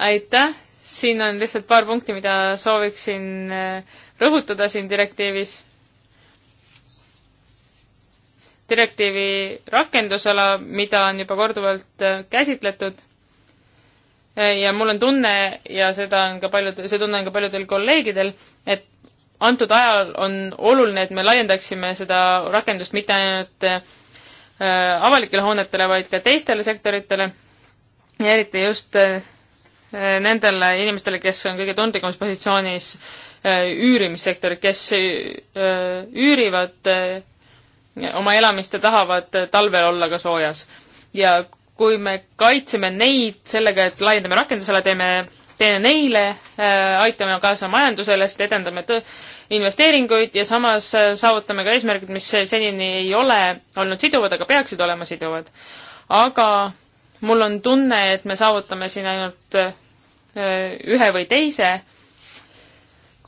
aitäh, siin on lihtsalt paar punkti, mida sooviksin eh, rõhutada siin direktiivis direktiivi rakendusala, mida on juba korduvalt äh, käsitletud. Äh, ja mul on tunne ja seda on ka paljud, see tunne on ka paljudel kolleegidel, et antud ajal on oluline, et me laiendaksime seda rakendust mitte ainult äh, avalikele hoonetele, vaid ka teistele sektoritele ja eriti just nendele inimestele, kes on kõige tundlikumas positsioonis üürimissektoril, kes üürivad oma elamist ja tahavad talvel olla ka soojas. ja kui me kaitseme neid sellega, et laiendame rakendusala, teeme, teeme neile äh,, aitame kaasa majandusele, sest edendame investeeringuid ja samas äh, saavutame ka eesmärgid, mis senini ei ole olnud siduvad, aga peaksid olema siduvad. aga mul on tunne, et me saavutame siin ainult äh, ühe või teise äh,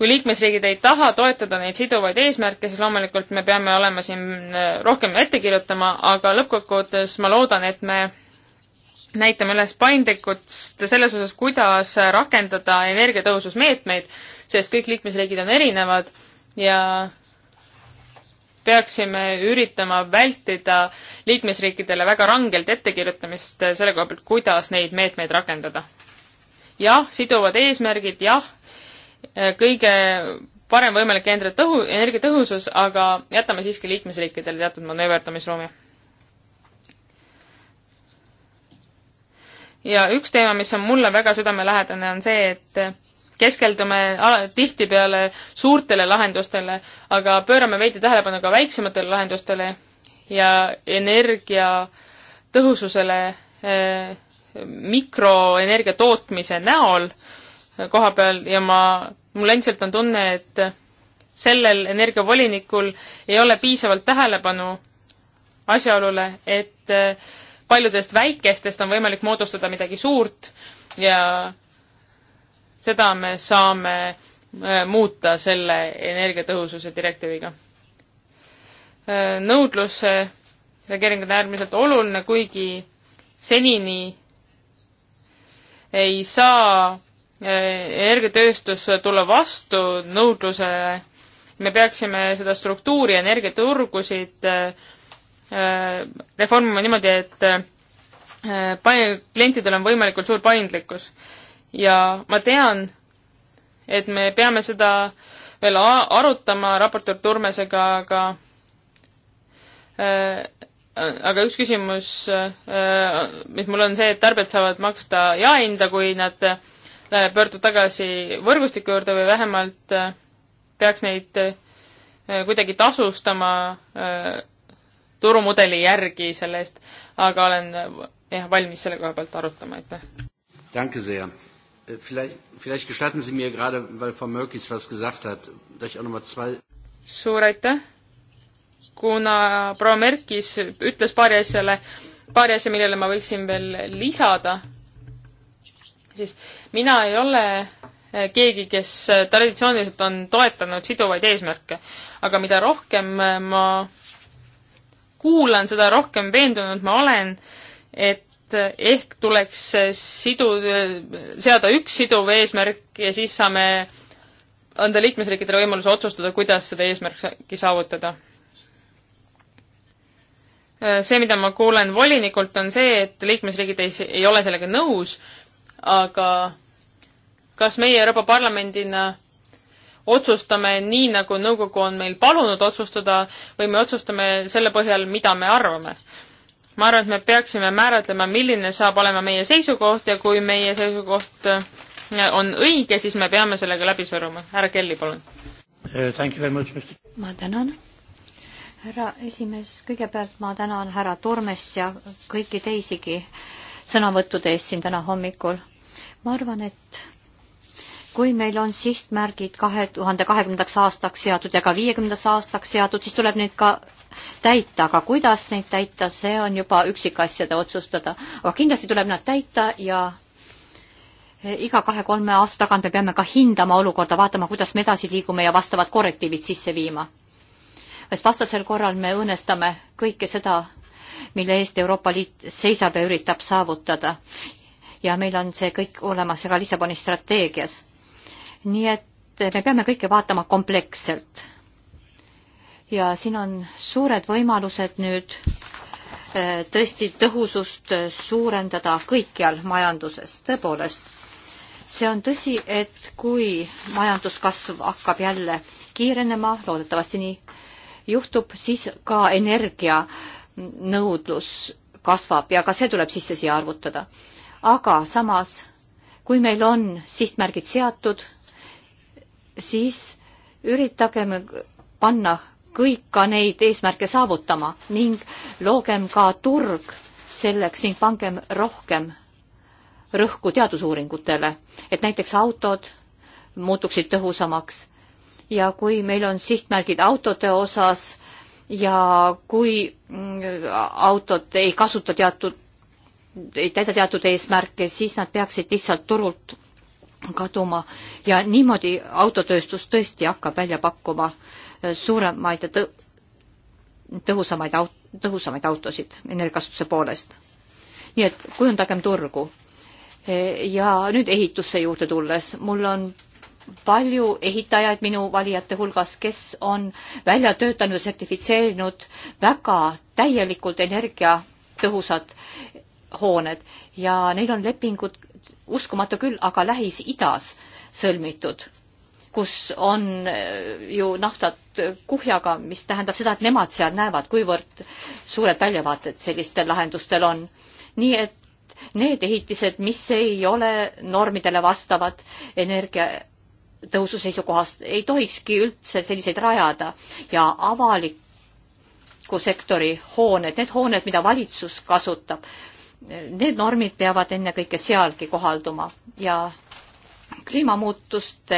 kui liikmesriigid ei taha toetada neid siduvaid eesmärke, siis loomulikult me peame olema siin äh, rohkem ette kirjutama, aga lõppkokkuvõttes ma loodan, et me näitame üles paindlikkust selles osas, kuidas rakendada energiatõhususmeetmeid, sest kõik liikmesriigid on erinevad ja peaksime üritama vältida liikmesriikidele väga rangelt ettekirjutamist selle koha pealt, kuidas neid meetmeid rakendada. jah, siduvad eesmärgid, jah, Äh, kõige parem võimalik tõhu, energiatõhusus, aga jätame siiski liikmesriikidele teatud manööverdamisruumi. ja üks teema, mis on mulle väga südamelähedane, on see, et keskeldume tihtipeale suurtele lahendustele, aga pöörame veidi tähelepanu ka väiksematele lahendustele ja energia tõhususele eh, mikroenergia tootmise näol eh,, koha peal ja ma, mul endiselt on tunne, et sellel energiavolinikul ei ole piisavalt tähelepanu asjaolule, et eh, paljudest väikestest on võimalik moodustada midagi suurt ja seda me saame eh, muuta selle energiatõhususe direktiiviga. Eh, nõudluse reageering on äärmiselt oluline, kuigi senini ei saa energiatööstus tulla vastu nõudlusele. me peaksime seda struktuuri, energiaturgusid äh, äh, reformima niimoodi, et äh, klientidel on võimalikult suur paindlikkus. ja ma tean, et me peame seda veel arutama raportöör Turmesega, aga aga üks küsimus, mis mul on see, et tarbijad saavad maksta jaehinda, kui nad Äh, pöördub tagasi võrgustiku juurde või vähemalt äh, peaks neid äh, kuidagi tasustama turumudeli järgi selle eest, aga olen jah, valmis selle koha pealt arutama, aitäh. Danke sehr. Vielleicht, vielleicht gestatten Sie mir gerade, weil Frau Mörkis was gesagt hat, dass ich auch nochmal zwei suur aitäh! kuna proua Merkis ütles paari asjale, paari asja, millele ma võiksin veel lisada siis mina ei ole eh, keegi, kes eh, traditsiooniliselt on toetanud siduvaid eesmärke. aga mida rohkem eh, ma kuulan, seda rohkem veendunud ma olen, et ehk tuleks sidu, seada üks siduv eesmärk ja siis saame anda liikmesriikidele võimaluse otsustada, kuidas seda eesmärki saavutada. see, mida ma kuulen volinikult, on see, et liikmesriigid ei, ei ole sellega nõus aga kas meie Euroopa Parlamendina otsustame nii, nagu nõukogu on meil palunud otsustada või me otsustame selle põhjal, mida me arvame. ma arvan, et me peaksime määratlema, milline saab olema meie seisukoht ja kui meie seisukoht äh, on õige, siis me peame sellega läbi suruma. härra Kelly, palun. Uh, ma tänan. härra esimees, kõigepealt ma tänan härra Tormest ja kõiki teisigi sõnavõttude eest siin täna hommikul ma arvan, et kui meil on sihtmärgid kahe tuhande kahekümnendaks aastaks seatud ja ka viiekümnendaks aastaks seatud, siis tuleb neid ka täita, aga kuidas neid täita, see on juba üksikasjade otsustada. aga kindlasti tuleb nad täita ja iga kahe-kolme aasta tagant me peame ka hindama olukorda, vaatama, kuidas me edasi liigume ja vastavad korrektiivid sisse viima. sest vastasel korral me õõnestame kõike seda, mille eest Euroopa Liit seisab ja üritab saavutada ja meil on see kõik olemas ka Lissaboni strateegias. nii et me peame kõike vaatama kompleksselt. ja siin on suured võimalused nüüd äh, tõesti tõhusust äh, suurendada kõikjal majanduses, tõepoolest. see on tõsi, et kui majanduskasv hakkab jälle kiirenema, loodetavasti nii juhtub, siis ka energianõudlus kasvab ja ka see tuleb sisse siia arvutada aga samas, kui meil on sihtmärgid seatud, siis üritagem panna kõik ka neid eesmärke saavutama ning loogem ka turg selleks ning pangem rohkem rõhku teadusuuringutele, et näiteks autod muutuksid tõhusamaks ja kui meil on sihtmärgid autode osas ja kui mm, autod ei kasuta teatud ei täida teatud eesmärke, siis nad peaksid lihtsalt turult kaduma ja niimoodi autotööstus tõesti hakkab välja pakkuma äh, suuremaid ja tõ tõhusamaid aut-, tõhusamaid autosid energiakasutuse poolest. nii et kujundagem turgu. Äh, ja nüüd ehitusse juurde tulles, mul on palju ehitajaid minu valijate hulgas, kes on välja töötanud ja sertifitseerinud väga täielikult energiatõhusad hooned ja neil on lepingud, uskumatu küll, aga Lähis-Idas sõlmitud, kus on äh, ju naftat kuhjaga, mis tähendab seda, et nemad seal näevad, kuivõrd suured väljavaated sellistel lahendustel on. nii et need ehitised, mis ei ole normidele vastavad energia tõusu seisukohast, ei tohikski üldse selliseid rajada ja avaliku sektori hooned, need hooned, mida valitsus kasutab, need normid peavad ennekõike sealgi kohalduma ja kliimamuutuste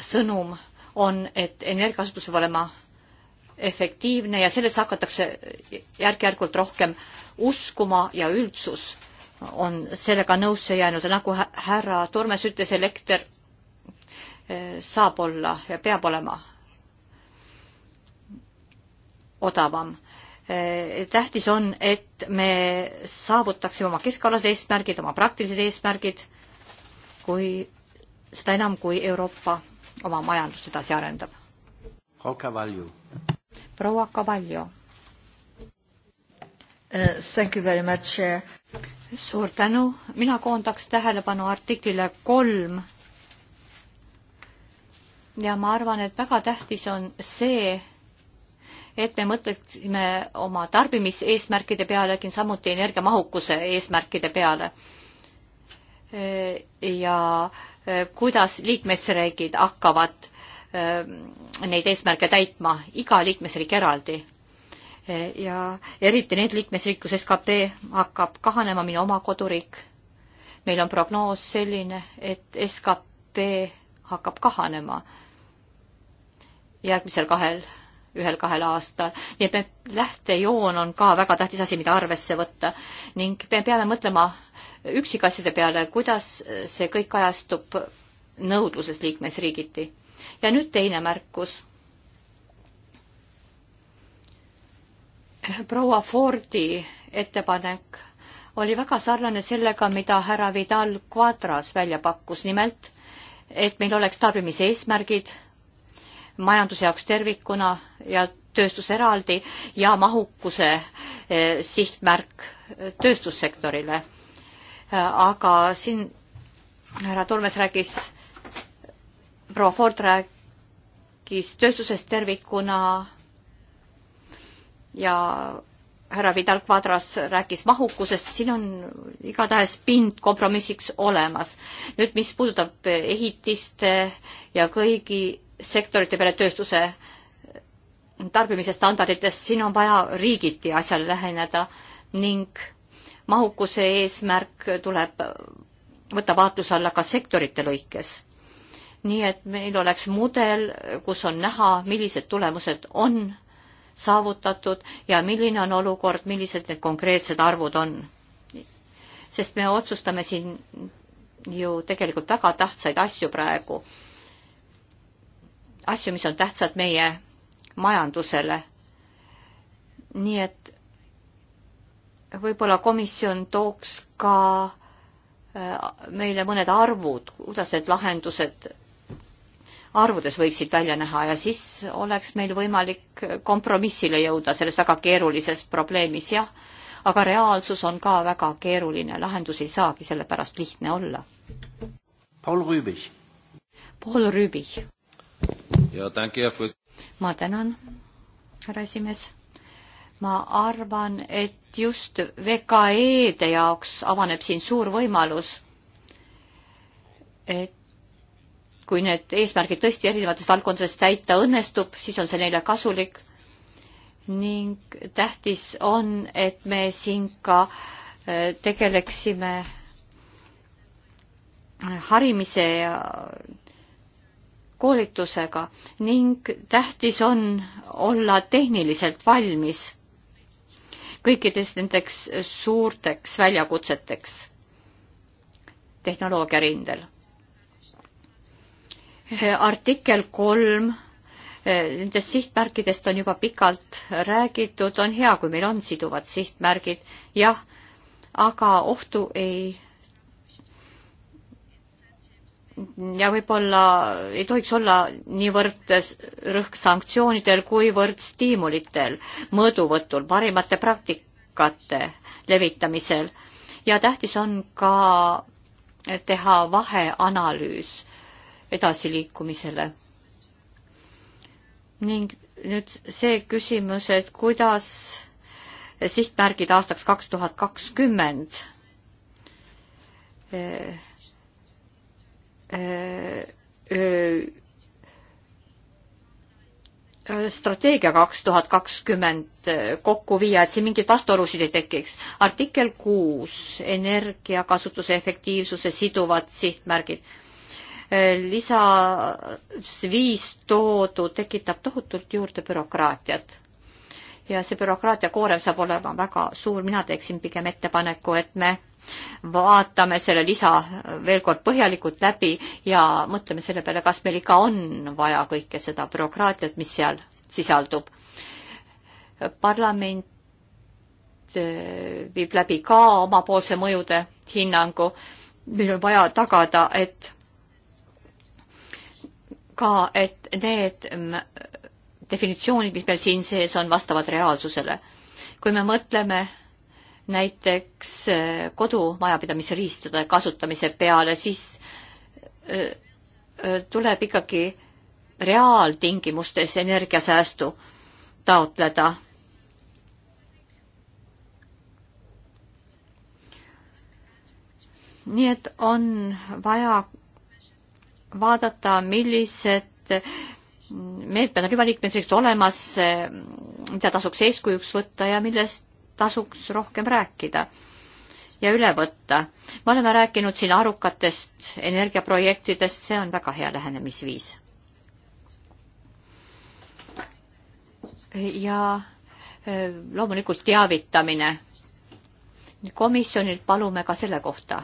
sõnum on, et energiakasutus peab olema efektiivne ja sellesse hakatakse järk-järgult rohkem uskuma ja üldsus on sellega nõusse jäänud ja nagu härra Turmes ütles, elekter eh, saab olla ja peab olema odavam Eh, tähtis on, et me saavutaksime oma keskalased eesmärgid, oma praktilised eesmärgid, kui, seda enam, kui Euroopa oma majandust edasi arendab. proua Cavallo. Uh, thank you very much, Chair. suur tänu, mina koondaks tähelepanu artiklile kolm. ja ma arvan, et väga tähtis on see, et me mõtleksime oma tarbimiseesmärkide peale, samuti energiamahukuse eesmärkide peale. ja e, kuidas liikmesriigid hakkavad e, neid eesmärke täitma, iga liikmesriik eraldi. E, ja eriti need liikmesriik, kus skp hakkab kahanema, minu oma koduriik. meil on prognoos selline, et skp hakkab kahanema järgmisel kahel ühel-kahel aastal. nii et need lähtejoon on ka väga tähtis asi, mida arvesse võtta ning me peame mõtlema üksikasjade peale, kuidas see kõik kajastub nõudluses liikmesriigiti. ja nüüd teine märkus. proua Fordi ettepanek oli väga sarnane sellega, mida härra Vidal Quadras välja pakkus, nimelt et meil oleks tarbimise eesmärgid majanduse jaoks tervikuna ja tööstus eraldi ja mahukuse eh, sihtmärk eh, tööstussektorile. Eh, aga siin härra Tolmes rääkis, proua Ford rääkis tööstusest tervikuna ja härra Vidal Quadras rääkis mahukusest, siin on igatahes pind kompromissiks olemas. nüüd, mis puudutab ehitiste ja kõigi sektorite peale tööstuse tarbimise standarditest, siin on vaja riigiti asjale läheneda ning mahukuse eesmärk tuleb võtta vaatluse alla ka sektorite lõikes. nii et meil oleks mudel, kus on näha, millised tulemused on saavutatud ja milline on olukord, millised need konkreetsed arvud on. sest me otsustame siin ju tegelikult väga tähtsaid asju praegu asju, mis on tähtsad meie majandusele. nii et võib-olla komisjon tooks ka äh, meile mõned arvud, kuidas need lahendused arvudes võiksid välja näha ja siis oleks meil võimalik kompromissile jõuda selles väga keerulises probleemis, jah. aga reaalsus on ka väga keeruline, lahendus ei saagi sellepärast lihtne olla. Paul Rüübich. Paul Rüübich ma tänan, härra esimees. ma arvan, et just VKE-de jaoks avaneb siin suur võimalus, et kui need eesmärgid tõesti erinevates valdkondades täita õnnestub, siis on see neile kasulik ning tähtis on, et me siin ka e, tegeleksime harimise ja koolitusega ning tähtis on olla tehniliselt valmis kõikides nendeks suurteks väljakutseteks tehnoloogia rindel. artikkel kolm, eh, nendest sihtmärkidest on juba pikalt räägitud, on hea, kui meil on siduvad sihtmärgid, jah, aga ohtu ei ja võib-olla ei tohiks olla niivõrd rõhk sanktsioonidel, kuivõrd stiimulitel, mõõduvõtul, parimate praktikate levitamisel. ja tähtis on ka teha vaheanalüüs edasiliikumisele. ning nüüd see küsimus, et kuidas sihtmärgid aastaks kaks tuhat kakskümmend eh, Äh, äh, äh, strateegia kaks tuhat kakskümmend kokku viia, et siin mingeid vastuolusid ei tekiks. artikkel kuus, energiakasutuse efektiivsuse siduvad sihtmärgid. lisas viis toodu tekitab tohutult juurde bürokraatiat ja see bürokraatia koorem saab olema väga suur, mina teeksin pigem ettepaneku, et me vaatame selle lisa veel kord põhjalikult läbi ja mõtleme selle peale, kas meil ikka on vaja kõike seda bürokraatiat, mis seal sisaldub. parlament äh, viib läbi ka omapoolse mõjude hinnangu. meil on vaja tagada, et ka, et need definitsioonid, mis meil siin sees on, vastavad reaalsusele. kui me mõtleme näiteks eh, kodumajapidamise riistade kasutamise peale, siis eh, eh, tuleb ikkagi reaaltingimustes energiasäästu taotleda. nii et on vaja vaadata, millised meetmed on juba liikmesriigis olemas, eh, mida tasuks eeskujuks võtta ja millest tasuks rohkem rääkida ja üle võtta. me oleme rääkinud siin arukatest energiaprojektidest, see on väga hea lähenemisviis. ja eh, loomulikult teavitamine. komisjonilt palume ka selle kohta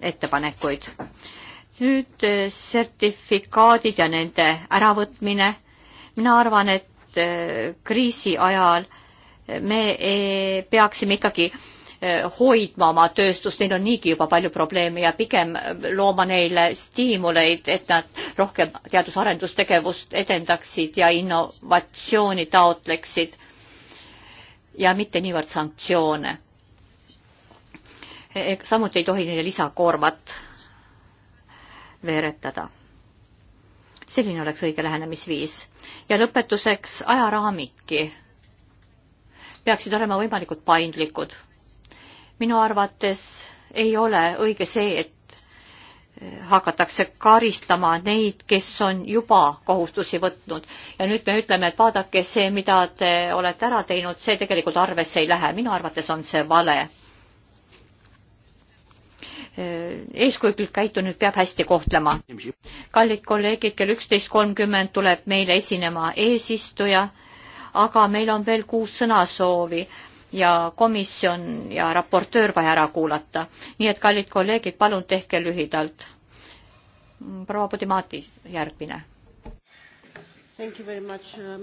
ettepanekuid nüüd eh, sertifikaadid ja nende äravõtmine. mina arvan, et eh, kriisi ajal eh, me peaksime ikkagi hoidma oma tööstust, neil on niigi juba palju probleeme ja pigem looma neile stiimuleid, et nad rohkem teadus-arendustegevust edendaksid ja innovatsiooni taotleksid ja mitte niivõrd sanktsioone. samuti ei tohi neile lisakoormat veeretada. selline oleks õige lähenemisviis. ja lõpetuseks ajaraamidki peaksid olema võimalikult paindlikud. minu arvates ei ole õige see, et eh, hakatakse karistama neid, kes on juba kohustusi võtnud ja nüüd me ütleme, et vaadake see, mida te olete ära teinud, see tegelikult arvesse ei lähe. minu arvates on see vale eeskujulik käitunud peab hästi kohtlema. kallid kolleegid, kell üksteist kolmkümmend tuleb meile esinema eesistuja, aga meil on veel kuus sõnasoovi ja komisjon ja raportöör vaja ära kuulata. nii et kallid kolleegid, palun tehke lühidalt. proua Budimati järgmine. Uh,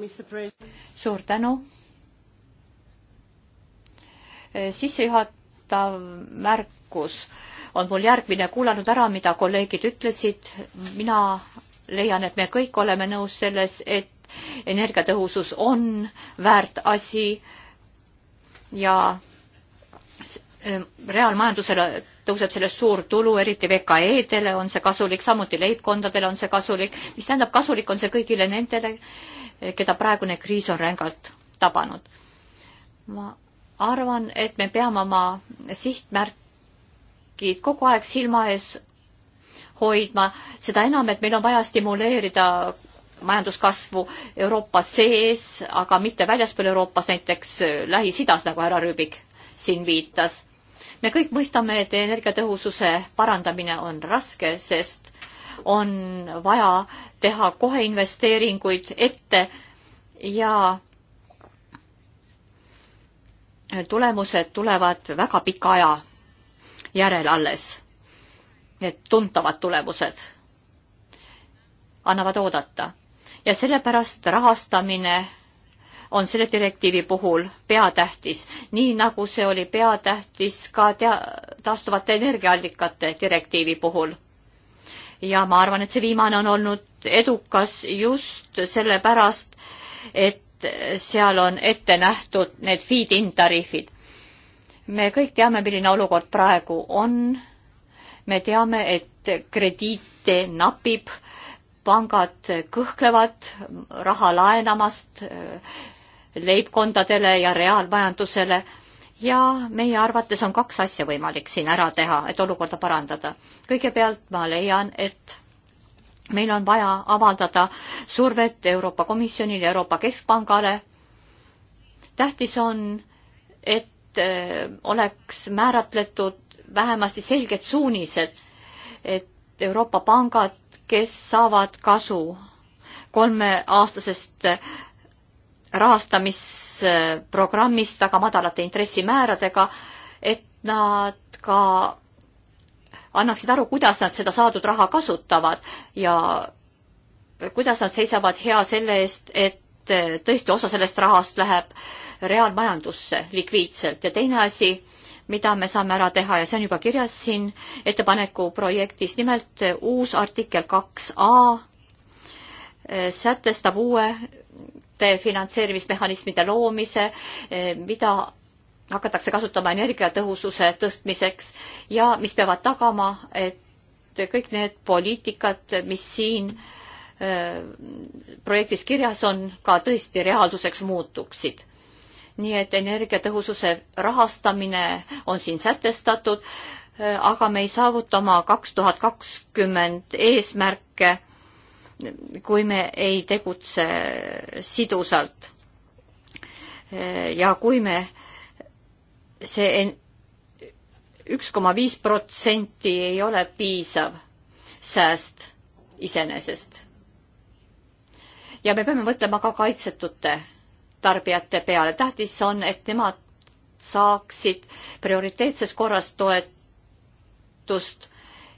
suur tänu. sissejuhatav märkus on mul järgmine, kuulanud ära, mida kolleegid ütlesid, mina leian, et me kõik oleme nõus selles, et energiatõhusus on väärt asi ja ähm, reaalmajandusele tõuseb sellest suur tulu, eriti VKE-dele on see kasulik, samuti leibkondadele on see kasulik, mis tähendab, kasulik on see kõigile nendele, eh, keda praegune kriis on rängalt tabanud. ma arvan, et me peame oma sihtmärk riigid kogu aeg silma ees hoidma, seda enam, et meil on vaja stimuleerida majanduskasvu Euroopa sees, aga mitte väljaspool Euroopas, näiteks Lähis-Idas, nagu härra Rüübik siin viitas. me kõik mõistame, et energiatõhususe parandamine on raske, sest on vaja teha kohe investeeringuid ette ja tulemused tulevad väga pika aja järel alles. Need tuntavad tulemused annavad oodata ja sellepärast rahastamine on selle direktiivi puhul peatähtis, nii nagu see oli peatähtis ka tea-, taastuvate energiaallikate direktiivi puhul. ja ma arvan, et see viimane on olnud edukas just sellepärast, et seal on ette nähtud need feed-in tariifid me kõik teame, milline olukord praegu on. me teame, et krediite napib, pangad kõhklevad raha laenamast äh, leibkondadele ja reaalmajandusele ja meie arvates on kaks asja võimalik siin ära teha, et olukorda parandada. kõigepealt ma leian, et meil on vaja avaldada survet Euroopa Komisjonile, Euroopa Keskpangale. tähtis on, et Äh, oleks määratletud vähemasti selged suunised, et Euroopa pangad, kes saavad kasu kolmeaastasest äh, rahastamisprogrammist väga madalate intressimääradega, et nad ka annaksid aru, kuidas nad seda saadud raha kasutavad ja kuidas nad seisavad hea selle eest, et et eh, tõesti osa sellest rahast läheb reaalmajandusse likviidselt ja teine asi, mida me saame ära teha ja see on juba kirjas siin ettepaneku projektis, nimelt eh, uus artikkel kaks A eh, sätestab uuete finantseerimismehhanismide loomise, mida hakatakse kasutama energiatõhususe tõstmiseks ja mis peavad tagama, et kõik need poliitikad, mis siin äh, Äh, projektis kirjas on, ka tõesti reaalsuseks muutuksid. nii et energiatõhususe rahastamine on siin sätestatud, äh, aga me ei saavuta oma kaks tuhat kakskümmend eesmärke, kui me ei tegutse sidusalt. Äh, ja kui me see üks koma viis protsenti ei ole piisav sääst iseenesest ja me peame mõtlema ka kaitsetute tarbijate peale. tähtis on, et nemad saaksid prioriteetses korras toetust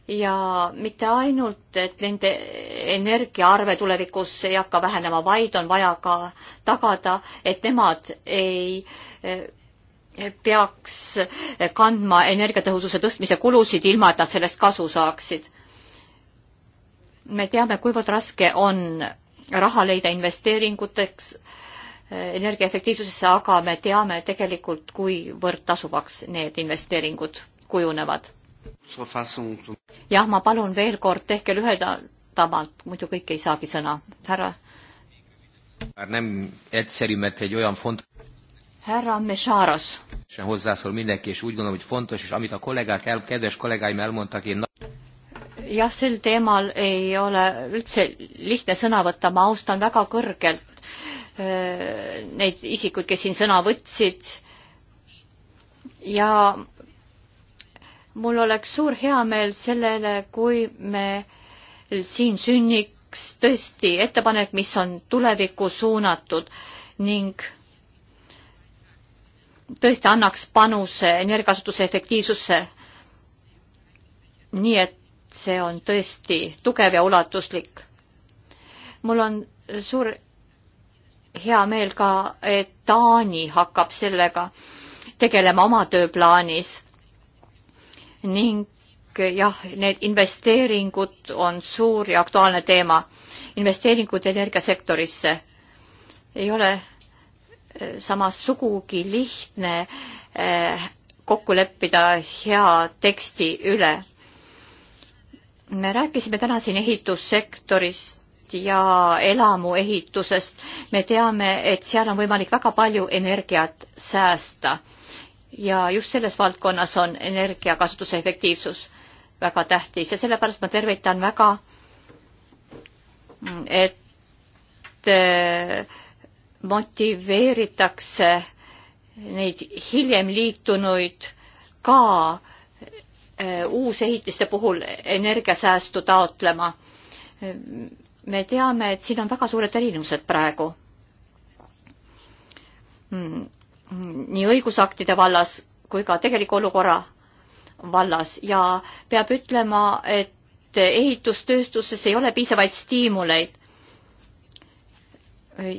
ja mitte ainult, et nende energiaarve tulevikus ei hakka vähenema, vaid on vaja ka tagada, et nemad ei eh, peaks kandma energiatõhususe tõstmise kulusid, ilma et nad sellest kasu saaksid. me teame, kuivõrd raske on raha leida investeeringuteks eh, energiaefektiivsusesse, aga me teame tegelikult, kuivõrd tasuvaks need investeeringud kujunevad. Um jah, ma palun veel kord, tehke lühedamalt, muidu kõik ei saagi sõna. härra. härra Mešaros jah, sel teemal ei ole üldse lihtne sõna võtta, ma austan väga kõrgelt äh, neid isikuid, kes siin sõna võtsid ja mul oleks suur heameel sellele, kui me siin sünniks tõesti ettepanek, mis on tulevikku suunatud ning tõesti annaks panuse energiakasutuse efektiivsusse. nii et see on tõesti tugev ja ulatuslik. mul on suur hea meel ka, et Taani hakkab sellega tegelema oma tööplaanis ning jah, need investeeringud on suur ja aktuaalne teema. investeeringud energiasektorisse ei ole eh, samas sugugi lihtne eh, kokku leppida hea teksti üle me rääkisime täna siin ehitussektorist ja elamuehitusest. me teame, et seal on võimalik väga palju energiat säästa ja just selles valdkonnas on energiakasutuse efektiivsus väga tähtis ja sellepärast ma tervitan väga, et äh, motiveeritakse neid hiljem liitunuid ka äh, Äh, uusehitiste puhul energiasäästu taotlema. me teame, et siin on väga suured erinevused praegu. Mm, nii õigusaktide vallas kui ka tegeliku olukorra vallas ja peab ütlema, et ehitustööstuses ei ole piisavaid stiimuleid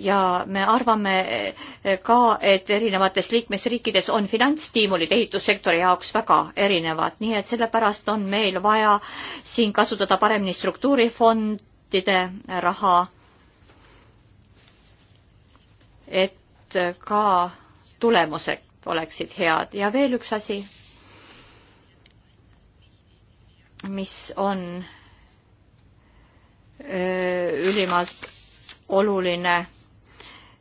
ja me arvame eh, ka, et erinevates liikmesriikides on finantsstiimulid ehitussektori jaoks väga erinevad, nii et sellepärast on meil vaja siin kasutada paremini struktuurifondide raha, et ka tulemused oleksid head ja veel üks asi, mis on öö, eh, ülimalt oluline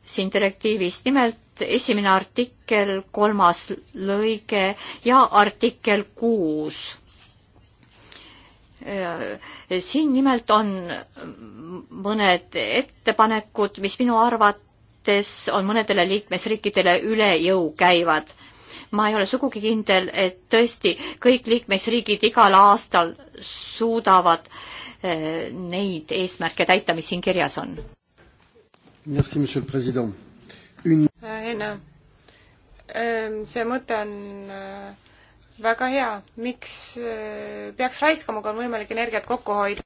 siin direktiivis, nimelt esimene artikkel, kolmas lõige ja artikkel kuus. Äh, siin nimelt on mõned ettepanekud, mis minu arvates on mõnedele liikmesriikidele üle jõu käivad ma ei ole sugugi kindel, et tõesti kõik liikmesriigid igal aastal suudavad äh, neid eesmärke täita, mis siin kirjas on. Merci, monsieur le president Une.... Äh, Henna, ähm, see mõte on äh, väga hea, miks äh, peaks raiskama, kui on võimalik energiat kokku hoida?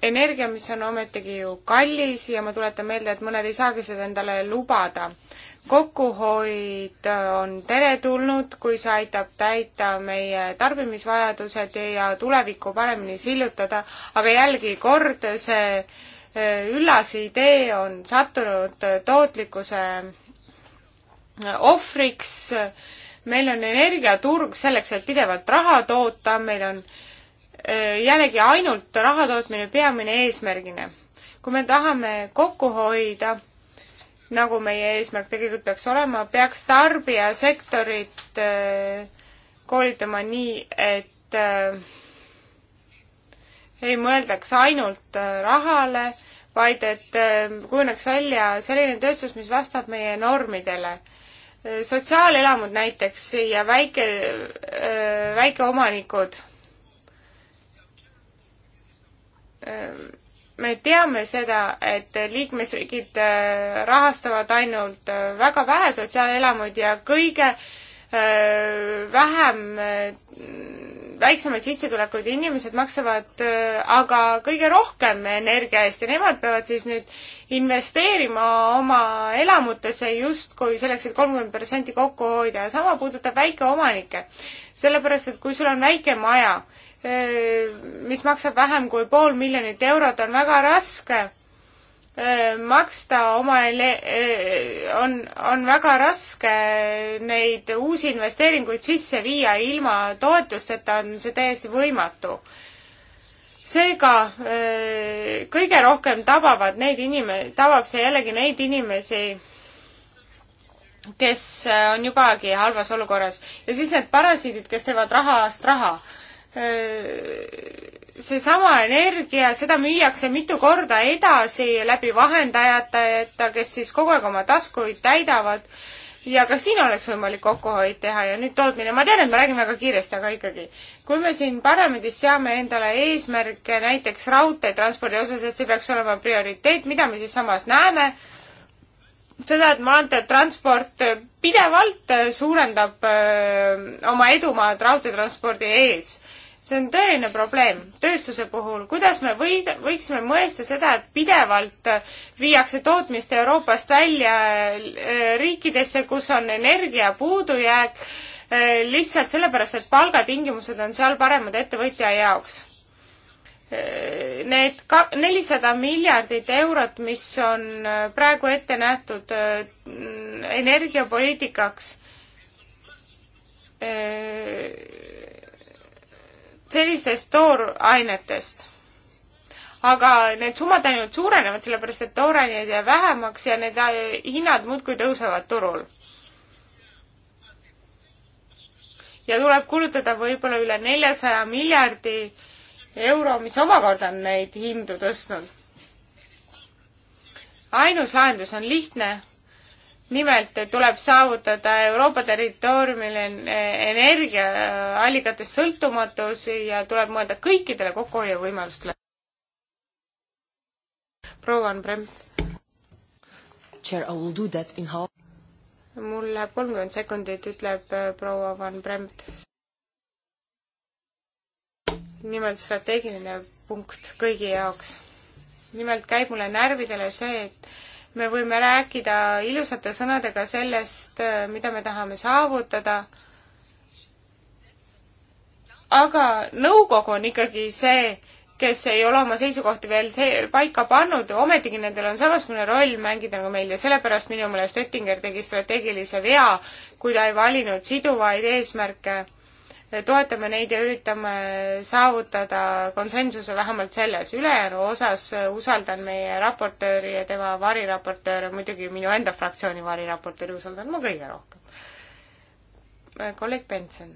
energia, mis on ometigi ju kallis ja ma tuletan meelde, et mõned ei saagi seda endale lubada. kokkuhoid äh, on teretulnud, kui see aitab täita meie tarbimisvajadused ja tulevikku paremini sillutada, aga jällegi kord see äh, üllas idee on sattunud äh, tootlikkuse ohvriks, meil on energiaturg selleks, et pidevalt raha toota, meil on äh, Äh, jällegi ainult raha tootmine peamine eesmärgina. kui me tahame kokku hoida, nagu meie eesmärk tegelikult peaks olema, peaks tarbijasektorit äh, koolitama nii, et äh, ei mõeldaks ainult rahale, vaid et kujuneks välja selline tööstus, mis vastab meie normidele. sotsiaalelamud näiteks ja väike, väikeomanikud me teame seda, et liikmesriigid äh, rahastavad ainult äh, väga vähe sotsiaalelamuid ja kõige äh, Äh, vähem, äh, väiksemaid sissetulekuid inimesed maksavad äh, aga kõige rohkem energia eest ja nemad peavad siis nüüd investeerima oma elamutesse justkui selleks et, et kolmkümmend protsenti kokku hoida ja sama puudutab väikeomanikke. sellepärast, et kui sul on väike maja, mis maksab vähem kui pool miljonit eurot, on väga raske Äh, maksta oma ele-, äh, on, on väga raske neid uusi investeeringuid sisse viia ilma toetusteta, on see täiesti võimatu. seega äh, kõige rohkem tabavad neid inime-, tabab see jällegi neid inimesi, kes on jubagi halvas olukorras ja siis need parasiidid, kes teevad raha eest raha Äh, seesama energia, seda müüakse mitu korda edasi läbi vahendajate, kes siis kogu aeg oma taskuid täidavad ja ka siin oleks võimalik kokkuhoid teha ja nüüd tootmine, ma tean, et ma räägin väga kiiresti, aga ikkagi, kui me siin parlamendis seame endale eesmärke näiteks raudteetranspordi osas, et see peaks olema prioriteet, mida me siis samas näeme, seda, et maanteetransport pidevalt suurendab öö, äh, oma edumaad raudteetranspordi ees see on tõeline probleem tööstuse puhul, kuidas me või-, võiksime mõista seda, et pidevalt viiakse tootmist Euroopast välja äh, riikidesse, kus on energia puudujääk, äh, lihtsalt sellepärast, et palgatingimused on seal paremad ettevõtja jaoks. Äh, need ka-, nelisada miljardit eurot, mis on praegu ette nähtud energiapoliitikaks, sellistest toorainetest. aga need summad ainult suurenevad, sellepärast et tooraineid jääb vähemaks ja need äh, hinnad muudkui tõusevad turul. ja tuleb kulutada võib-olla üle neljasaja miljardi euro, mis omakorda on neid hindu tõstnud. ainus lahendus on lihtne nimelt tuleb saavutada Euroopa territooriumil energiaallikatest äh, sõltumatus ja tuleb mõelda kõikidele kokkuhoiuvõimalustele. proua Ann Bremp. mul läheb kolmkümmend sekundit, ütleb äh, proua Van Brempt. nimelt strateegiline punkt kõigi jaoks. nimelt käib mulle närvidele see, et me võime rääkida ilusate sõnadega sellest, mida me tahame saavutada, aga nõukogu on ikkagi see, kes ei ole oma seisukohti veel see, paika pannud, ometigi nendel on samasugune roll mängida nagu meil ja sellepärast minu meelest Oettinger tegi strateegilise vea, kui ta ei valinud siduvaid eesmärke toetame neid ja üritame saavutada konsensuse vähemalt selles. ülejäänu osas usaldan meie raportööri ja tema variraportööre, muidugi minu enda fraktsiooni variraportööri usaldan ma kõige rohkem. kolleeg Benson.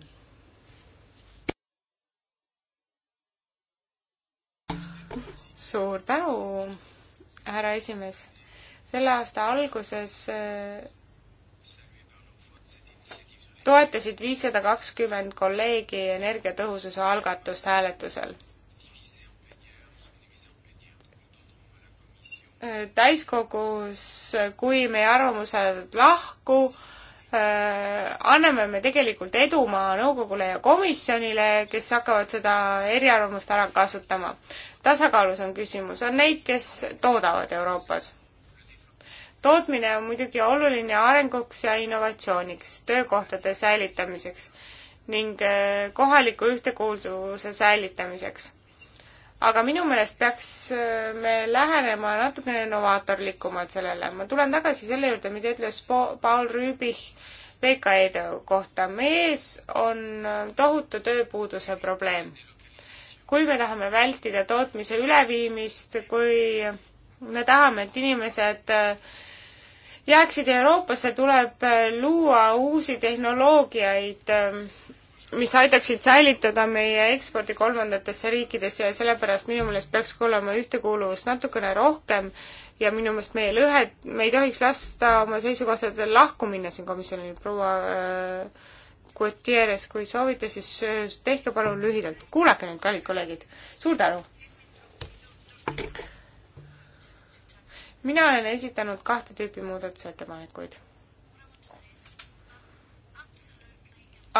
suur tänu, härra esimees. selle aasta alguses toetasid viissada kakskümmend kolleegi energiatõhususe algatust hääletusel. täiskogus, kui meie arvamused lahku, äh, anname me tegelikult edumaa nõukogule ja komisjonile, kes hakkavad seda eriarvamust ära kasutama. tasakaalus on küsimus, on neid, kes toodavad Euroopas tootmine on muidugi oluline arenguks ja innovatsiooniks, töökohtade säilitamiseks ning äh, kohaliku ühtekuuluvuse säilitamiseks. aga minu meelest peaks äh, me lähenema natukene novaatorlikumalt sellele. ma tulen tagasi selle juurde, mida ütles Paul Rüübich VKE-de kohta. meie ees on äh, tohutu tööpuuduse probleem. kui me tahame vältida tootmise üleviimist, kui me tahame, et inimesed äh, jääksid Euroopasse, tuleb äh, luua uusi tehnoloogiaid, ähm, mis aitaksid säilitada meie ekspordi kolmandatesse riikidesse ja sellepärast minu meelest peaks ka olema ühtekuuluvust natukene rohkem ja minu meelest meie lõhed, me ei tohiks lasta oma seisukohtadel lahku minna siin komisjonil, proua äh, Gutierrez, kui soovite, siis äh, tehke palun lühidalt. kuulake nüüd, kallid kolleegid, suur tänu! mina olen esitanud kahte tüüpi muudatusettepanekuid.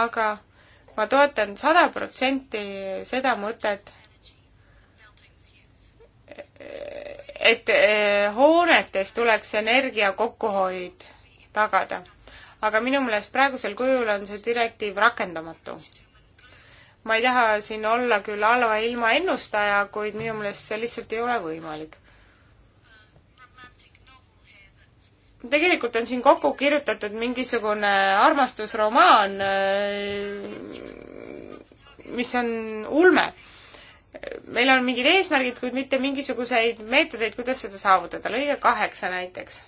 aga ma toetan sada protsenti seda mõtet, et e, hoonetes tuleks energia kokkuhoid tagada. aga minu meelest praegusel kujul on see direktiiv rakendamatu. ma ei taha siin olla küll halva ilma ennustaja, kuid minu meelest see lihtsalt ei ole võimalik. tegelikult on siin kokku kirjutatud mingisugune armastusromaan, äh, mis on ulme. meil on mingid eesmärgid, kuid mitte mingisuguseid meetodeid, kuidas seda saavutada. lõige kaheksa näiteks.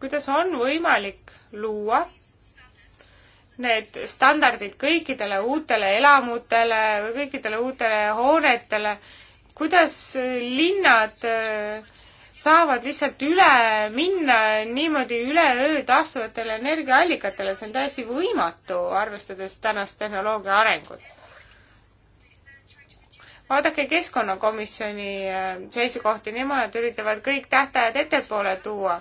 kuidas on võimalik luua need standardid kõikidele uutele elamutele või kõikidele uutele hoonetele, kuidas linnad äh, saavad lihtsalt üle minna niimoodi üleöö taastuvatele energiaallikatele, see on täiesti võimatu, arvestades tänast tehnoloogia arengut. vaadake Keskkonnakomisjoni äh, seisukohti, nemad üritavad kõik tähtajad ettepoole tuua.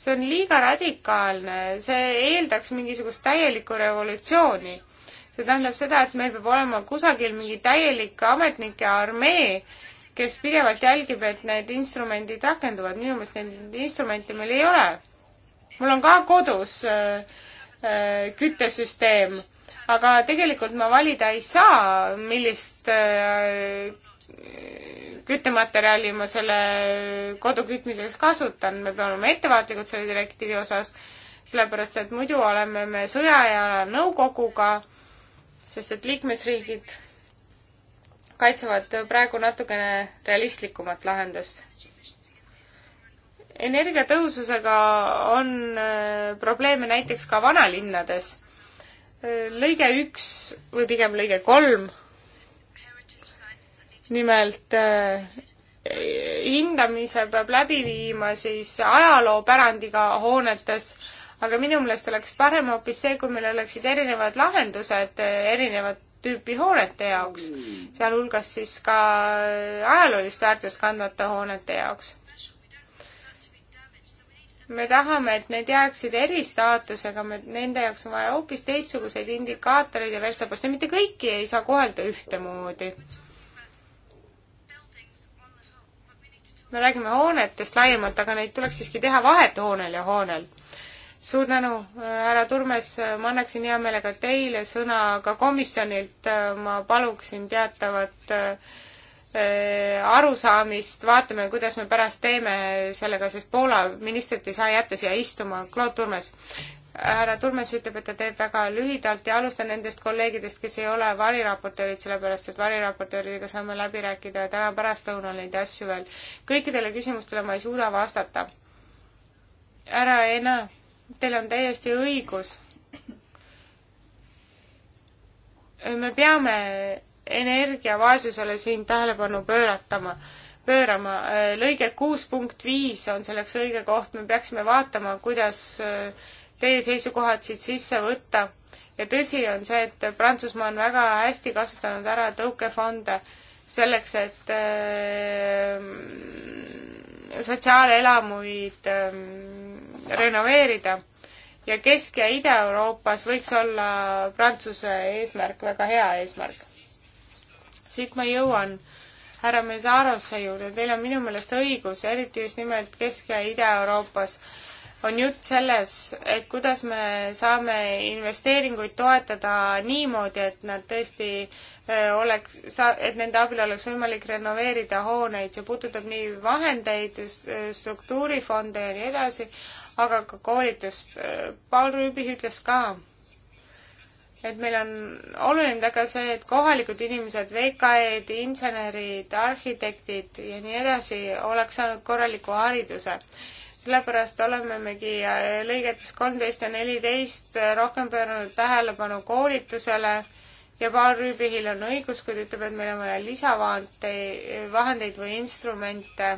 see on liiga radikaalne, see eeldaks mingisugust täielikku revolutsiooni. see tähendab seda, et meil peab olema kusagil mingi täielik ametnike armee, kes pidevalt jälgib, et need instrumendid rakenduvad. minu meelest neid instrumente meil ei ole. mul on ka kodus äh, äh, küttesüsteem, aga tegelikult ma valida ei saa, millist äh, küttematerjali ma selle kodu kütmiseks kasutan, me peame olema ettevaatlikud selle direktiivi osas, sellepärast et muidu oleme me sõjaajal nõukoguga, sest et liikmesriigid kaitsevad praegu natukene realistlikumat lahendust. energiatõhususega on äh, probleeme näiteks ka vanalinnades. Äh, lõige üks või pigem lõige kolm, nimelt äh, hindamise peab läbi viima siis ajaloopärandiga hoonetes, aga minu meelest oleks parem hoopis see, kui meil oleksid erinevad lahendused erinevat tüüpi hoonete jaoks, sealhulgas siis ka ajaloolist väärtust kandvate hoonete jaoks. me tahame, et need jääksid eristaatusega, me, nende jaoks on vaja hoopis teistsuguseid indikaatoreid ja verstaposti, mitte kõiki ei saa kohelda ühtemoodi. me räägime hoonetest laiemalt, aga neid tuleks siiski teha vahet hoonel ja hoonel suur tänu, härra Turmes, ma annaksin hea meelega teile sõna, aga komisjonilt ma paluksin teatavat eh, arusaamist, vaatame, kuidas me pärast teeme sellega, sest Poola ministrit ei saa jätta siia istuma, Claude Turmes. härra Turmes ütleb, et ta teeb väga lühidalt ja alustan nendest kolleegidest, kes ei ole variraportöörid, sellepärast et variraportööridega saame läbi rääkida täna pärastlõunal neid asju veel. kõikidele küsimustele ma ei suuda vastata. ära, Ena Teil on täiesti õigus. me peame energiavaesusele siin tähelepanu pööratama, pöörama. lõige kuus punkt viis on selleks õige koht, me peaksime vaatama, kuidas äh, teie seisukohad siit sisse võtta. ja tõsi on see, et Prantsusmaa on väga hästi kasutanud ära tõukefonde selleks, et äh, sotsiaalelamuid ähm, renoveerida ja Kesk- ja Ida-Euroopas võiks olla Prantsuse eesmärk väga hea eesmärk. siit ma jõuan härra Mesarosse juurde, teil on minu meelest õigus, eriti just nimelt Kesk- ja Ida-Euroopas on jutt selles, et kuidas me saame investeeringuid toetada niimoodi, et nad tõesti äh, oleks, et nende abil oleks võimalik renoveerida hooneid, see puudutab nii vahendeid, struktuurifonde ja nii edasi, aga ka koolitust. Paul Rüübih ütles ka, et meil on oluline taga see, et kohalikud inimesed, VKE-d, insenerid, arhitektid ja nii edasi oleks saanud korraliku hariduse sellepärast olemegi äh, lõigetes kolmteist ja neliteist rohkem pööranud tähelepanu koolitusele ja Paul Rüübihil on õigus, kui ta ütleb, et meil on vaja lisavahendeid või instrumente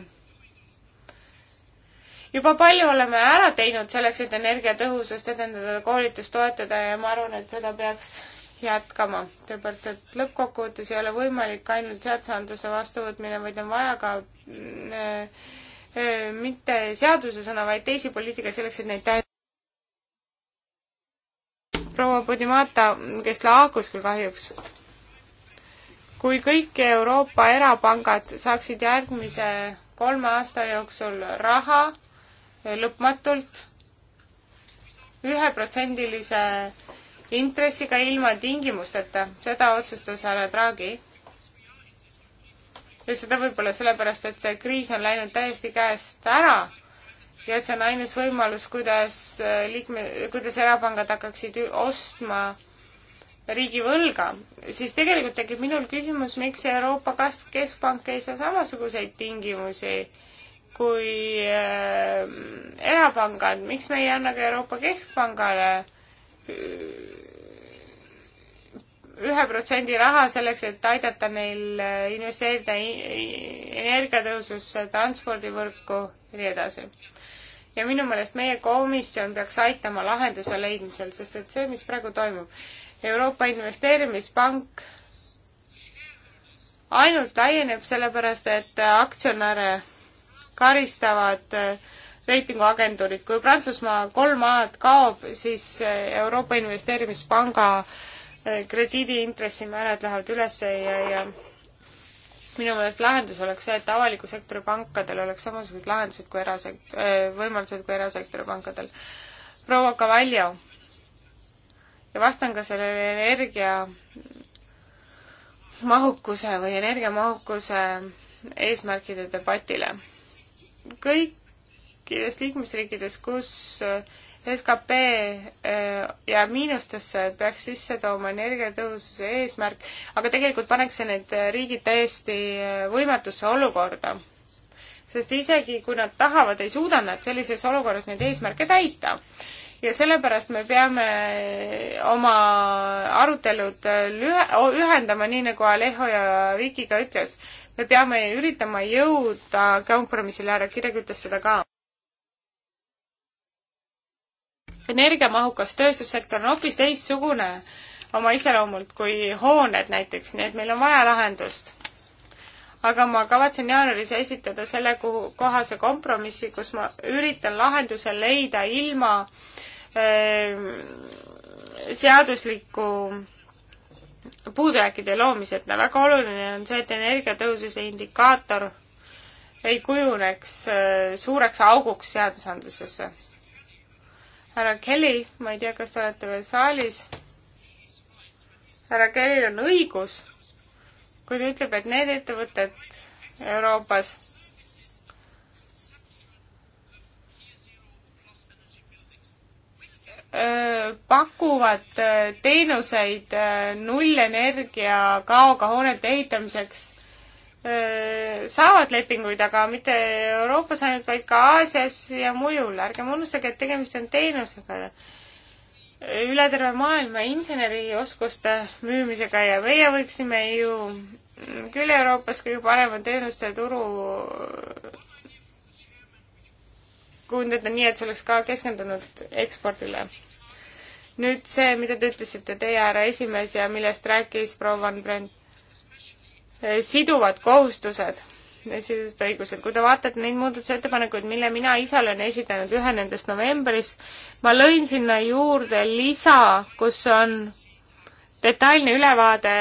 juba palju oleme ära teinud selleks, et energiatõhusust edendada, koolitust toetada ja ma arvan, et seda peaks jätkama, sellepärast et lõppkokkuvõttes ei ole võimalik ainult seadusandluse vastuvõtmine, vaid on vaja ka mm, äh, äh, mitte seadusesõna, vaid teisi poliitikaid selleks, et neid täita. proua Podimata, kes laagus küll kahjuks kui kõik Euroopa erapangad saaksid järgmise kolme aasta jooksul raha lõpmatult üheprotsendilise intressiga ilma tingimusteta, seda otsustas härra Draghi. ja seda võib-olla sellepärast, et see kriis on läinud täiesti käest ära ja et see on ainus võimalus, kuidas äh, liikme, kuidas erapangad hakkaksid ostma riigivõlga, siis tegelikult tekib minul küsimus, miks Euroopa Keskpank ei saa samasuguseid tingimusi äh, kui äh, erapangad, miks me ei anna ka Euroopa Keskpangale äh, ühe protsendi raha selleks, et aidata neil äh, investeerida energiatõhususse, transpordivõrku ja nii edasi. ja minu meelest meie komisjon peaks aitama lahenduse leidmisel, sest et see, mis praegu toimub, Euroopa Investeerimispank ainult laieneb sellepärast, et aktsionäre karistavad äh, reitinguagentuurid. kui Prantsusmaa kolm A-d kaob, siis äh, Euroopa Investeerimispanga äh, krediidiintressimäärad lähevad üles ja, ja minu meelest lahendus oleks see, et avaliku sektori pankadel oleks samasugused lahendused kui erasekt-, võimalused kui erasektori pankadel. proua Cavallo, ja vastan ka sellele energia mahukuse või energiamahukuse eesmärkide debatile kõikides liikmesriikides, kus äh, skp äh, jääb miinustesse, peaks sisse tooma energiatõhususe eesmärk, aga tegelikult paneks see need riigid täiesti äh, võimetusse olukorda. sest isegi kui nad tahavad, ei suuda nad sellises olukorras neid eesmärke täita ja sellepärast me peame oma arutelud lühe-, ühendama, nii nagu Alejo ja Viki ka ütles. me peame üritama jõuda kompromissile, härra Kirek ütles seda ka. energiamahukas tööstussektor on hoopis teistsugune oma iseloomult kui hooned näiteks, nii et meil on vaja lahendust aga ma kavatsen jaanuaris esitada selle kuhu, kohase kompromissi, kus ma üritan lahenduse leida ilma Ehm, seaduslikku puudujääkide loomised. väga oluline on see, et energiatõhususe indikaator ei kujuneks äh, suureks auguks seadusandlusesse. härra Kelly, ma ei tea, kas te olete veel saalis. härra Kellyl on õigus, kui ta ütleb, et need ettevõtted Euroopas, pakuvad teenuseid nullenergia kaoga hoonete ehitamiseks, saavad lepinguid, aga mitte Euroopas ainult, vaid ka Aasias ja mujal. ärgem unustage, et tegemist on teenusega üle terve maailma insenerioskuste müümisega ja meie võiksime ju küll Euroopas kõige parema teenuste turu kujundada nii, et see oleks ka keskendunud ekspordile. nüüd see, mida te ütlesite, teie härra esimees ja millest rääkis proua Van Brent, siduvad kohustused, siduvad õigused. kui te vaatate neid muudatusettepanekuid, mille mina ise olen esitanud, ühe nendest novembris, ma lõin sinna juurde lisa, kus on detailne ülevaade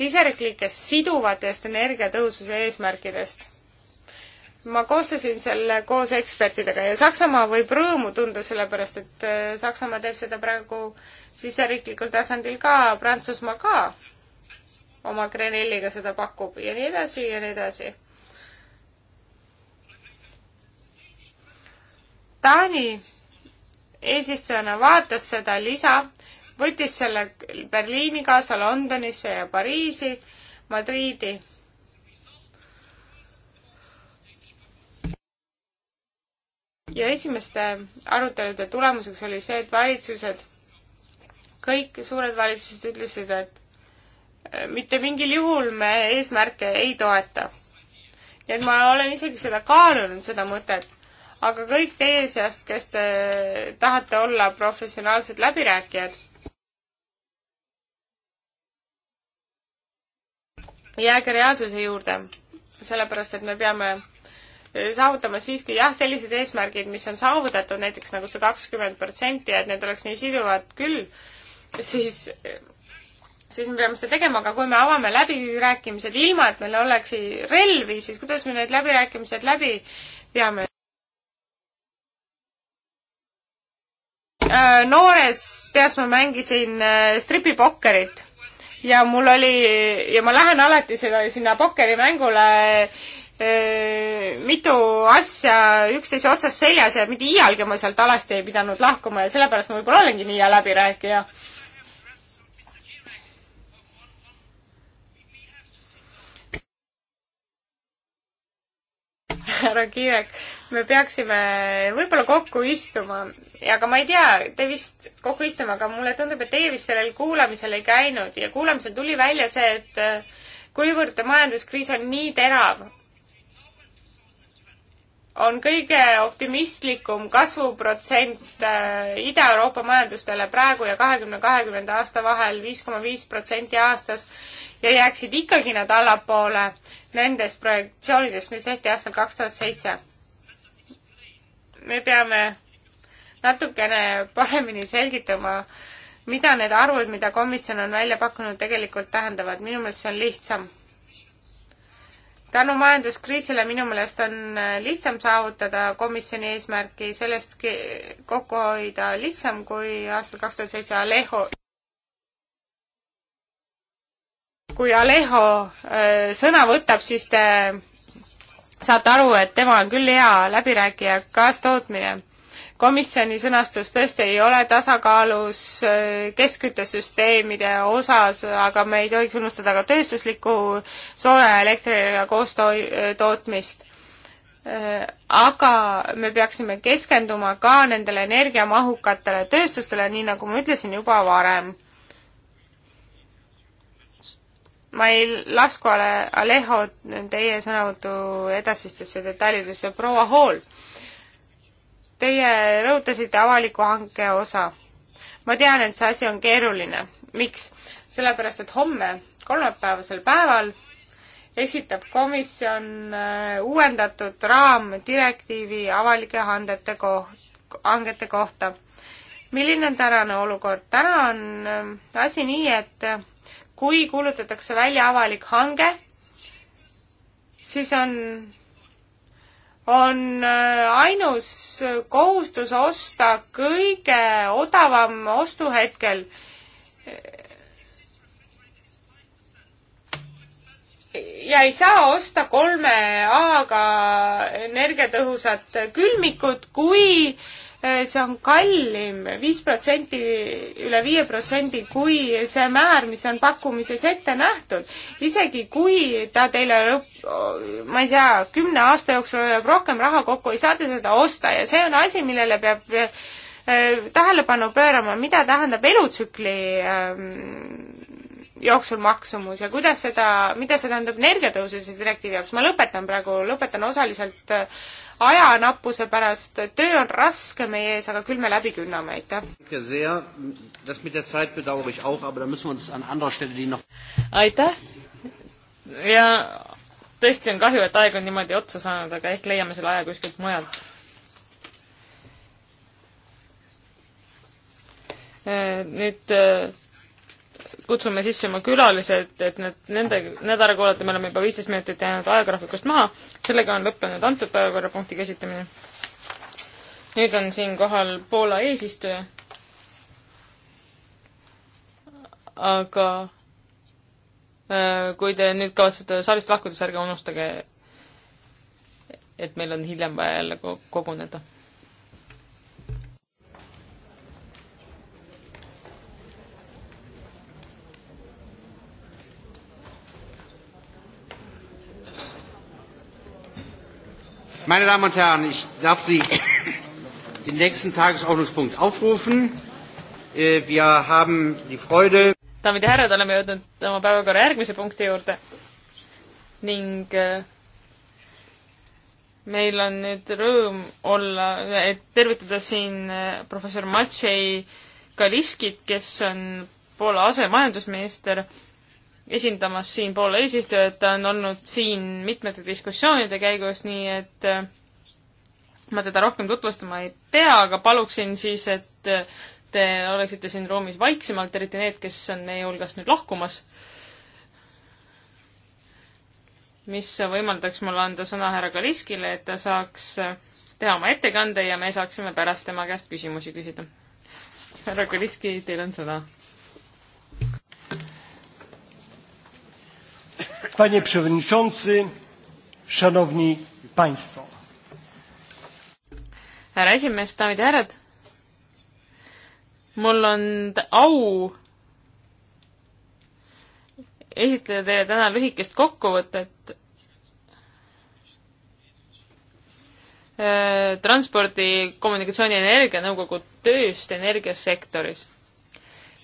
siseriiklikest siduvatest energiatõhususe eesmärkidest ma koostasin selle koos ekspertidega ja Saksamaa võib rõõmu tunda, sellepärast et äh, Saksamaa teeb seda praegu siseriiklikul tasandil ka, Prantsusmaa ka oma Grenelliga seda pakub ja nii edasi ja nii edasi. Taani eesistujana vaatas seda lisa, võttis selle Berliini kaasa Londonisse ja Pariisi, Madriidi ja esimeste arutelude tulemuseks oli see, et valitsused, kõik suured valitsused ütlesid, et äh, mitte mingil juhul me eesmärke ei toeta. nii et ma olen isegi seda kaalunud, seda mõtet, aga kõik teie seast, kes te tahate olla professionaalsed läbirääkijad, jääge reaalsuse juurde, sellepärast et me peame saavutamas siiski jah, sellised eesmärgid, mis on saavutatud, näiteks nagu see kakskümmend protsenti, et need oleks nii siduvad küll, siis, siis me peame seda tegema, aga kui me avame läbirääkimised ilma, et meil oleks relvi, siis kuidas me need läbirääkimised läbi peame? Äh, noores peas ma mängisin äh, stripipokkerit ja mul oli ja ma lähen alati seda sinna pokerimängule mitu asja üksteise otsas seljas ja mitte iialgi ma sealt alati ei pidanud lahkuma ja sellepärast ma võib-olla olengi nii hea läbirääkija. härra Kiirek, me peaksime võib-olla kokku istuma, aga ma ei tea, te vist kokku istume, aga mulle tundub, et teie vist sellel kuulamisel ei käinud ja kuulamisel tuli välja see, et äh, kuivõrd majanduskriis on nii terav, on kõige optimistlikum kasvuprotsent äh, Ida-Euroopa majandustele praegu ja kahekümne, kahekümnenda aasta vahel viis koma viis protsenti aastas ja jääksid ikkagi nad allapoole nendes projektsioonides, mis tehti aastal kaks tuhat seitse. me peame natukene paremini selgitama, mida need arvud, mida komisjon on välja pakkunud, tegelikult tähendavad. minu meelest see on lihtsam tänu majanduskriisile minu meelest on äh, lihtsam saavutada komisjoni eesmärki, sellest kokku hoida lihtsam kui aastal kaks tuhat seitse Alejo. kui Alejo äh, sõna võtab, siis te saate aru, et tema on küll hea läbirääkija, kaastootmine komisjoni sõnastus tõesti ei ole tasakaalus äh, keskküttesüsteemide osas, aga me ei tohiks unustada ka tööstuslikku sooja ja elektriga koos äh, tootmist. Äh, aga me peaksime keskenduma ka nendele energiamahukatele tööstustele, nii nagu ma ütlesin juba varem ma ei lasku Ale-, Alejo teie sõnavõtu edasistesse detailidesse, proua Hall Teie rõhutasite avaliku hanke osa. ma tean, et see asi on keeruline. miks? sellepärast, et homme, kolmapäevasel päeval esitab komisjon äh, uuendatud raamdirektiivi avalike hangete koht, hangete kohta. milline on tänane olukord? täna on äh, asi nii, et äh, kui kuulutatakse välja avalik hange, siis on on äh, ainus kohustus osta kõige odavam ostuhetkel. ja ei saa osta kolme A-ga energiatõhusat külmikut, kui äh, Äh, see on kallim, viis protsenti, üle viie protsendi, kui see määr, mis on pakkumises ette nähtud. isegi kui ta teile lõpp, ma ei tea, kümne aasta jooksul hoiab rohkem raha kokku, ei saa te seda osta ja see on asi, millele peab äh, tähelepanu pöörama, mida tähendab elutsükli ähm, jooksul maksumus ja kuidas seda, mida see tähendab energiatõususe direktiivi jaoks. ma lõpetan praegu, lõpetan osaliselt äh, ajanappuse pärast, töö on raske meie ees, aga küll me läbi künname, aitäh. aitäh ja tõesti on kahju, et aeg on niimoodi otsa saanud, aga ehk leiame selle aja kuskilt mujalt. Äh, nüüd äh, kutsume sisse oma külalised, et need, nende, need ära kuulata, me oleme juba viisteist minutit jäänud ajagraafikust maha, sellega on lõppenud antud päevakorrapunkti käsitlemine. nüüd on siinkohal Poola eesistuja, aga äh, kui te nüüd kavatsete saalist lahkuda, siis ärge unustage, et meil on hiljem vaja jälle koguneda Meine Damen und Herren, ich darf Sie den nächsten Tagesordnungspunkt aufrufen. Äh, wir haben die Freude. daamid ja härrad, oleme jõudnud oma päevakorra järgmise punkti juurde ning äh, meil on nüüd rõõm olla, et tervitada siin äh, professor Maciej Kaliskit, kes on Poola asemajandusminister esindamas siinpool eesistujat, ta on olnud siin mitmete diskussioonide käigus, nii et äh, ma teda rohkem tutvustama ei pea, aga paluksin siis, et äh, te oleksite siin ruumis vaiksemalt, eriti need, kes on meie hulgast nüüd lahkumas. mis võimaldaks mul anda sõna härra Kaliskile, et ta saaks äh, teha oma ettekande ja me saaksime pärast tema käest küsimusi küsida. härra Kaliski, teil on sõna Panie Przewodniczący, Szanowni Państwo. härra esimees, daamid ja härrad. mul on au esitleda teile täna lühikest kokkuvõtet äh, transpordi, kommunikatsiooni ja energianõukogu tööst energiasektoris.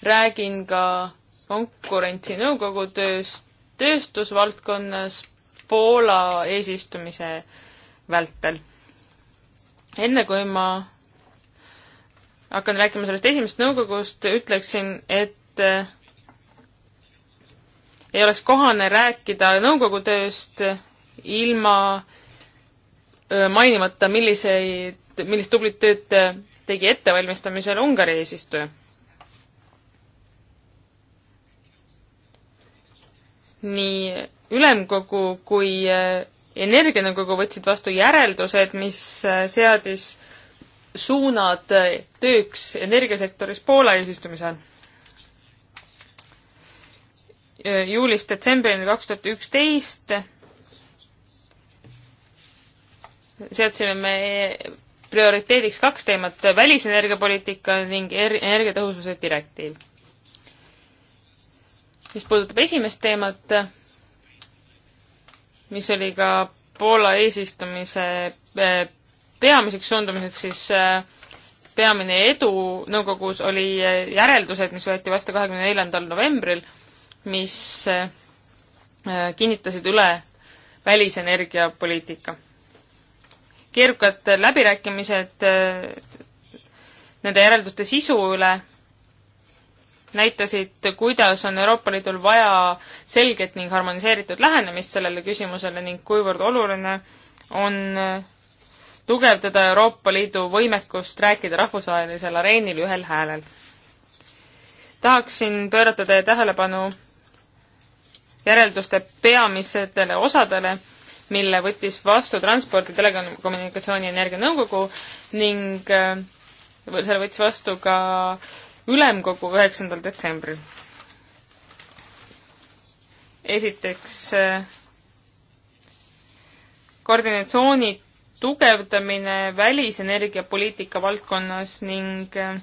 räägin ka konkurentsinõukogu tööst tööstusvaldkonnas Poola eesistumise vältel. enne kui ma hakkan rääkima sellest esimesest nõukogust, ütleksin, et äh, ei oleks kohane rääkida nõukogu tööst ilma äh, mainimata, milliseid, millist tublit tööd tegi ettevalmistamisel Ungari eesistuja nii ülemkogu kui äh, energianõukogu võtsid vastu järeldused, mis äh, seadis suunad äh, tööks energiasektoris Poola eesistumise all. juulist detsembrini kaks tuhat üksteist seadsime me prioriteediks kaks teemat, välisenergiapoliitika ning er-, energiatõhususe direktiiv mis puudutab esimest teemat, mis oli ka Poola eesistumise eh, peamiseks suundumiseks, siis eh, peamine edu nõukogus oli eh, järeldused, mis võeti vastu kahekümne neljandal novembril, mis kinnitasid üle välisenergiapoliitika. keerukad läbirääkimised nende järelduste sisu üle näitasid, kuidas on Euroopa Liidul vaja selget ning harmoniseeritud lähenemist sellele küsimusele ning kuivõrd oluline on äh, tugevdada Euroopa Liidu võimekust rääkida rahvusvahelisel areenil ühel häälel. tahaksin pöörata teie tähelepanu järelduste peamisetele osadele, mille võttis vastu Transpordi, Telekommunikatsiooni ja Energianõukogu ning äh, selle võttis vastu ka äh, ülemkogu üheksandal detsembril. esiteks äh, koordinatsiooni tugevdamine välisenergiapoliitika valdkonnas ning äh,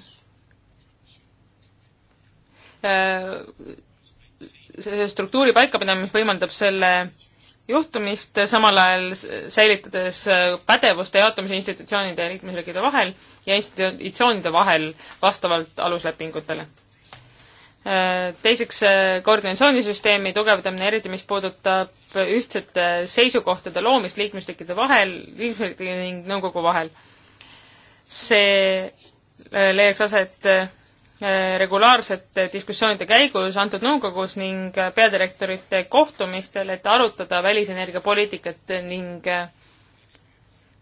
äh, struktuuri paikapidamine, mis võimaldab selle juhtumist, samal ajal säilitades äh, pädevuste jaotamise institutsioonide ja liikmesriikide vahel ja institutsioonide vahel vastavalt aluslepingutele. Äh, teiseks, äh, koordinatsioonisüsteemi tugevdamine, eriti mis puudutab ühtsete seisukohtade loomist liikmesriikide vahel, liikmesriikide ning nõukogu vahel. see leiaks aset regulaarsete diskussioonide käigus antud nõukogus ning peadirektorite kohtumistel, et arutada välisenergia poliitikat ning äh,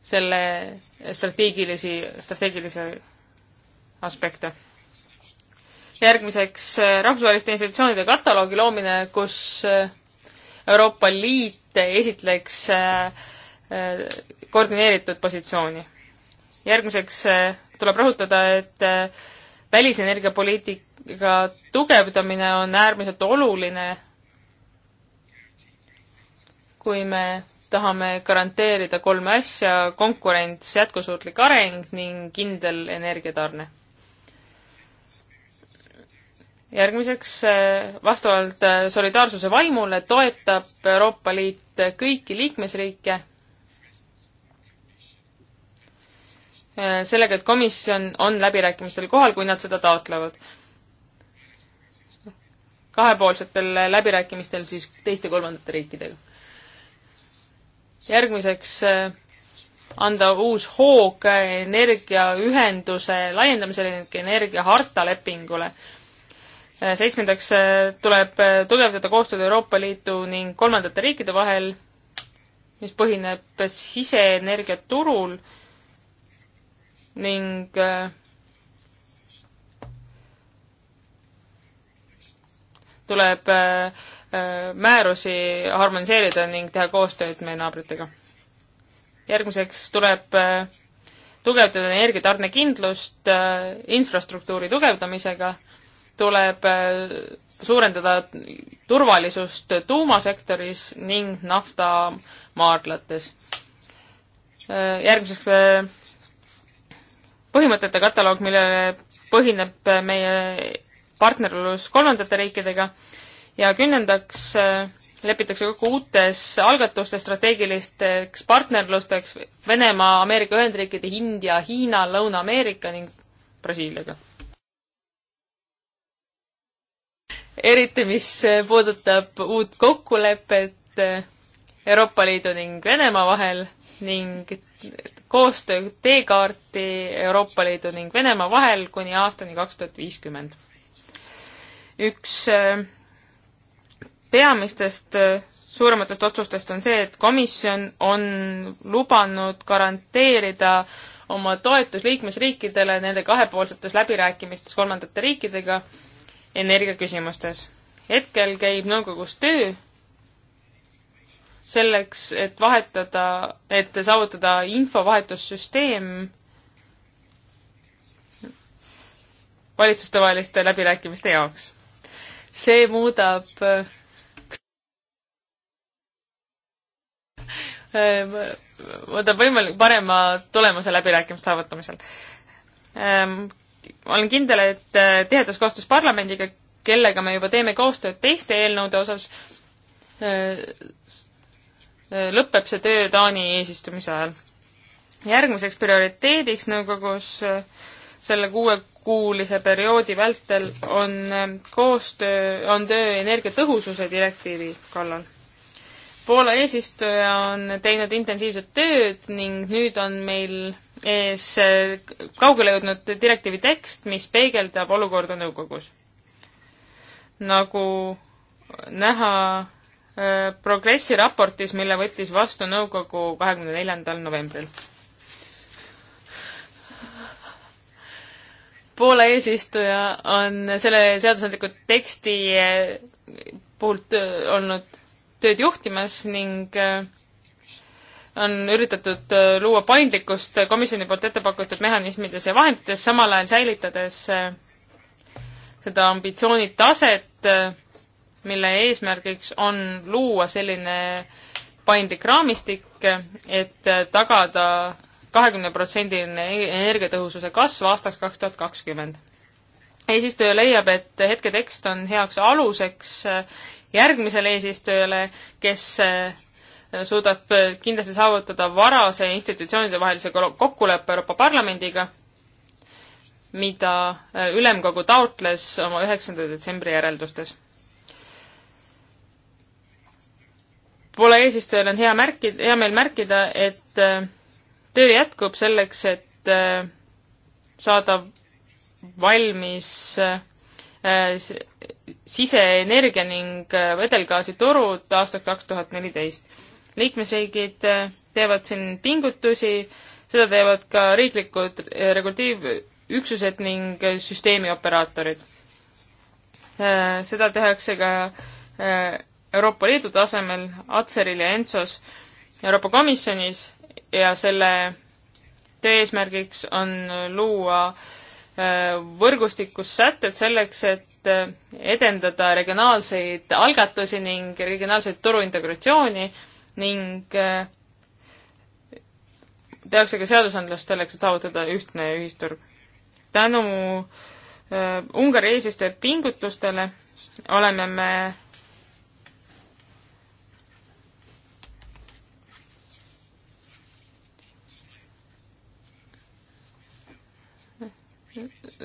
selle strateegilisi, strateegilisi aspekte. järgmiseks äh, rahvusvaheliste institutsioonide kataloogi loomine, kus äh, Euroopa Liit esitleks koordineeritud positsiooni. järgmiseks tuleb rõhutada, et välisenergiapoliitika tugevdamine on äärmiselt oluline, kui me tahame garanteerida kolme asja, konkurents, jätkusuutlik areng ning kindel energiatarne. järgmiseks, vastavalt äh, solidaarsuse vaimule toetab Euroopa Liit kõiki liikmesriike Äh, sellega, et komisjon on läbirääkimistel kohal, kui nad seda taotlevad. kahepoolsetel läbirääkimistel siis teiste kolmandate riikidega. järgmiseks äh, anda uus hoog energiaühenduse laiendamisele, energiaharta lepingule. Äh, seitsmendaks tuleb tugevdada koostööd Euroopa Liidu ning kolmandate riikide vahel, mis põhineb siseenergiaturul ning äh, tuleb äh, äh, määrusi harmoniseerida ning teha koostööd meie naabritega. järgmiseks tuleb tugevdada energiatarnekindlust infrastruktuuri tugevdamisega, tuleb suurendada turvalisust tuumasektoris ning naftamaardlates. järgmiseks põhimõtete kataloog, millele põhineb meie partnerlus kolmandate riikidega ja kümnendaks äh, lepitakse kokku uutes algatustes strateegilisteks partnerlusteks Venemaa, Ameerika Ühendriikide, India, Hiina, Lõuna-Ameerika ning Brasiiliaga. eriti, mis puudutab uut kokkulepet äh, Euroopa Liidu ning Venemaa vahel ning koostöö teekaarti Euroopa Liidu ning Venemaa vahel kuni aastani kaks tuhat viiskümmend. üks äh, peamistest äh, suurematest otsustest on see, et komisjon on lubanud garanteerida oma toetus liikmesriikidele nende kahepoolsetes läbirääkimistes kolmandate riikidega energiaküsimustes. hetkel käib nõukogus töö selleks, et vahetada, et saavutada infovahetussüsteem valitsustevaheliste läbirääkimiste jaoks. see muudab ehm, muudab võimalik parema tulemuse läbirääkimiste saavutamisel. Ehm, olen kindel, et eh, tihedas koostöös parlamendiga, kellega me juba teeme koostööd teiste eelnõude osas, eh, lõpeb see töö Taani eesistumise ajal. järgmiseks prioriteediks nõukogus äh, selle kuuekuulise perioodi vältel on äh, koostöö, on töö energiatõhususe direktiivi kallal. Poola eesistuja on teinud intensiivset tööd ning nüüd on meil ees äh, kaugele jõudnud direktiivi tekst, mis peegeldab olukorda nõukogus. nagu näha, Äh, progressi raportis, mille võttis vastu nõukogu kahekümne neljandal novembril. Poola eesistuja on selle seadusandliku teksti äh, poolt äh, olnud tööd juhtimas ning on üritatud luua paindlikkust komisjoni poolt ette pakutud mehhanismides ja vahendites, samal ajal säilitades seda ambitsioonitaset mille eesmärgiks on luua selline paindlik raamistik, et tagada kahekümneprotsendiline energiatõhususe kasv aastaks kaks tuhat kakskümmend. eesistuja leiab, et hetketekst on heaks aluseks järgmisele eesistujale, kes suudab kindlasti saavutada varase institutsioonide vahelise kokkuleppe Euroopa Parlamendiga, mida ülemkogu taotles oma üheksanda detsembri järeldustes Poola eesistujal on hea märki, hea meel märkida, et äh, töö jätkub selleks, et äh, saada valmis äh, siseenergia ning vedelgaasitorud aastaks kaks tuhat neliteist. liikmesriigid teevad siin pingutusi, seda teevad ka riiklikud regulatiivüksused ning süsteemioperaatorid. seda tehakse ka Euroopa Liidu tasemel, Atseril ja Entsos Euroopa Komisjonis ja selle töö eesmärgiks on luua äh, võrgustikus sätted selleks, et äh, edendada regionaalseid algatusi ning regionaalseid turuintegratsiooni ning äh, tehakse ka seadusandlust selleks, et saavutada ühtne ühisturg. tänu Ungari eesistuja pingutustele oleme me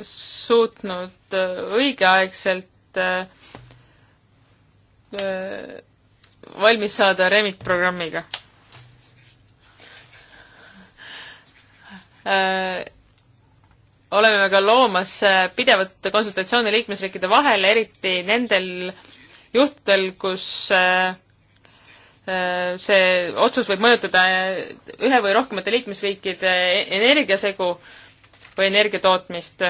suutnud äh, õigeaegselt äh, äh, valmis saada Remit programmiga. oleme ka loomas pidevat konsultatsiooni liikmesriikide vahel, eriti nendel juhtudel, kus see otsus võib mõjutada ühe või rohkemate liikmesriikide e-, energiasegu või energiatootmist.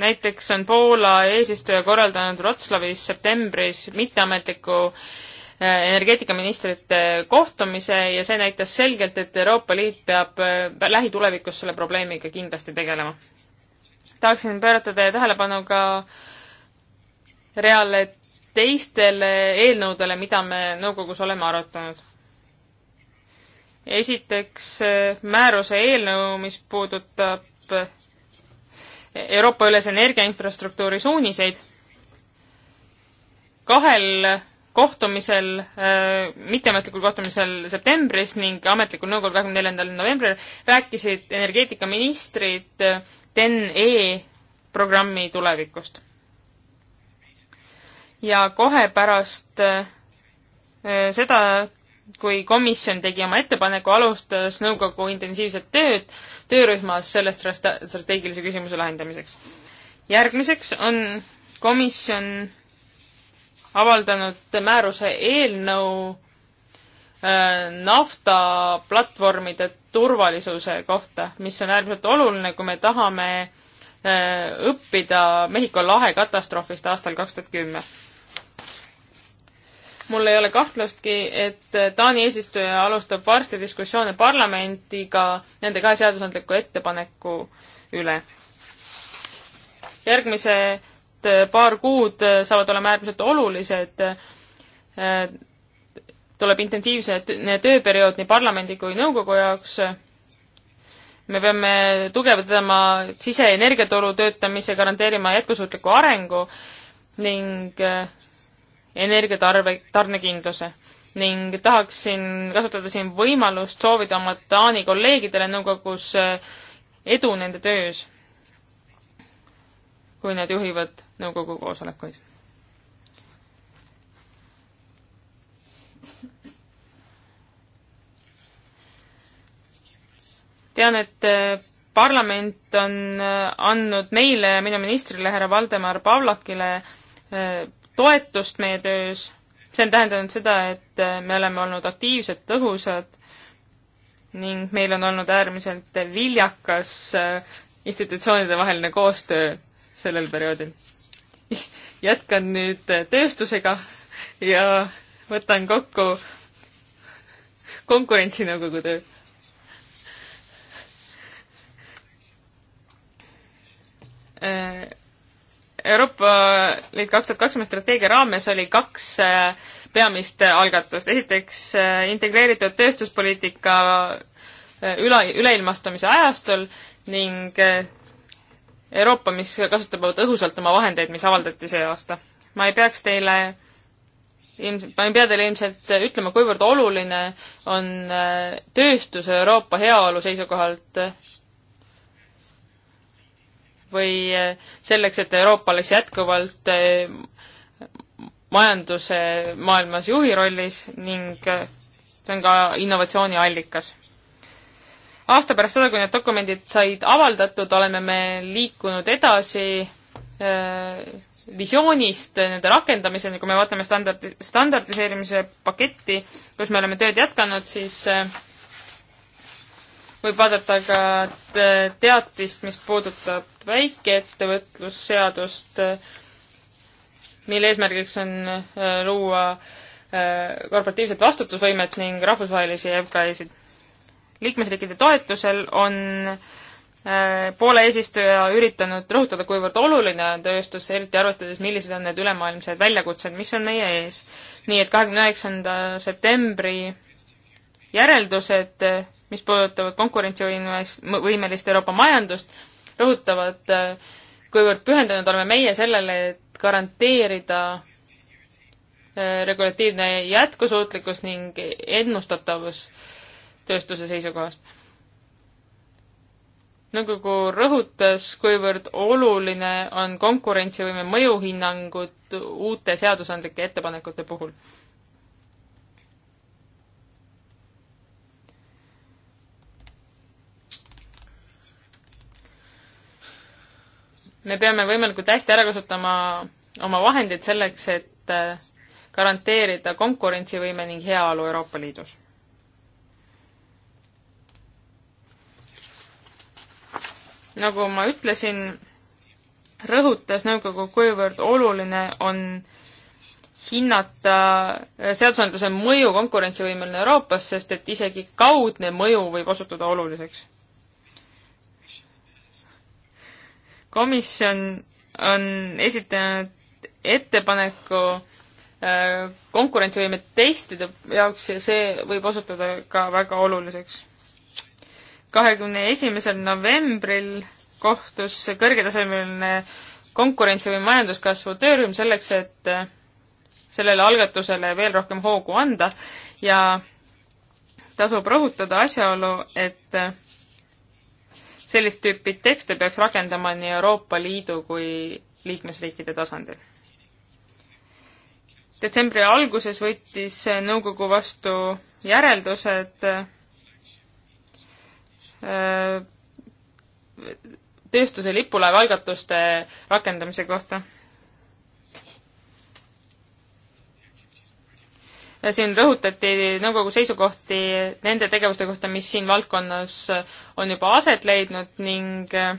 näiteks on Poola eesistuja korraldanud Wroclawis septembris mitteametliku äh, energeetikaministrite kohtumise ja see näitas selgelt, et Euroopa Liit peab äh, lähitulevikus selle probleemiga kindlasti tegelema. tahaksin pöörata teie tähelepanu ka reale teistele eelnõudele, mida me nõukogus oleme arutanud esiteks eh, määruse eelnõu, mis puudutab eh, Euroopa-ülese energiainfrastruktuuri suuniseid. kahel kohtumisel, eh, mitteametlikul kohtumisel septembris ning ametlikul nõukogul kahekümne neljandal novembril rääkisid energeetikaministrid TEN-E programmi tulevikust. ja kohe pärast seda kui komisjon tegi oma ettepaneku, alustas nõukogu intensiivset tööd töörühmas selle strateegilise küsimuse lahendamiseks. järgmiseks on komisjon avaldanud määruse eelnõu äh, naftaplatvormide turvalisuse kohta, mis on äärmiselt oluline, kui me tahame äh, õppida Mehhiko lahe katastroofist aastal kaks tuhat kümme mul ei ole kahtlustki, et Taani eesistuja alustab varsti diskussioone parlamendiga nende kahe seadusandliku ettepaneku üle. järgmised äh, paar kuud äh, saavad olema äärmiselt olulised, äh, tuleb intensiivne tööperiood nii parlamendi kui nõukogu jaoks, me peame tugevdama siseenergiatoru töötamise, garanteerima jätkusuutliku arengu ning energiatarve, tarnekindluse ning tahaksin kasutada siin võimalust soovida oma Taani kolleegidele nõukogus eh, edu nende töös, kui nad juhivad nõukogu koosolekuid. tean, et eh, parlament on eh, andnud meile, minu ministrile, härra Valdemar Pavlakile toetust meie töös, see on tähendanud seda, et äh, me oleme olnud aktiivsed, tõhusad ning meil on olnud äärmiselt viljakas äh, institutsioonide vaheline koostöö sellel perioodil. jätkan nüüd äh, tööstusega ja võtan kokku konkurentsinõukogu töö. Euroopa Liit kaks tuhat kakskümmend strateegia raames oli kaks äh, peamist äh, algatust. esiteks äh, integreeritud tööstuspoliitika üle, üleilmastumise ajastul ning Euroopa, mis kasutab õhusalt oma vahendeid, mis avaldati see aasta. ma ei peaks teile ilmselt, ma ei pea teile ilmselt ütlema, kuivõrd oluline on tööstus Euroopa heaolu seisukohalt või eh, selleks, et Euroopa oleks jätkuvalt eh, majanduse maailmas juhi rollis ning eh, see on ka innovatsiooni allikas. aasta pärast seda, kui need dokumendid said avaldatud, oleme me liikunud edasi visioonist nende rakendamiseni, kui me vaatame standardi, standardiseerimise paketti, kus me oleme tööd jätkanud, siis võib vaadata ka teatist, mis puudutab uut väikeettevõtlusseadust, mille eesmärgiks on äh, luua äh, korporatiivset vastutusvõimet ning rahvusvahelisi FKI-sid. liikmesriikide toetusel on äh, Poola eesistuja üritanud rõhutada, kuivõrd oluline on tööstus, eriti arvestades, millised on need ülemaailmsed väljakutsed, mis on meie ees. nii et kahekümne üheksanda septembri järeldused, mis puudutavad konkurentsivõimelist Euroopa majandust, rõhutavad, äh, kuivõrd pühendunud oleme meie sellele, et garanteerida äh, regulatiivne jätkusuutlikkus ning ennustatavus tööstuse seisukohast. nõukogu rõhutas, kuivõrd oluline on konkurentsivõime mõjuhinnangud uute seadusandlike ettepanekute puhul me peame võimalikult hästi ära kasutama oma vahendeid selleks, et äh, garanteerida konkurentsivõime ning heaolu Euroopa Liidus. nagu ma ütlesin, rõhutas nõukogu, kuivõrd oluline on hinnata äh, seadusandluse mõju konkurentsivõimele Euroopas, sest et isegi kaudne mõju võib osutuda oluliseks komisjon on esitanud ettepaneku äh, konkurentsivõimet testide jaoks ja see võib osutuda ka väga oluliseks. kahekümne esimesel novembril kohtus kõrgetasemeline konkurentsivõime majanduskasvu töörühm selleks, et äh, sellele algatusele veel rohkem hoogu anda ja tasub rõhutada asjaolu, et äh, sellist tüüpi tekste peaks rakendama nii Euroopa Liidu kui liikmesriikide tasandil. detsembri alguses võttis nõukogu vastu järeldused äh, tööstuse lipulaeva algatuste rakendamise kohta siin rõhutati nõukogu seisukohti nende tegevuste kohta, mis siin valdkonnas on juba aset leidnud ning äh,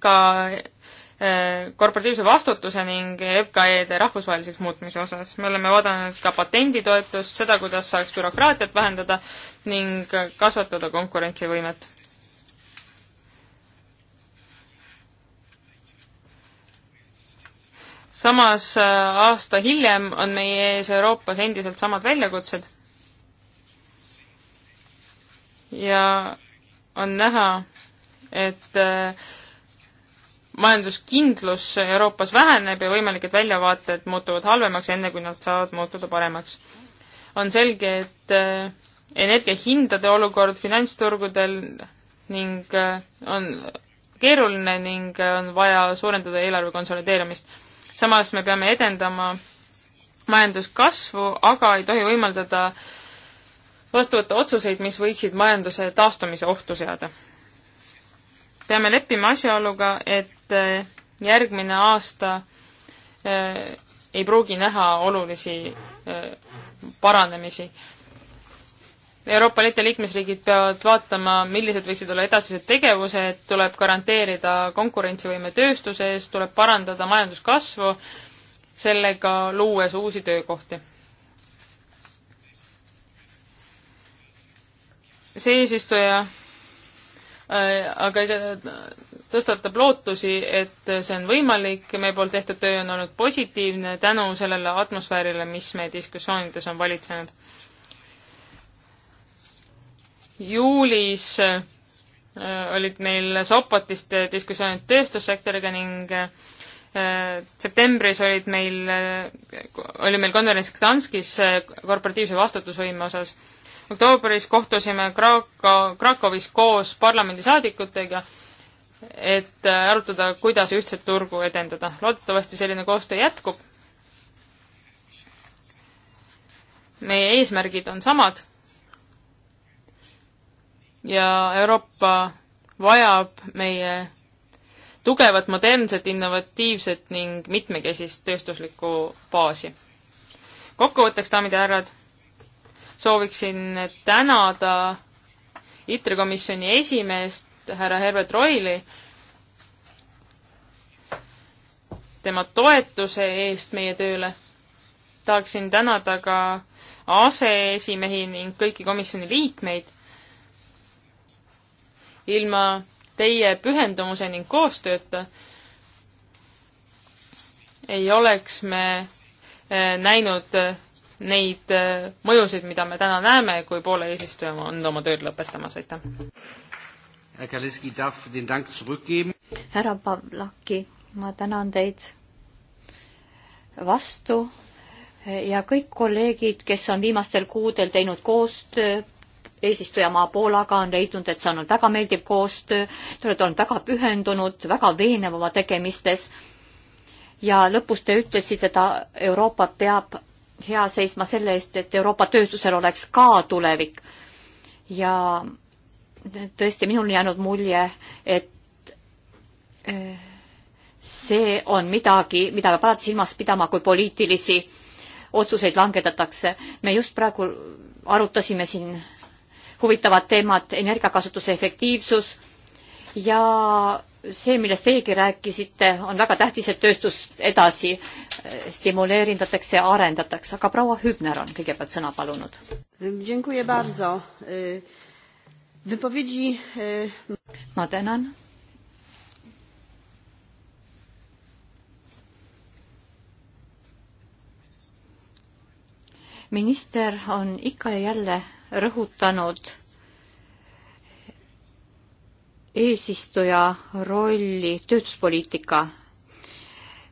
ka äh, korporatiivse vastutuse ning FKE-de rahvusvaheliseks muutmise osas. me oleme vaadanud ka patenditoetust, seda, kuidas saaks bürokraatiat vähendada ning kasvatada konkurentsivõimet. samas äh, aasta hiljem on meie ees Euroopas endiselt samad väljakutsed ja on näha, et äh, majanduskindlus Euroopas väheneb ja võimalik, et väljavaated muutuvad halvemaks, enne kui nad saavad muutuda paremaks. on selge, et äh, energiahindade olukord finantsturgudel ning on keeruline ning on vaja suurendada eelarve konsolideerimist samas me peame edendama majanduskasvu, aga ei tohi võimaldada vastu võtta otsuseid, mis võiksid majanduse taastumise ohtu seada. peame leppima asjaoluga, et eh, järgmine aasta äh, ei pruugi näha olulisi äh, paranemisi Euroopa Liidu liikmesriigid peavad vaatama, millised võiksid olla edasised tegevused, tuleb garanteerida konkurentsivõime tööstuse ees, tuleb parandada majanduskasvu, sellega luues uusi töökohti. see eesistuja äh, aga tõstatab lootusi, et see on võimalik, meie poolt tehtud töö on olnud positiivne tänu sellele atmosfäärile, mis meie diskussioonides on valitsenud juulis äh, olid neil Sopotist diskussioonid tööstussektoriga ning äh, septembris olid meil, äh, oli meil konverents Gdanskis korporatiivse vastutusvõime osas. oktoobris kohtusime Krako-, Krakowis koos parlamendisaadikutega, et arutada, kuidas ühtset turgu edendada. loodetavasti selline koostöö jätkub. meie eesmärgid on samad ja Euroopa vajab meie tugevat, modernset, innovatiivset ning mitmekesist tööstuslikku baasi. kokkuvõtteks, daamid ja härrad, sooviksin tänada ITRE komisjoni esimeest härra Herbert Roili tema toetuse eest meie tööle. tahaksin tänada ka aseesimehi ning kõiki komisjoni liikmeid ilma teie pühendumuse ning koostööta ei oleks me eh, näinud eh, neid eh, mõjusid, mida me täna näeme, kui Poola eesistuja on oma tööd lõpetamas, aitäh. härra Pavlaki, ma tänan teid vastu ja kõik kolleegid, kes on viimastel kuudel teinud koostööd eesistujamaa Poolaga on leidnud, et see on olnud väga meeldiv koostöö, te olete olnud väga pühendunud, väga veenev oma tegemistes ja lõpus te ütlesite, et Euroopa peab hea seisma selle eest, et Euroopa tööstusel oleks ka tulevik. ja tõesti, minul on jäänud mulje, et eh, see on midagi, mida peab alati silmas pidama, kui poliitilisi otsuseid langetatakse. me just praegu arutasime siin huvitavad teemad, energiakasutuse efektiivsus ja see, millest teiegi rääkisite, on väga tähtis, et tööstust edasi stimuleerindatakse ja arendatakse, aga proua Hübner on kõigepealt sõna palunud. E, e, ma tänan. minister on ikka ja jälle rõhutanud eesistuja rolli tööstuspoliitika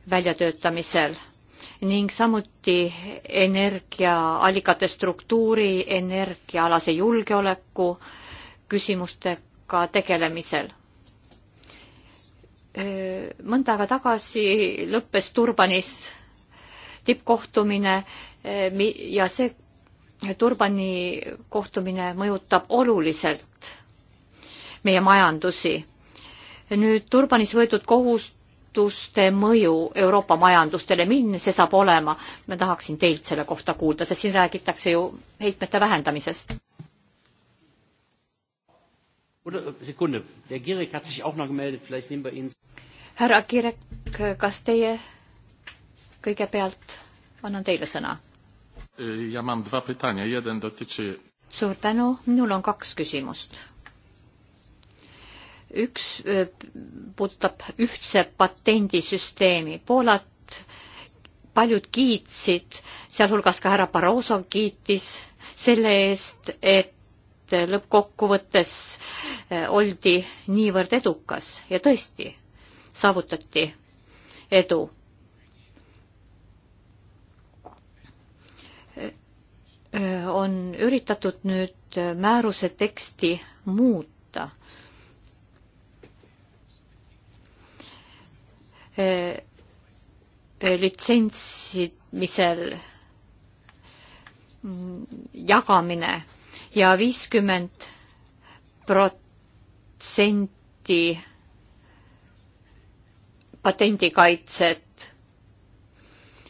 väljatöötamisel ning samuti energiaallikate struktuuri, energiaalase julgeoleku küsimustega tegelemisel. mõnda aega tagasi lõppes Turbanis tippkohtumine ja see Turbani kohtumine mõjutab oluliselt meie majandusi. nüüd Turbanis võetud kohustuste mõju Euroopa majandustele, milline see saab olema? ma tahaksin teilt selle kohta kuulda, sest siin räägitakse ju heitmete vähendamisest. Sekunde, der Girek hat sich auch noch gemeldet, vielleicht nehmen wir ihn. härra Kirek, kas teie kõigepealt, annan teile sõna ja mam dva pytania, jeden dotyczy. suur tänu, minul on kaks küsimust. üks e, puudutab ühtse patendisüsteemi. Poolat paljud kiitsid, sealhulgas ka härra Barroso kiitis selle eest, et lõppkokkuvõttes e, oldi niivõrd edukas ja tõesti saavutati edu on üritatud nüüd määruse teksti muuta. litsentsimisel jagamine ja viiskümmend protsenti patendikaitset.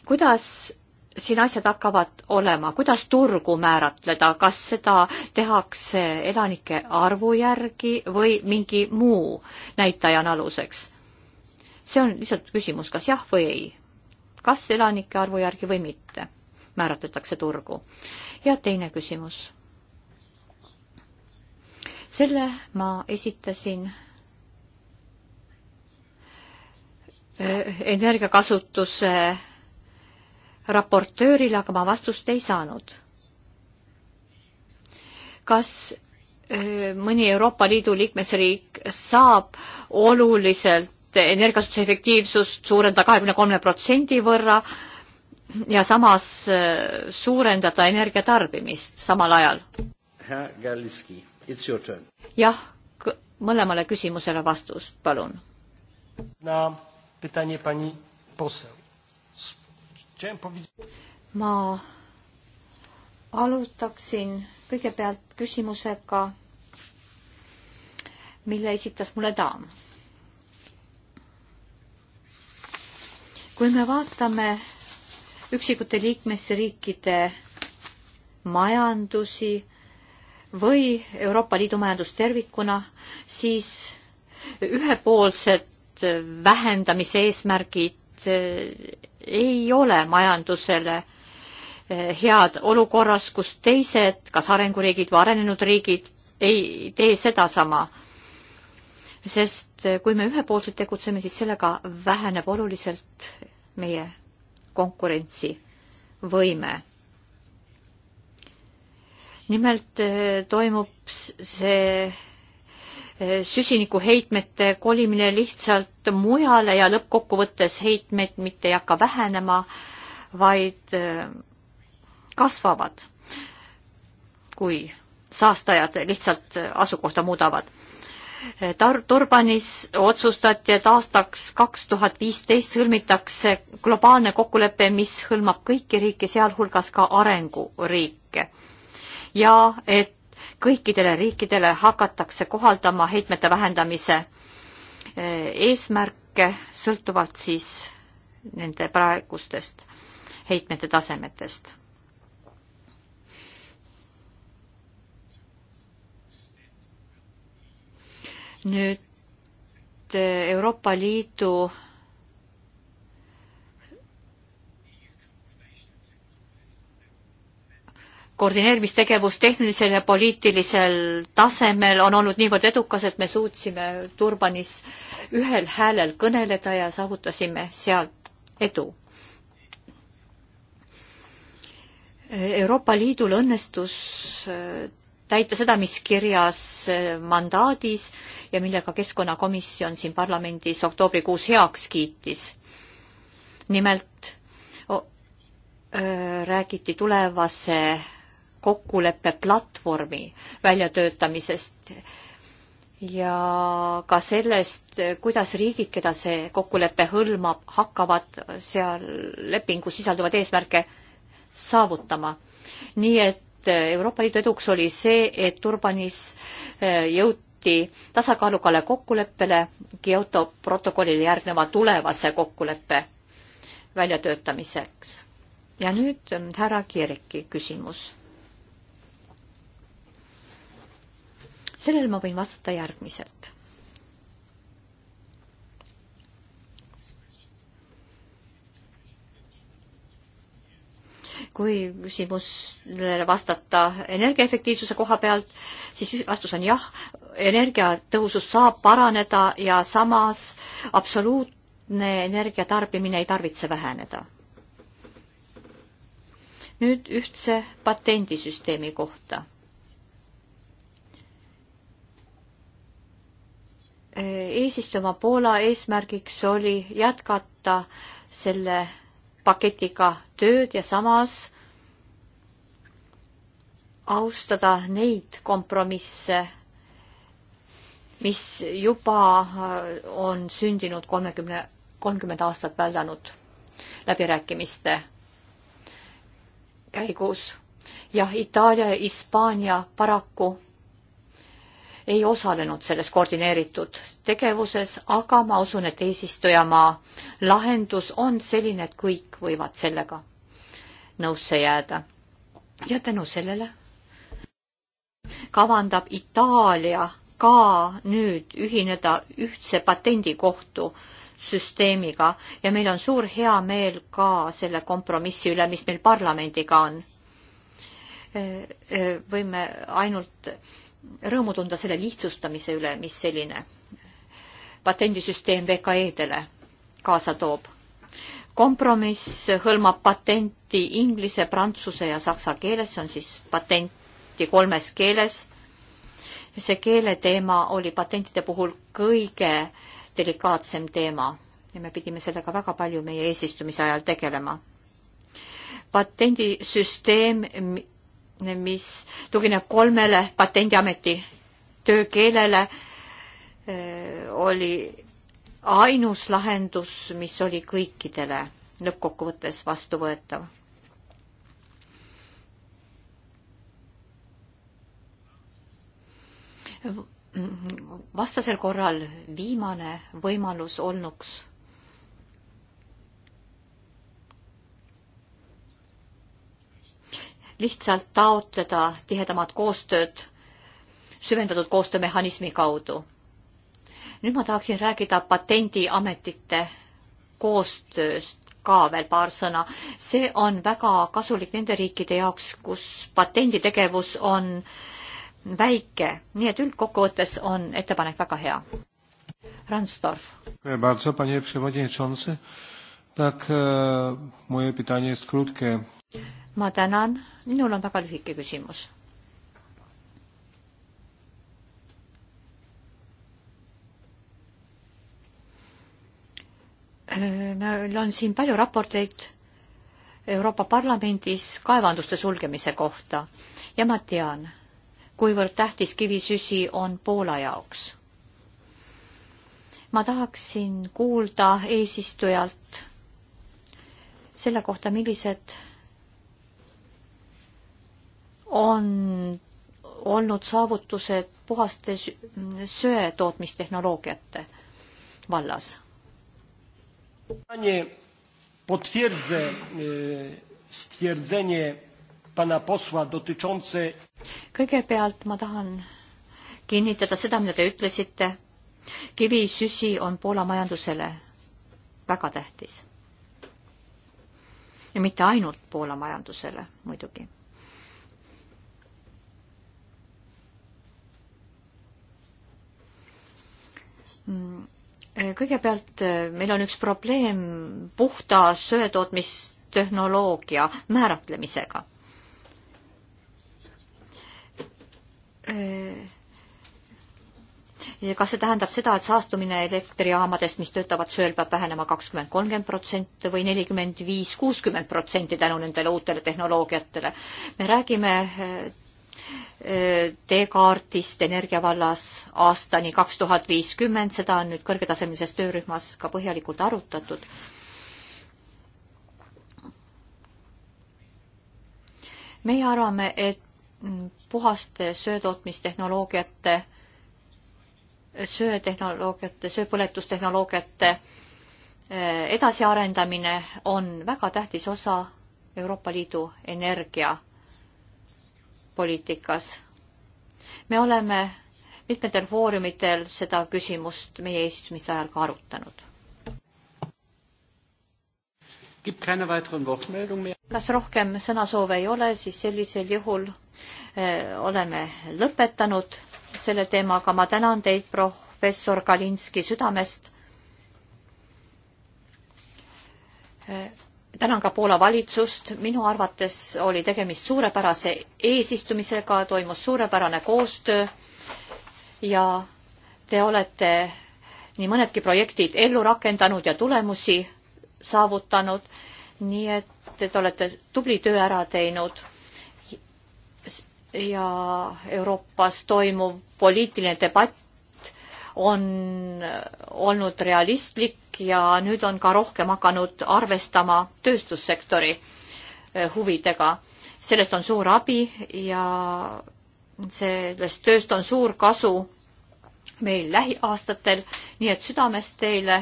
kuidas siin asjad hakkavad olema, kuidas turgu määratleda, kas seda tehakse elanike arvu järgi või mingi muu näitajana aluseks? see on lihtsalt küsimus, kas jah või ei. kas elanike arvu järgi või mitte määratletakse turgu. ja teine küsimus. selle ma esitasin eh, energiakasutuse äh, raportöörile, aga ma vastust ei saanud. kas äh, mõni Euroopa Liidu liikmesriik saab oluliselt energiasutuse efektiivsust suurendada kahekümne kolme protsendi võrra ja samas äh, suurendada energia tarbimist samal ajal? jah, mõlemale küsimusele vastus, palun. na pytanie pani poseł ma alustaksin kõigepealt küsimusega, mille esitas mulle daam. kui me vaatame üksikute liikmesriikide majandusi või Euroopa Liidu majandust tervikuna, siis ühepoolsed vähendamise eesmärgid ei ole majandusele eh, head olukorras, kus teised, kas arenguriigid või arenenud riigid, ei tee sedasama. sest eh, kui me ühepoolselt tegutseme, siis sellega väheneb oluliselt meie konkurentsivõime. nimelt eh, toimub see süsinikuheitmete kolimine lihtsalt mujale ja lõppkokkuvõttes heitmed mitte ei hakka vähenema, vaid äh, kasvavad, kui saastajad lihtsalt asukohta muudavad. Tar-, Turbanis otsustati, et aastaks kaks tuhat viisteist sõlmitakse globaalne kokkulepe, mis hõlmab kõiki riike, sealhulgas ka arenguriike. ja et kõikidele riikidele hakatakse kohaldama heitmete vähendamise eh, eesmärke sõltuvalt siis nende praegustest heitmete tasemetest. nüüd eh, Euroopa Liidu koordineerimistegevus tehnilisel ja poliitilisel tasemel on olnud niivõrd edukas, et me suutsime Turbanis ühel häälel kõneleda ja saavutasime sealt edu. Euroopa Liidul õnnestus äh, täita seda, mis kirjas äh, mandaadis ja millega Keskkonnakomisjon siin parlamendis oktoobrikuus heaks kiitis. nimelt oh, äh, öö, räägiti tulevase kokkuleppeplatvormi väljatöötamisest ja ka sellest, kuidas riigid, keda see kokkulepe hõlmab, hakkavad seal lepingus sisalduvaid eesmärke saavutama. nii et eh, Euroopa Liidu eduks oli see, et Turbanis eh, jõuti tasakaalukale kokkuleppele Kyoto protokollile järgneva tulevase kokkuleppe väljatöötamiseks. ja nüüd eh, härra Kireki küsimus sellele ma võin vastata järgmiselt. kui küsimusele vastata energiaefektiivsuse koha pealt, siis vastus on jah, energiatõhusus saab paraneda ja samas absoluutne energiatarbimine ei tarvitse väheneda nüüd ühtse patendisüsteemi kohta. eesistuma Poola eesmärgiks oli jätkata selle paketiga tööd ja samas austada neid kompromisse, mis juba äh, on sündinud kolmekümne, kolmkümmend aastat väldanud läbirääkimiste käigus. jah, Itaalia ja Hispaania paraku ei osalenud selles koordineeritud tegevuses, aga ma usun, et eesistujamaa lahendus on selline, et kõik võivad sellega nõusse jääda. ja tänu sellele kavandab Itaalia ka nüüd ühineda ühtse patendikohtu süsteemiga ja meil on suur heameel ka selle kompromissi üle, mis meil parlamendiga on. võime ainult rõõmu tunda selle lihtsustamise üle, mis selline patendisüsteem VKE-dele kaasa toob. kompromiss hõlmab patenti inglise, prantsuse ja saksa keeles, see on siis patenti kolmes keeles. see keeleteema oli patentide puhul kõige delikaatsem teema ja me pidime sellega väga palju meie eesistumise ajal tegelema. patendisüsteem mis tugineb kolmele patendiameti töökeelele, oli ainus lahendus, mis oli kõikidele lõppkokkuvõttes vastuvõetav. vastasel korral viimane võimalus olnuks lihtsalt taotleda tihedamat koostööd süvendatud koostöömehhanismi kaudu. nüüd ma tahaksin rääkida patendiametite koostööst ka veel paar sõna. see on väga kasulik nende riikide jaoks, kus patenditegevus on väike, nii et üldkokkuvõttes on ettepanek väga hea. Ransdorf ma tänan, minul on väga lühike küsimus. Äh, meil on siin palju raporteid Euroopa Parlamendis kaevanduste sulgemise kohta ja ma tean, kuivõrd tähtis kivisüsi on Poola jaoks. ma tahaksin kuulda eesistujalt selle kohta, millised on olnud saavutused puhaste söe tootmistehnoloogiate vallas. E, kõigepealt ma tahan kinnitada seda, mida te ütlesite. kivisüsi on Poola majandusele väga tähtis. ja mitte ainult Poola majandusele muidugi Mm. kõigepealt eh, meil on üks probleem puhta söetootmistehnoloogia määratlemisega. Eh, ja kas see tähendab seda, et saastumine elektrijaamadest, mis töötavad sööl, peab vähenema kakskümmend, kolmkümmend protsenti või nelikümmend viis, kuuskümmend protsenti tänu nendele uutele tehnoloogiatele? me räägime eh, teekaardist energia vallas aastani kaks tuhat viiskümmend, seda on nüüd kõrgetasemelises töörühmas ka põhjalikult arutatud. meie arvame, et puhaste söötootmistehnoloogiate, söetehnoloogiate, sööpõletustehnoloogiate eh, edasiarendamine on väga tähtis osa Euroopa Liidu energia poliitikas. me oleme mitmetel foorumitel seda küsimust meie eesistumise ajal ka arutanud. kas rohkem sõnasoove ei ole, siis sellisel juhul öö, eh, oleme lõpetanud selle teemaga. ma tänan teid, professor Kalinski, südamest tänan ka Poola valitsust, minu arvates oli tegemist suurepärase eesistumisega, toimus suurepärane koostöö ja te olete nii mõnedki projektid ellu rakendanud ja tulemusi saavutanud, nii et te olete tubli töö ära teinud ja Euroopas toimuv poliitiline debatt on olnud realistlik ja nüüd on ka rohkem hakanud arvestama tööstussektori eh, huvidega. sellest on suur abi ja sellest tööst on suur kasu meil lähiaastatel, nii et südamest teile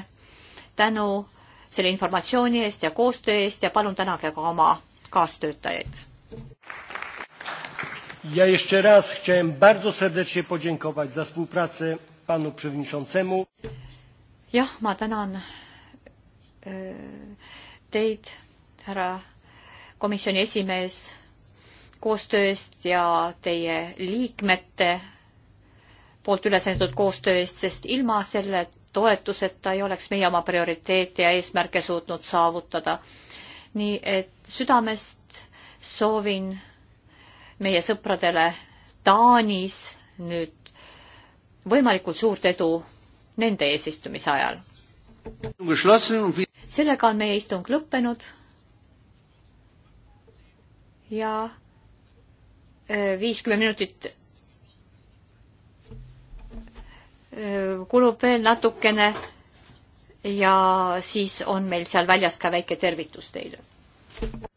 tänu selle informatsiooni eest ja koostöö eest ja palun tänage ka oma kaastöötajaid. Ja jeszcze raz chciałem bardzo serdecznie podziękować za współpracę panu przewodniczącemu. jah, ma tänan e, teid, härra komisjoni esimees, koostöö eest ja teie liikmete poolt üles antud koostöö eest, sest ilma selle toetuseta ei oleks meie oma prioriteete ja eesmärke suutnud saavutada. nii et südamest soovin meie sõpradele Taanis nüüd võimalikult suurt edu nende eesistumise ajal. sellega on meie istung lõppenud ja äh, viiskümmend minutit äh, kulub veel natukene ja siis on meil seal väljas ka väike tervitus teile.